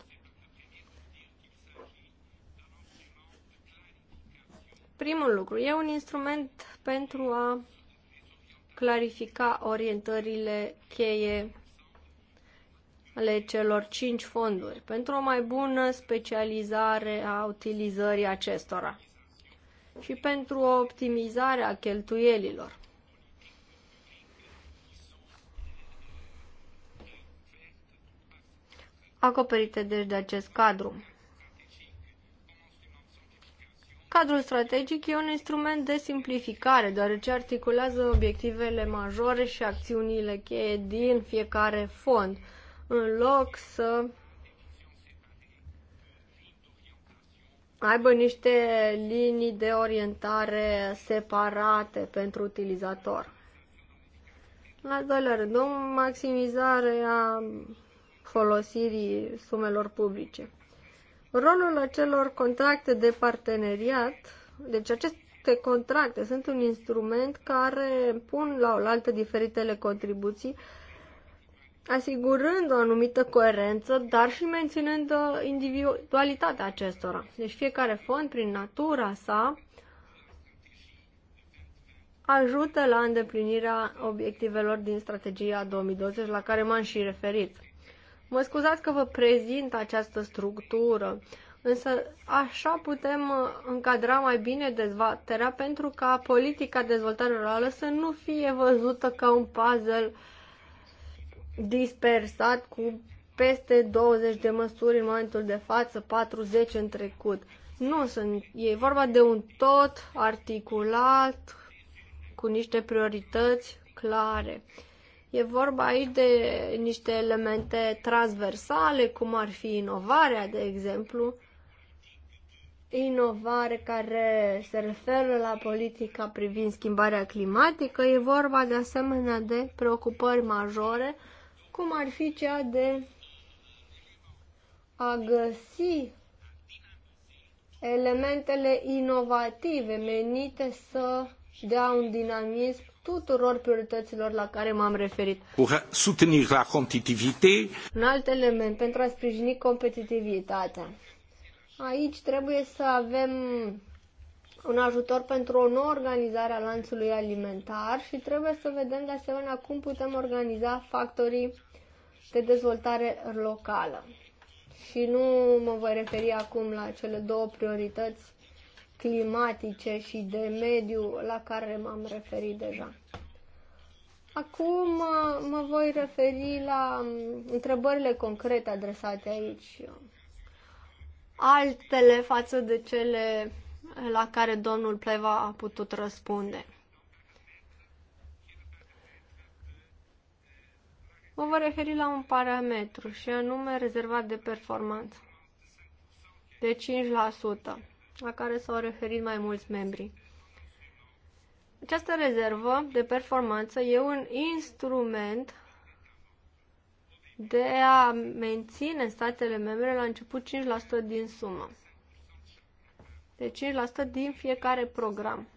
Primul lucru, e un instrument pentru a clarifica orientările cheie ale celor cinci fonduri pentru o mai bună specializare a utilizării acestora și pentru o optimizare a cheltuielilor. Acoperite deci de acest cadru. Cadrul strategic e un instrument de simplificare, deoarece articulează obiectivele majore și acțiunile cheie din fiecare fond, în loc să aibă niște linii de orientare separate pentru utilizator. În al doilea rând, maximizarea folosirii sumelor publice. Rolul acelor contracte de parteneriat, deci aceste contracte sunt un instrument care pun la oaltă diferitele contribuții, asigurând o anumită coerență, dar și menținând uh, individualitatea acestora. Deci fiecare fond, prin natura sa, ajută la îndeplinirea obiectivelor din strategia 2020 la care m-am și referit. Mă scuzați că vă prezint această structură, însă așa putem uh, încadra mai bine dezbaterea pentru ca politica dezvoltare rurală să nu fie văzută ca un puzzle dispersat cu peste 20 de măsuri în momentul de față, 40 în trecut. Nu sunt, e vorba de un tot articulat cu niște priorități clare. E vorba aici de niște elemente transversale, cum ar fi inovarea, de exemplu, inovare care se referă la politica privind schimbarea climatică. E vorba de asemenea de preocupări majore, cum ar fi cea de a găsi elementele inovative menite să dea un dinamism tuturor priorităților la care m-am referit. Soutenir la competitivitate. Un alt element pentru a sprijini competitivitatea. Aici trebuie să avem un ajutor pentru o nouă organizare a lanțului alimentar și trebuie să vedem de asemenea cum putem organiza factorii de dezvoltare locală. Și nu mă voi referi acum la cele două priorități climatice și de mediu la care m-am referit deja. Acum uh, mă voi referi la um, întrebările concrete adresate aici, altele față de cele la care domnul Pleva a putut răspunde. Mă voi referi la un parametru și anume rezervat de performanță de la care s-au referit mai mulți membri. Această rezervă de performanță e un instrument de a menține statele membre la început 5% din sumă. De deci 5% din fiecare program.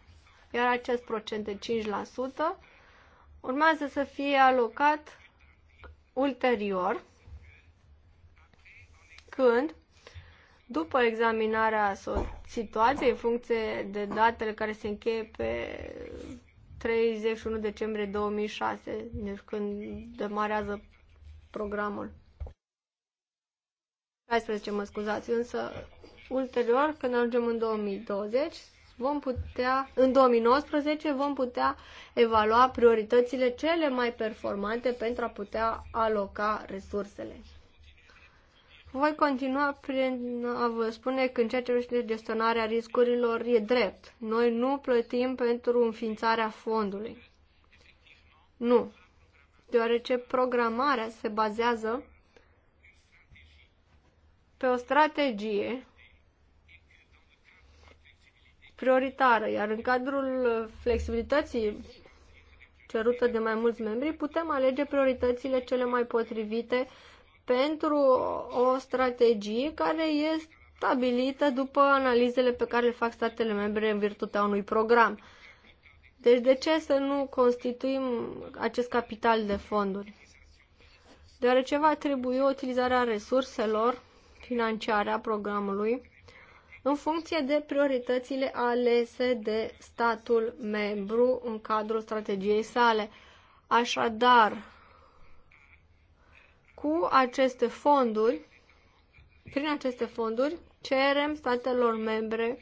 Iar acest procent de 5% urmează să fie alocat ulterior când după examinarea situației, în funcție de datele care se încheie pe 31 decembrie 2006, deci când demarează programul. 16, mă scuzați, însă ulterior, când ajungem în 2020, vom putea, în 2019 vom putea evalua prioritățile cele mai performante pentru a putea aloca resursele. Voi continua prin a vă spune că în ceea ce privește gestionarea riscurilor e drept. Noi nu plătim pentru înființarea fondului. Nu. Deoarece programarea se bazează pe o strategie prioritară, iar în cadrul flexibilității cerută de mai mulți membri, putem alege prioritățile cele mai potrivite uh, pentru o strategie care este stabilită după analizele pe care le fac statele membre în virtutea unui program. Deci de ce să nu constituim acest capital de fonduri? Deoarece va trebui utilizarea resurselor financiare a programului în funcție de prioritățile alese de statul membru în cadrul strategiei sale. Așadar, cu aceste fonduri, prin aceste fonduri, cerem statelor membre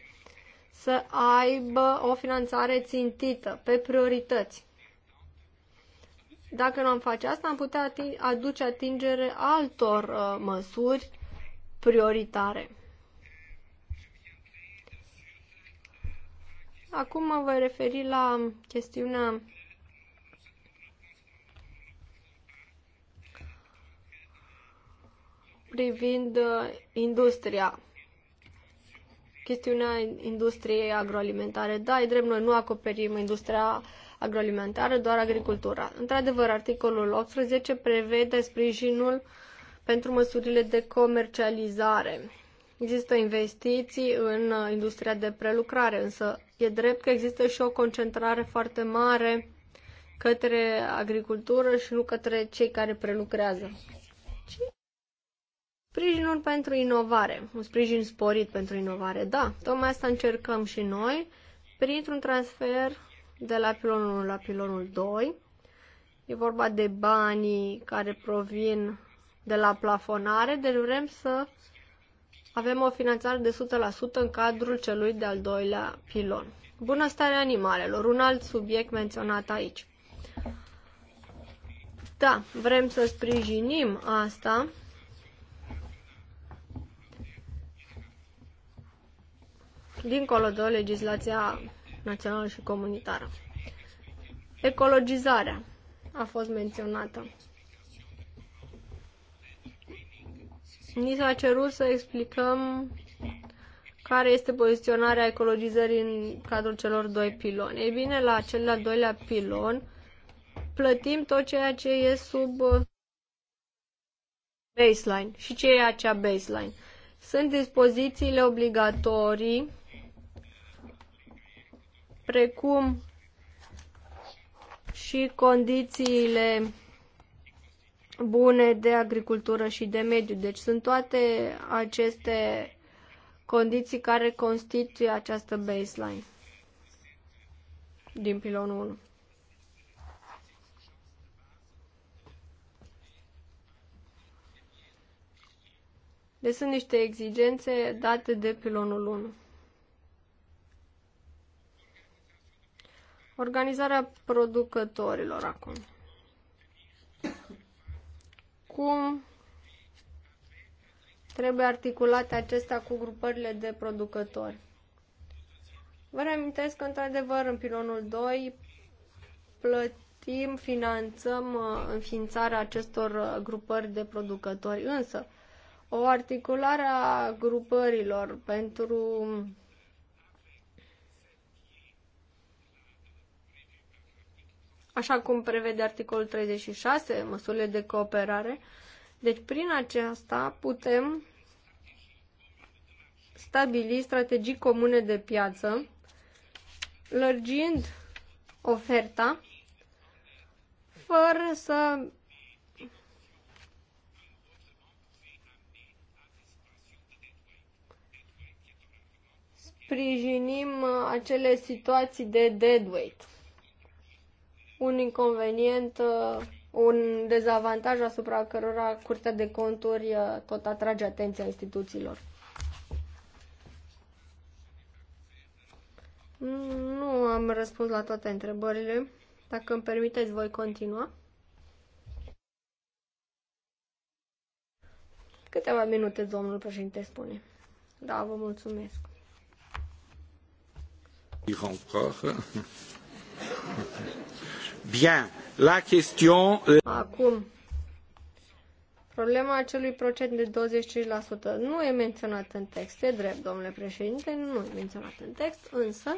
să aibă o finanțare țintită pe priorități. Dacă nu am face asta, am putea aduce atingere altor uh, măsuri prioritare. Acum mă voi referi la chestiunea privind uh, industria, chestiunea industriei agroalimentare. Da, e drept, noi nu acoperim industria agroalimentară, doar agricultura. Într-adevăr, articolul 18 prevede sprijinul pentru măsurile de comercializare. Există investiții în uh, industria de prelucrare, însă e drept că există și o concentrare foarte mare către agricultură și nu către cei care prelucrează. Sprijinul pentru inovare, un sprijin sporit pentru inovare, da, tocmai asta încercăm și noi printr-un transfer de la pilonul 1 la pilonul 2. E vorba de banii care provin de la plafonare, deci vrem să avem o finanțare de 100% în cadrul celui de-al doilea pilon. Bunăstarea animalelor, un alt subiect menționat aici. Da, vrem să sprijinim asta dincolo de legislația națională și comunitară. Ecologizarea a fost menționată. Ni s-a cerut să explicăm care este poziționarea ecologizării în cadrul celor doi piloni. Ei bine, la cel de-al doilea pilon plătim tot ceea ce e sub uh, baseline și ce e acea baseline. Sunt dispozițiile obligatorii precum și condițiile bune de agricultură și de mediu. Deci sunt toate aceste condiții care constituie această baseline din pilonul 1. Deci sunt niște exigențe date de pilonul 1. Organizarea producătorilor acum. Cum trebuie articulate acestea cu grupările de producători? Vă reamintesc că, într-adevăr, în pilonul 2 plătim, finanțăm uh, înființarea acestor uh, grupări de producători, însă o articulare a grupărilor pentru așa cum prevede articolul 36, măsurile de cooperare. Deci, prin aceasta putem stabili strategii comune de piață, lărgind oferta, fără să sprijinim acele situații de deadweight un inconvenient, uh, un dezavantaj asupra cărora Curtea de Conturi uh, tot atrage atenția instituțiilor. Nu am răspuns la toate întrebările. Dacă îmi permiteți, voi continua. Câteva minute, domnul președinte spune. Da, vă mulțumesc. Bien. La question... Acum, problema acelui procent de 25% nu e menționat în text. E drept, domnule președinte, nu e menționat în text, însă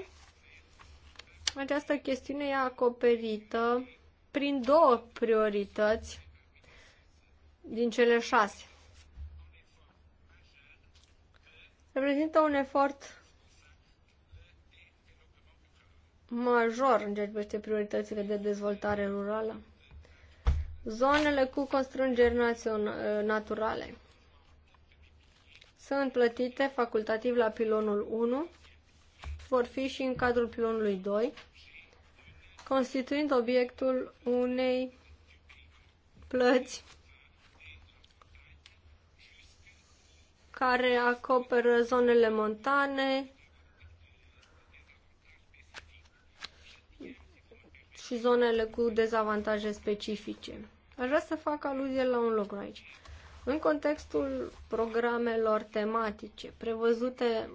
această chestiune e acoperită prin două priorități din cele șase. Reprezintă un efort major în ceea ce privește prioritățile de dezvoltare rurală. Zonele cu constrângeri naturale sunt plătite facultativ la pilonul 1, vor fi și în cadrul pilonului 2, constituind obiectul unei plăți care acoperă zonele montane, și zonele cu dezavantaje specifice. Aș vrea să fac aluzie la un lucru aici. În contextul programelor tematice prevăzute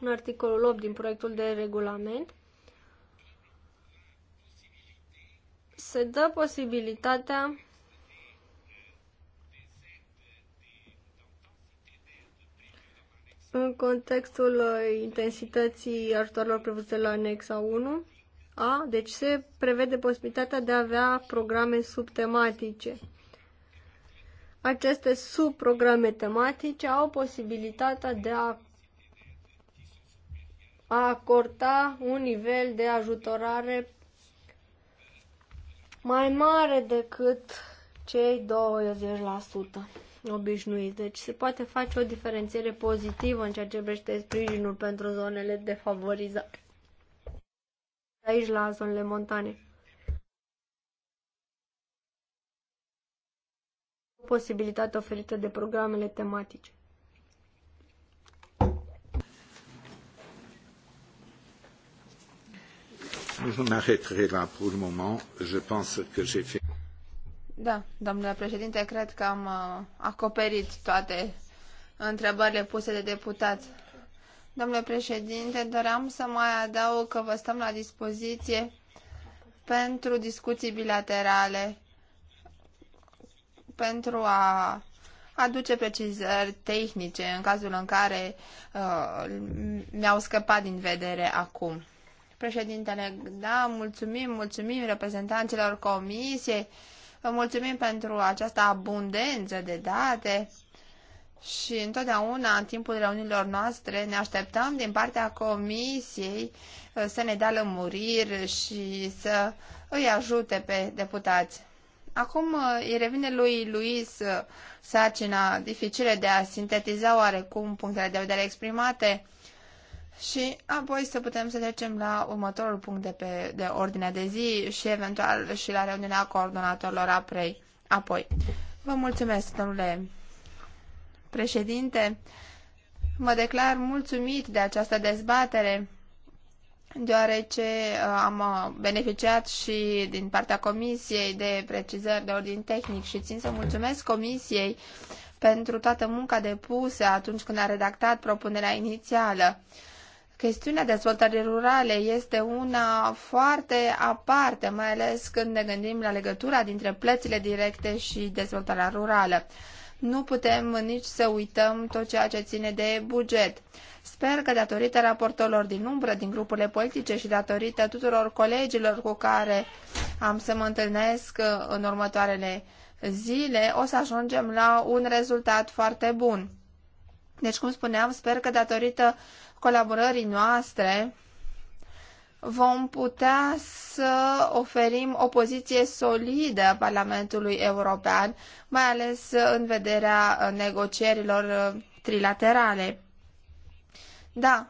în articolul 8 din proiectul de regulament, se dă posibilitatea în contextul uh, intensității ajutorilor prevăzute la anexa 1 a, deci se prevede posibilitatea de a avea programe subtematice. Aceste subprograme tematice au posibilitatea de a, a acorda un nivel de ajutorare mai mare decât cei 20% obișnuiți. Deci se poate face o diferențiere pozitivă în ceea ce privește sprijinul pentru zonele defavorizate aici, la zonele montane. posibilitate oferită de programele tematice. Je m'arrêterai là pour le moment. Je pense que j'ai fait. Da, domnule președinte, cred că am uh, acoperit toate întrebările puse de deputați. Domnule președinte, doream să mai adaug că vă stăm la dispoziție pentru discuții bilaterale, pentru a aduce precizări tehnice în cazul în care uh, mi-au scăpat din vedere acum. Președintele, da, mulțumim, mulțumim reprezentanților comisiei, vă mulțumim pentru această abundență de date și întotdeauna în timpul reuniunilor noastre ne așteptăm din partea comisiei uh, să ne dea lămuriri și să îi ajute pe deputați. Acum uh, îi revine lui Luis uh, sarcina dificilă de a sintetiza oarecum punctele de vedere exprimate și apoi să putem să trecem la următorul punct de, pe, de ordine de zi și eventual și la reuniunea coordonatorilor aprei. Apoi, vă mulțumesc, domnule președinte, mă declar mulțumit de această dezbatere, deoarece uh, am uh, beneficiat și din partea Comisiei de precizări de ordin tehnic și țin să mulțumesc Comisiei pentru toată munca depusă atunci când a redactat propunerea inițială. Chestiunea dezvoltării rurale este una foarte aparte, mai ales când ne gândim la legătura dintre plățile directe și dezvoltarea rurală nu putem nici să uităm tot ceea ce ține de buget. Sper că datorită raportorilor din umbră, din grupurile politice și datorită tuturor colegilor cu care am să mă întâlnesc uh, în următoarele zile, o să ajungem la un rezultat foarte bun. Deci, cum spuneam, sper că datorită colaborării noastre vom putea să oferim o poziție solidă Parlamentului European, mai ales în vederea uh, negocierilor uh, trilaterale. Da,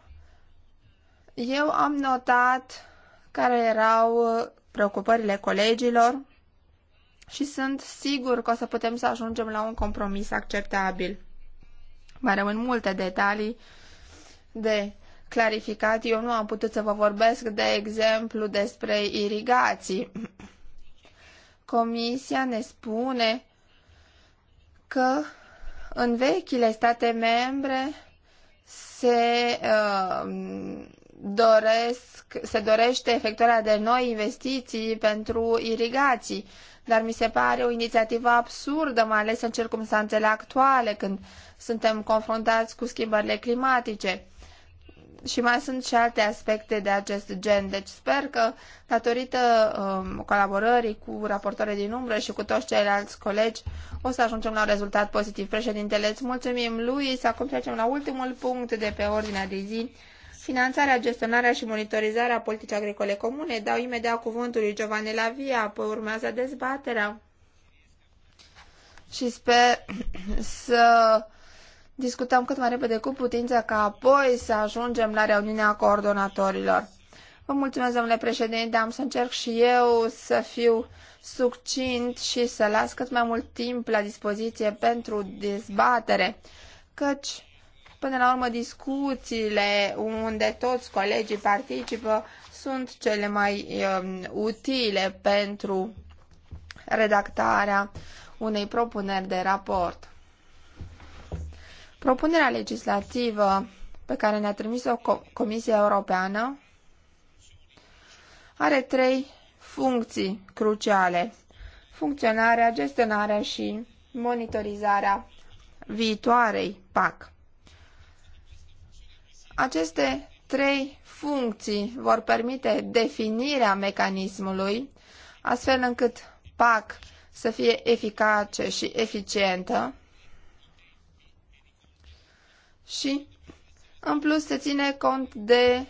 eu am notat care erau uh, preocupările colegilor și sunt sigur că o să putem să ajungem la un compromis acceptabil. Mai rămân multe detalii de clarificat, eu nu am putut să vă vorbesc, de exemplu, despre irigații. Comisia ne spune că în vechile state membre se uh, doresc, se dorește efectuarea de noi investiții pentru irigații, dar mi se pare o inițiativă absurdă, mai ales în circumstanțele actuale, când suntem confruntați cu schimbările climatice și mai sunt și alte aspecte de acest gen. Deci sper că, datorită um, colaborării cu raportoare din umbră și cu toți ceilalți colegi, o să ajungem la un rezultat pozitiv. Președintele, îți mulțumim lui. Să acum trecem la ultimul punct de pe ordinea de zi. Finanțarea, gestionarea și monitorizarea politicii agricole comune. Dau imediat cuvântul lui Giovanni Lavia, apoi urmează dezbaterea. Și sper [coughs] să discutăm cât mai repede cu putință ca apoi să ajungem la reuniunea coordonatorilor. Vă mulțumesc, domnule președinte, am să încerc și eu să fiu succint și să las cât mai mult timp la dispoziție pentru dezbatere, căci Până la urmă, discuțiile unde toți colegii participă sunt cele mai um, utile pentru redactarea unei propuneri de raport. Propunerea legislativă pe care ne-a trimis-o Comisia Europeană are trei funcții cruciale. Funcționarea, gestionarea și monitorizarea viitoarei PAC. Aceste trei funcții vor permite definirea mecanismului, astfel încât PAC să fie eficace și eficientă, și în plus se ține cont de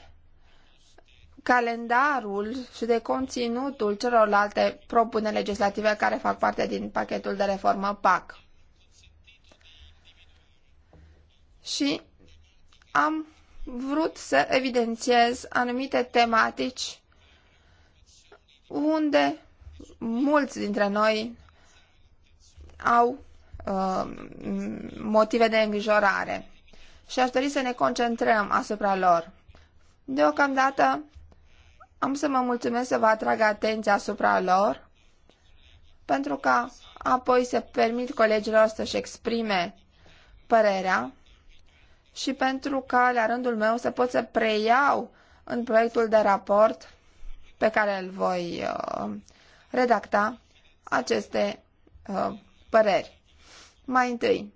calendarul și de conținutul celorlalte propuneri legislative care fac parte din pachetul de reformă PAC. Și am vrut să evidențiez anumite tematici unde mulți dintre noi au uh, motive de îngrijorare și aș dori să ne concentrăm asupra lor. Deocamdată am să mă mulțumesc să vă atrag atenția asupra lor, pentru ca apoi să permit colegilor să-și exprime părerea și pentru ca, la rândul meu, să pot să preiau în proiectul de raport pe care îl voi uh, redacta aceste uh, păreri. Mai întâi,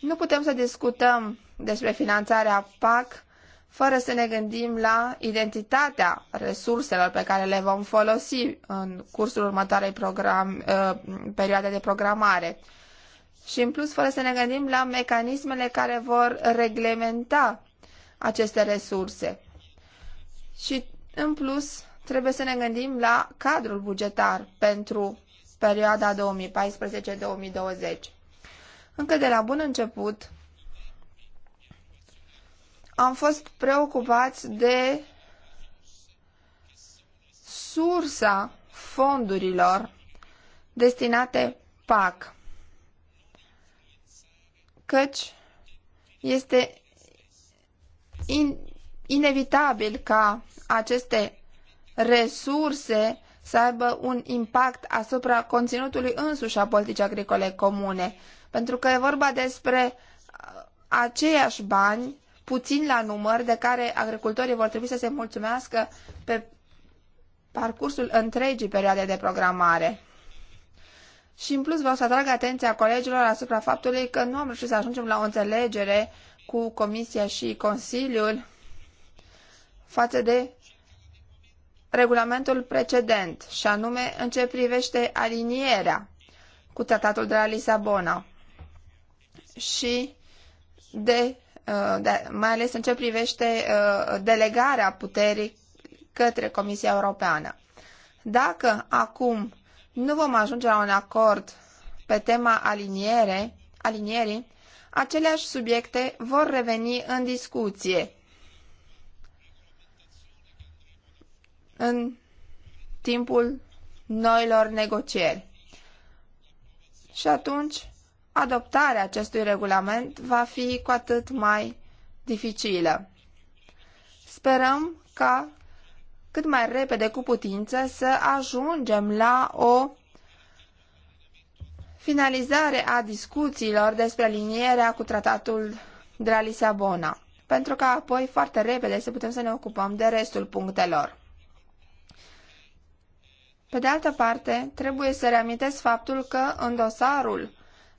nu putem să discutăm despre finanțarea PAC fără să ne gândim la identitatea resurselor pe care le vom folosi în cursul următoarei program, uh, perioade de programare. Și în plus, fără să ne gândim la mecanismele care vor reglementa aceste resurse. Și în plus, trebuie să ne gândim la cadrul bugetar pentru perioada 2014-2020. Încă de la bun început, am fost preocupați de sursa fondurilor destinate PAC, căci este in, inevitabil ca aceste resurse să aibă un impact asupra conținutului însuși a politicii agricole comune, pentru că e vorba despre aceiași bani puțin la număr, de care agricultorii vor trebui să se mulțumească pe parcursul întregii perioade de programare. Și în plus vreau să atrag atenția colegilor asupra faptului că nu am reușit să ajungem la o înțelegere cu Comisia și Consiliul față de regulamentul precedent, și anume în ce privește alinierea cu tratatul de la Lisabona și de Uh, mai ales în ce privește uh, delegarea puterii către Comisia Europeană. Dacă acum nu vom ajunge la un acord pe tema aliniere, alinierii, aceleași subiecte vor reveni în discuție. În timpul noilor negocieri. Și atunci adoptarea acestui regulament va fi cu atât mai dificilă. Sperăm ca cât mai repede cu putință să ajungem la o finalizare a discuțiilor despre alinierea cu tratatul de la Lisabona, pentru ca apoi foarte repede să putem să ne ocupăm de restul punctelor. Pe de altă parte, trebuie să reamintesc faptul că în dosarul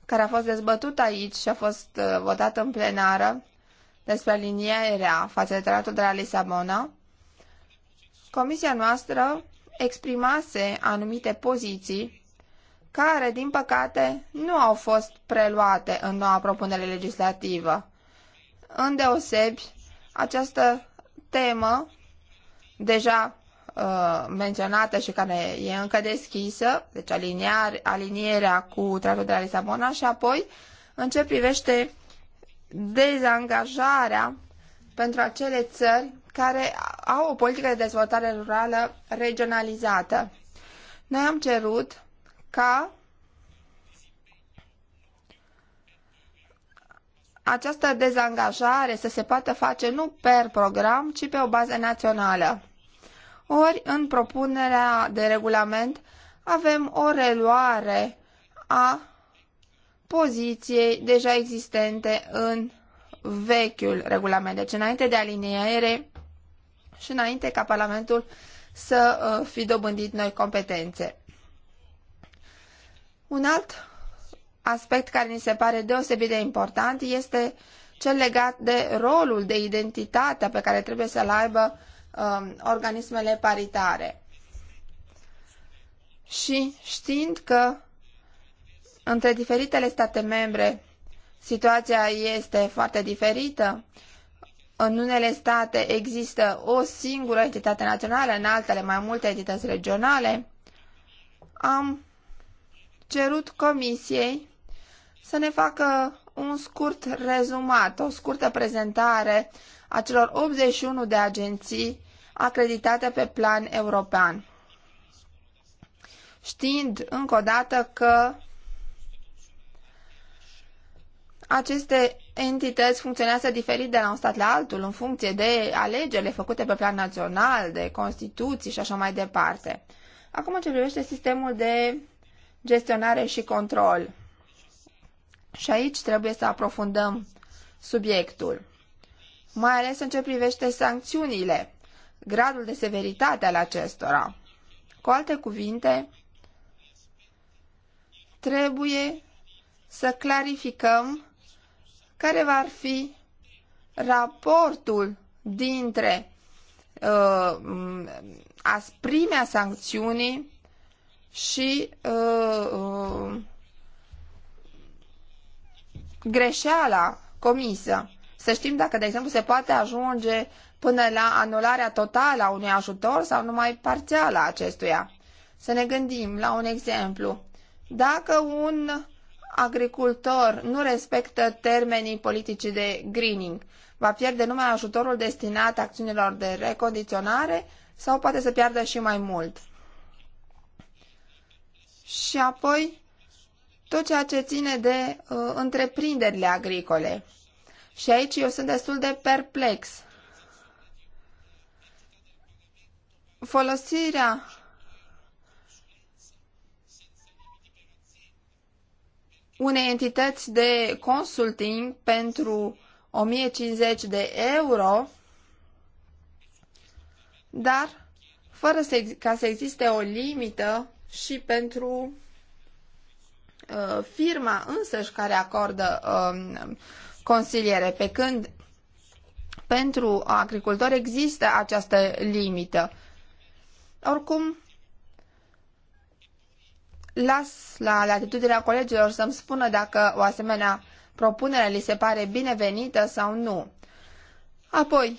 care a fost dezbătut aici și a fost uh, votat în plenară despre linia aerea față de tratatul de la Lisabona, comisia noastră exprimase anumite poziții care, din păcate, nu au fost preluate în noua propunere legislativă. Îndeosebi, această temă, deja Uh, menționată și care e încă deschisă, deci aliniar, alinierea cu tratatul de la Lisabona și apoi în ce privește dezangajarea pentru acele țări care au o politică de dezvoltare rurală regionalizată. Noi am cerut ca această dezangajare să se poată face nu per program, ci pe o bază națională ori în propunerea de regulament avem o reluare a poziției deja existente în vechiul regulament, deci înainte de aliniere și înainte ca Parlamentul să uh, fi dobândit noi competențe. Un alt aspect care ni se pare deosebit de important este cel legat de rolul, de identitatea pe care trebuie să-l aibă Um, organismele paritare. Și știind că între diferitele state membre situația este foarte diferită, în unele state există o singură entitate națională, în altele mai multe entități regionale, am cerut comisiei să ne facă un scurt rezumat, o scurtă prezentare a celor 81 de agenții acreditate pe plan european. Știind încă o dată că aceste entități funcționează diferit de la un stat la altul, în funcție de alegerile făcute pe plan național, de Constituții și așa mai departe. Acum ce privește sistemul de gestionare și control. Și aici trebuie să aprofundăm subiectul, mai ales în ce privește sancțiunile gradul de severitate al acestora. Cu alte cuvinte, trebuie să clarificăm care va fi raportul dintre uh, asprimea sancțiunii și uh, uh, greșeala comisă. Să știm dacă, de exemplu, se poate ajunge până la anularea totală a unui ajutor sau numai parțială a acestuia. Să ne gândim la un exemplu. Dacă un agricultor nu respectă termenii politicii de greening, va pierde numai ajutorul destinat acțiunilor de recondiționare sau poate să piardă și mai mult. Și apoi, tot ceea ce ține de uh, întreprinderile agricole. Și aici eu sunt destul de perplex. folosirea unei entități de consulting pentru 1050 de euro, dar fără să, ca să existe o limită și pentru uh, firma însăși care acordă uh, consiliere, pe când pentru agricultori există această limită. Oricum, las la latitudinea colegilor să-mi spună dacă o asemenea propunere li se pare binevenită sau nu. Apoi,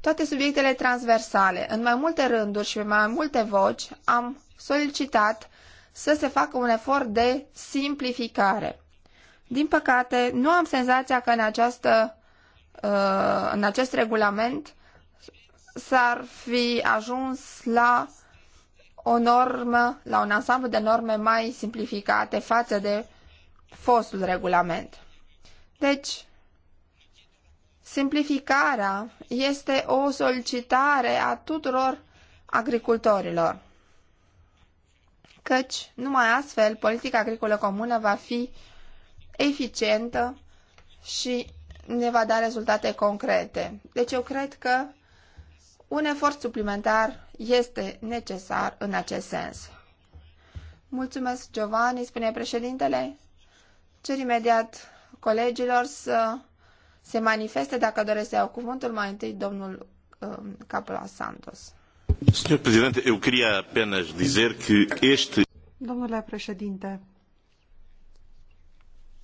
toate subiectele transversale. În mai multe rânduri și pe mai multe voci am solicitat să se facă un efort de simplificare. Din păcate, nu am senzația că în, această, uh, în acest regulament s-ar fi ajuns la o normă, la un ansamblu de norme mai simplificate față de fostul regulament. Deci, simplificarea este o solicitare a tuturor agricultorilor, căci numai astfel politica agricolă comună va fi eficientă și ne va da rezultate concrete. Deci eu cred că un efort suplimentar este necesar în acest sens. Mulțumesc, Giovanni, spune președintele. Cer imediat colegilor să se manifeste dacă doresc să iau cuvântul mai întâi domnul um, Capola Santos. Senhor eu queria apenas dizer que este... Domnule președinte,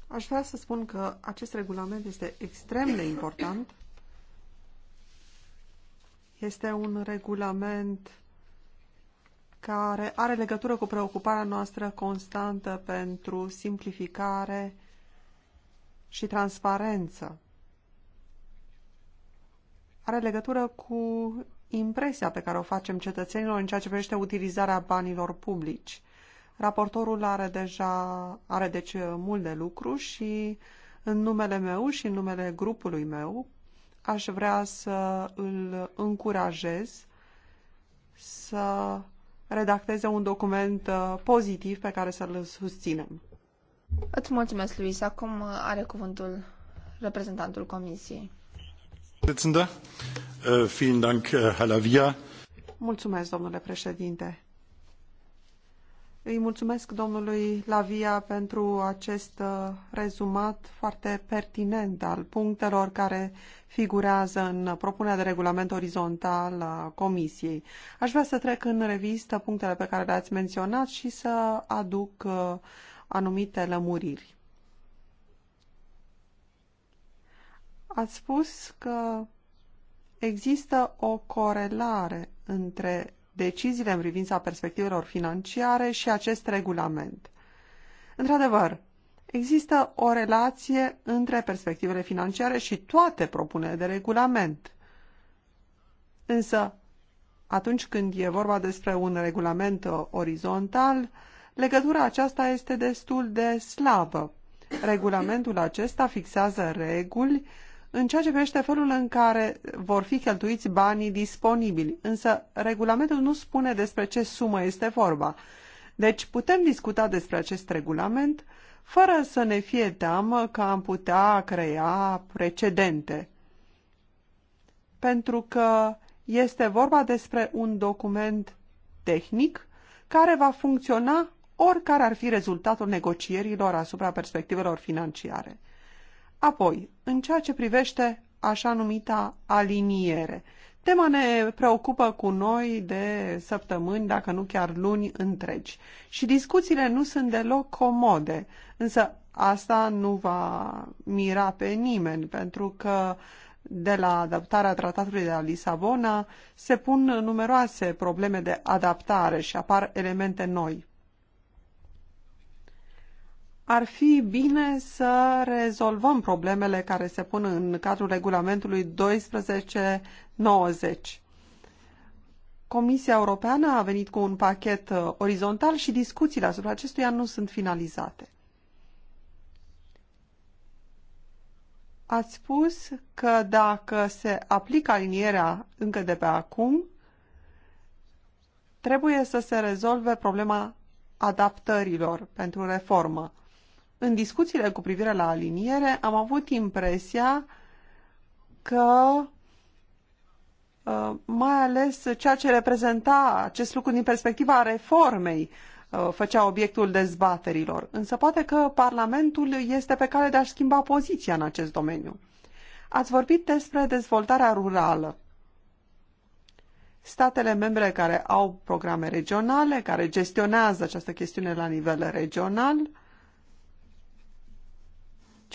aș vrea să spun că acest regulament este extrem de important este un regulament care are legătură cu preocuparea noastră constantă pentru simplificare și transparență. Are legătură cu impresia pe care o facem cetățenilor în ceea ce privește utilizarea banilor publici. Raportorul are deja, are deci mult de lucru și în numele meu și în numele grupului meu aș vrea să îl încurajez să redacteze un document uh, pozitiv pe care să-l susținem. Îți mulțumesc, Luis. Acum uh, are cuvântul reprezentantul Comisiei. Uh, mulțumesc, domnule președinte. Îi mulțumesc domnului Lavia pentru acest uh, rezumat foarte pertinent al punctelor care figurează în propunerea de regulament orizontal a Comisiei. Aș vrea să trec în revistă punctele pe care le-ați menționat și să aduc uh, anumite lămuriri. Ați spus că există o corelare între deciziile în privința perspectivelor financiare și acest regulament. Într-adevăr, există o relație între perspectivele financiare și toate propunerile de regulament. Însă, atunci când e vorba despre un regulament uh, orizontal, legătura aceasta este destul de slabă. Regulamentul acesta fixează reguli în ceea ce privește felul în care vor fi cheltuiți banii disponibili, însă regulamentul nu spune despre ce sumă este vorba. Deci putem discuta despre acest regulament fără să ne fie teamă că am putea crea precedente. Pentru că este vorba despre un document tehnic care va funcționa oricare ar fi rezultatul negocierilor asupra perspectivelor financiare. Apoi, în ceea ce privește așa numita aliniere, tema ne preocupă cu noi de săptămâni, dacă nu chiar luni întregi. Și discuțiile nu sunt deloc comode, însă asta nu va mira pe nimeni, pentru că de la adaptarea tratatului de la Lisabona se pun numeroase probleme de adaptare și apar elemente noi ar fi bine să rezolvăm problemele care se pun în cadrul regulamentului 1290. Comisia Europeană a venit cu un pachet uh, orizontal și discuțiile asupra acestuia nu sunt finalizate. Ați spus că dacă se aplică alinierea încă de pe acum, trebuie să se rezolve problema adaptărilor pentru reformă în discuțiile cu privire la aliniere am avut impresia că uh, mai ales ceea ce reprezenta acest lucru din perspectiva reformei uh, făcea obiectul dezbaterilor. Însă poate că Parlamentul este pe cale de a schimba poziția în acest domeniu. Ați vorbit despre dezvoltarea rurală. Statele membre care au programe regionale, care gestionează această chestiune la nivel regional,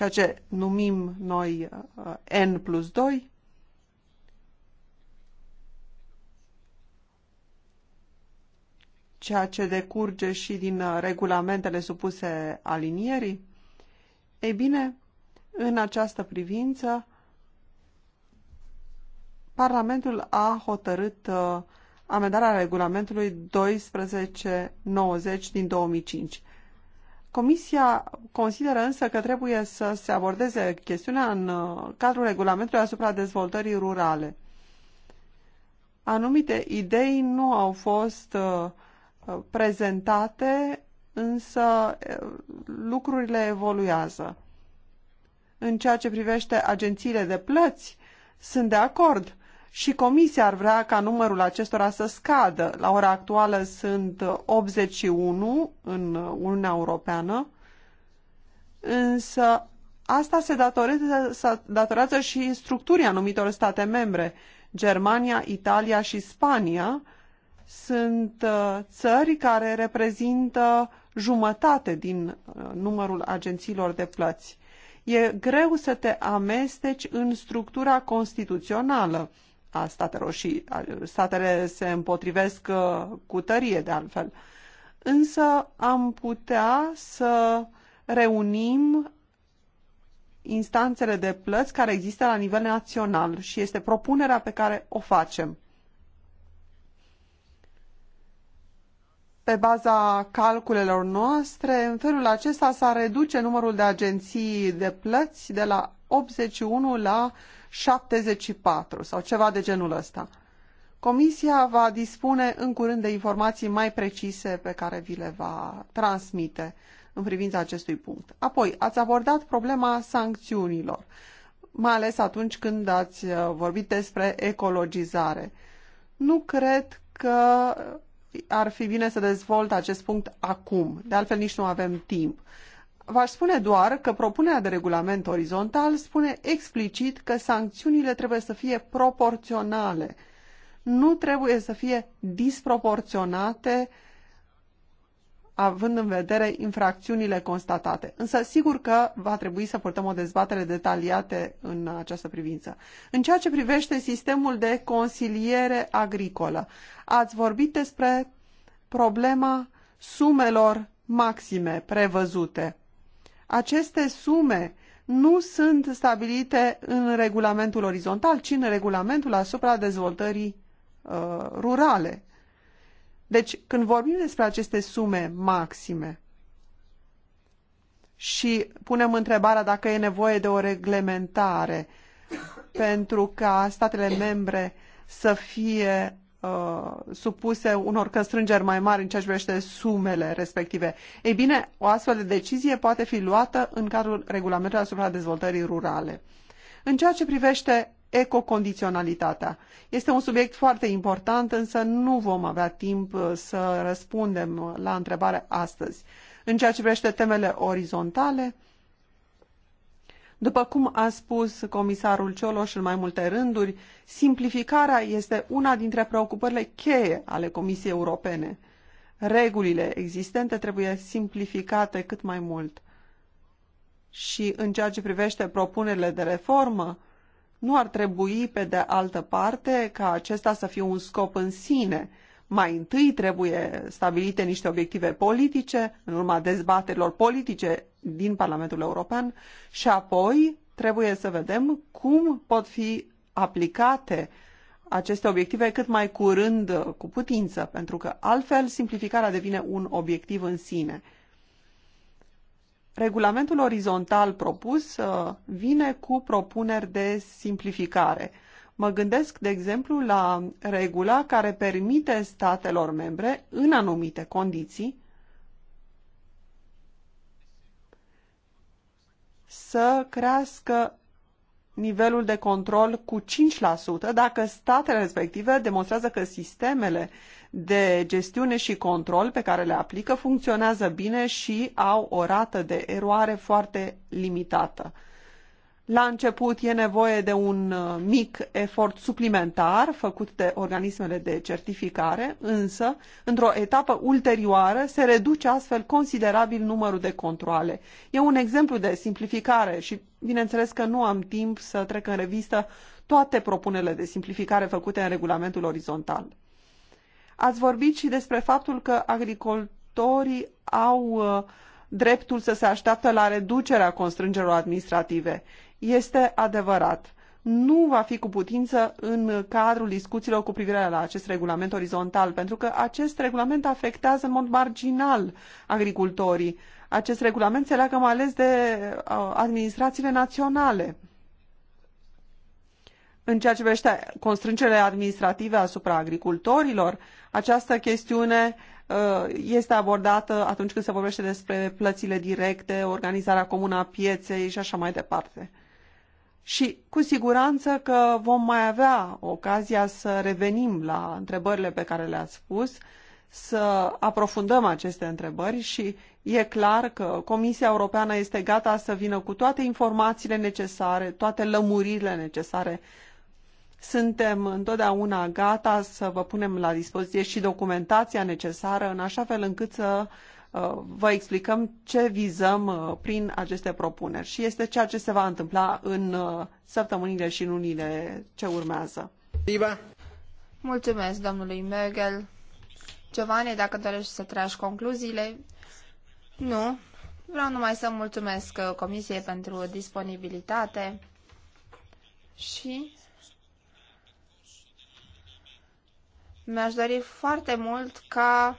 ceea ce numim noi uh, N plus 2, ceea ce decurge și din uh, regulamentele supuse alinierii? Ei bine, în această privință, Parlamentul a hotărât uh, amendarea regulamentului 1290 din 2005. Comisia consideră însă că trebuie să se abordeze chestiunea în uh, cadrul regulamentului asupra dezvoltării rurale. Anumite idei nu au fost uh, prezentate, însă uh, lucrurile evoluează. În ceea ce privește agențiile de plăți, sunt de acord și comisia ar vrea ca numărul acestora să scadă. La ora actuală sunt 81 în Uniunea Europeană, însă asta se datorează, se datorează și structurii anumitor state membre. Germania, Italia și Spania sunt uh, țări care reprezintă jumătate din uh, numărul agențiilor de plăți. E greu să te amesteci în structura constituțională a statelor și statele se împotrivesc uh, cu tărie de altfel. Însă am putea să reunim instanțele de plăți care există la nivel național și este propunerea pe care o facem. Pe baza calculelor noastre, în felul acesta s-ar reduce numărul de agenții de plăți de la 81 la 74 sau ceva de genul ăsta. Comisia va dispune în curând de informații mai precise pe care vi le va transmite în privința acestui punct. Apoi, ați abordat problema sancțiunilor, mai ales atunci când ați uh, vorbit despre ecologizare. Nu cred că ar fi bine să dezvolt acest punct acum, de altfel nici nu avem timp. V-aș spune doar că propunerea de regulament orizontal spune explicit că sancțiunile trebuie să fie proporționale. Nu trebuie să fie disproporționate având în vedere infracțiunile constatate. Însă, sigur că va trebui să purtăm o dezbatere detaliată în această privință. În ceea ce privește sistemul de consiliere agricolă, ați vorbit despre problema sumelor maxime prevăzute. Aceste sume nu sunt stabilite în regulamentul orizontal, ci în regulamentul asupra dezvoltării uh, rurale. Deci, când vorbim despre aceste sume maxime și punem întrebarea dacă e nevoie de o reglementare pentru ca statele membre să fie Uh, supuse unor constrângeri mai mari în ceea ce privește sumele respective. Ei bine, o astfel de decizie poate fi luată în cadrul regulamentului asupra dezvoltării rurale. În ceea ce privește ecocondiționalitatea. Este un subiect foarte important, însă nu vom avea timp uh, să răspundem la întrebare astăzi. În ceea ce privește temele orizontale, după cum a spus comisarul Cioloș în mai multe rânduri, simplificarea este una dintre preocupările cheie ale Comisiei Europene. Regulile existente trebuie simplificate cât mai mult. Și în ceea ce privește propunerile de reformă, nu ar trebui, pe de altă parte, ca acesta să fie un scop în sine, mai întâi trebuie stabilite niște obiective politice, în urma dezbaterilor politice din Parlamentul European și apoi trebuie să vedem cum pot fi aplicate aceste obiective cât mai curând cu putință, pentru că altfel simplificarea devine un obiectiv în sine. Regulamentul orizontal propus uh, vine cu propuneri de simplificare. Mă gândesc, de exemplu, la regula care permite statelor membre, în anumite condiții, să crească nivelul de control cu 5% dacă statele respective demonstrează că sistemele de gestiune și control pe care le aplică funcționează bine și au o rată de eroare foarte limitată. La început e nevoie de un uh, mic efort suplimentar făcut de organismele de certificare, însă, într-o etapă ulterioară, se reduce astfel considerabil numărul de controle. E un exemplu de simplificare și, bineînțeles că nu am timp să trec în revistă toate propunerile de simplificare făcute în regulamentul orizontal. Ați vorbit și despre faptul că agricultorii au uh, dreptul să se așteaptă la reducerea constrângerilor administrative este adevărat. Nu va fi cu putință în cadrul discuțiilor cu privire la acest regulament orizontal, pentru că acest regulament afectează în mod marginal agricultorii. Acest regulament se leagă mai ales de uh, administrațiile naționale. În ceea ce privește constrângerile administrative asupra agricultorilor, această chestiune uh, este abordată atunci când se vorbește despre plățile directe, organizarea comună a pieței și așa mai departe. Și cu siguranță că vom mai avea ocazia să revenim la întrebările pe care le-ați spus, să aprofundăm aceste întrebări și e clar că Comisia Europeană este gata să vină cu toate informațiile necesare, toate lămuririle necesare. Suntem întotdeauna gata să vă punem la dispoziție și documentația necesară în așa fel încât să Uh, vă explicăm ce vizăm uh, prin aceste propuneri și este ceea ce se va întâmpla în uh, săptămânile și lunile ce urmează. Iba. Mulțumesc, domnului Mergel. Giovanni, dacă dorești să tragi concluziile, nu. Vreau numai să mulțumesc Comisiei pentru disponibilitate și mi-aș dori foarte mult ca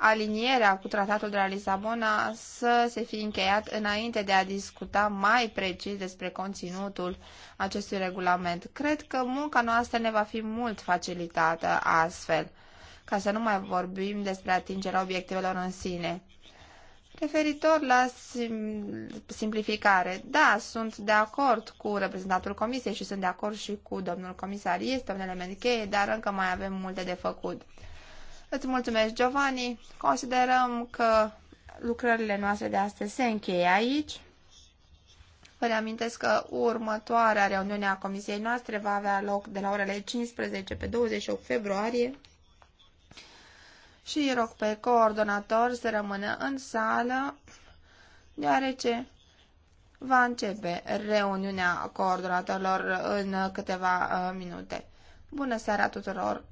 alinierea cu tratatul de la Lisabona să se fi încheiat înainte de a discuta mai precis despre conținutul acestui regulament. Cred că munca noastră ne va fi mult facilitată astfel, ca să nu mai vorbim despre atingerea obiectivelor în sine. Referitor la sim- simplificare, da, sunt de acord cu reprezentantul comisiei și sunt de acord și cu domnul comisar. Este un element cheie, dar încă mai avem multe de făcut. Îți mulțumesc, Giovanni. Considerăm că lucrările noastre de astăzi se încheie aici. Vă reamintesc că următoarea reuniune a comisiei noastre va avea loc de la orele 15 pe 28 februarie și rog pe coordonator să rămână în sală, deoarece va începe reuniunea coordonatorilor în câteva uh, minute. Bună seara tuturor!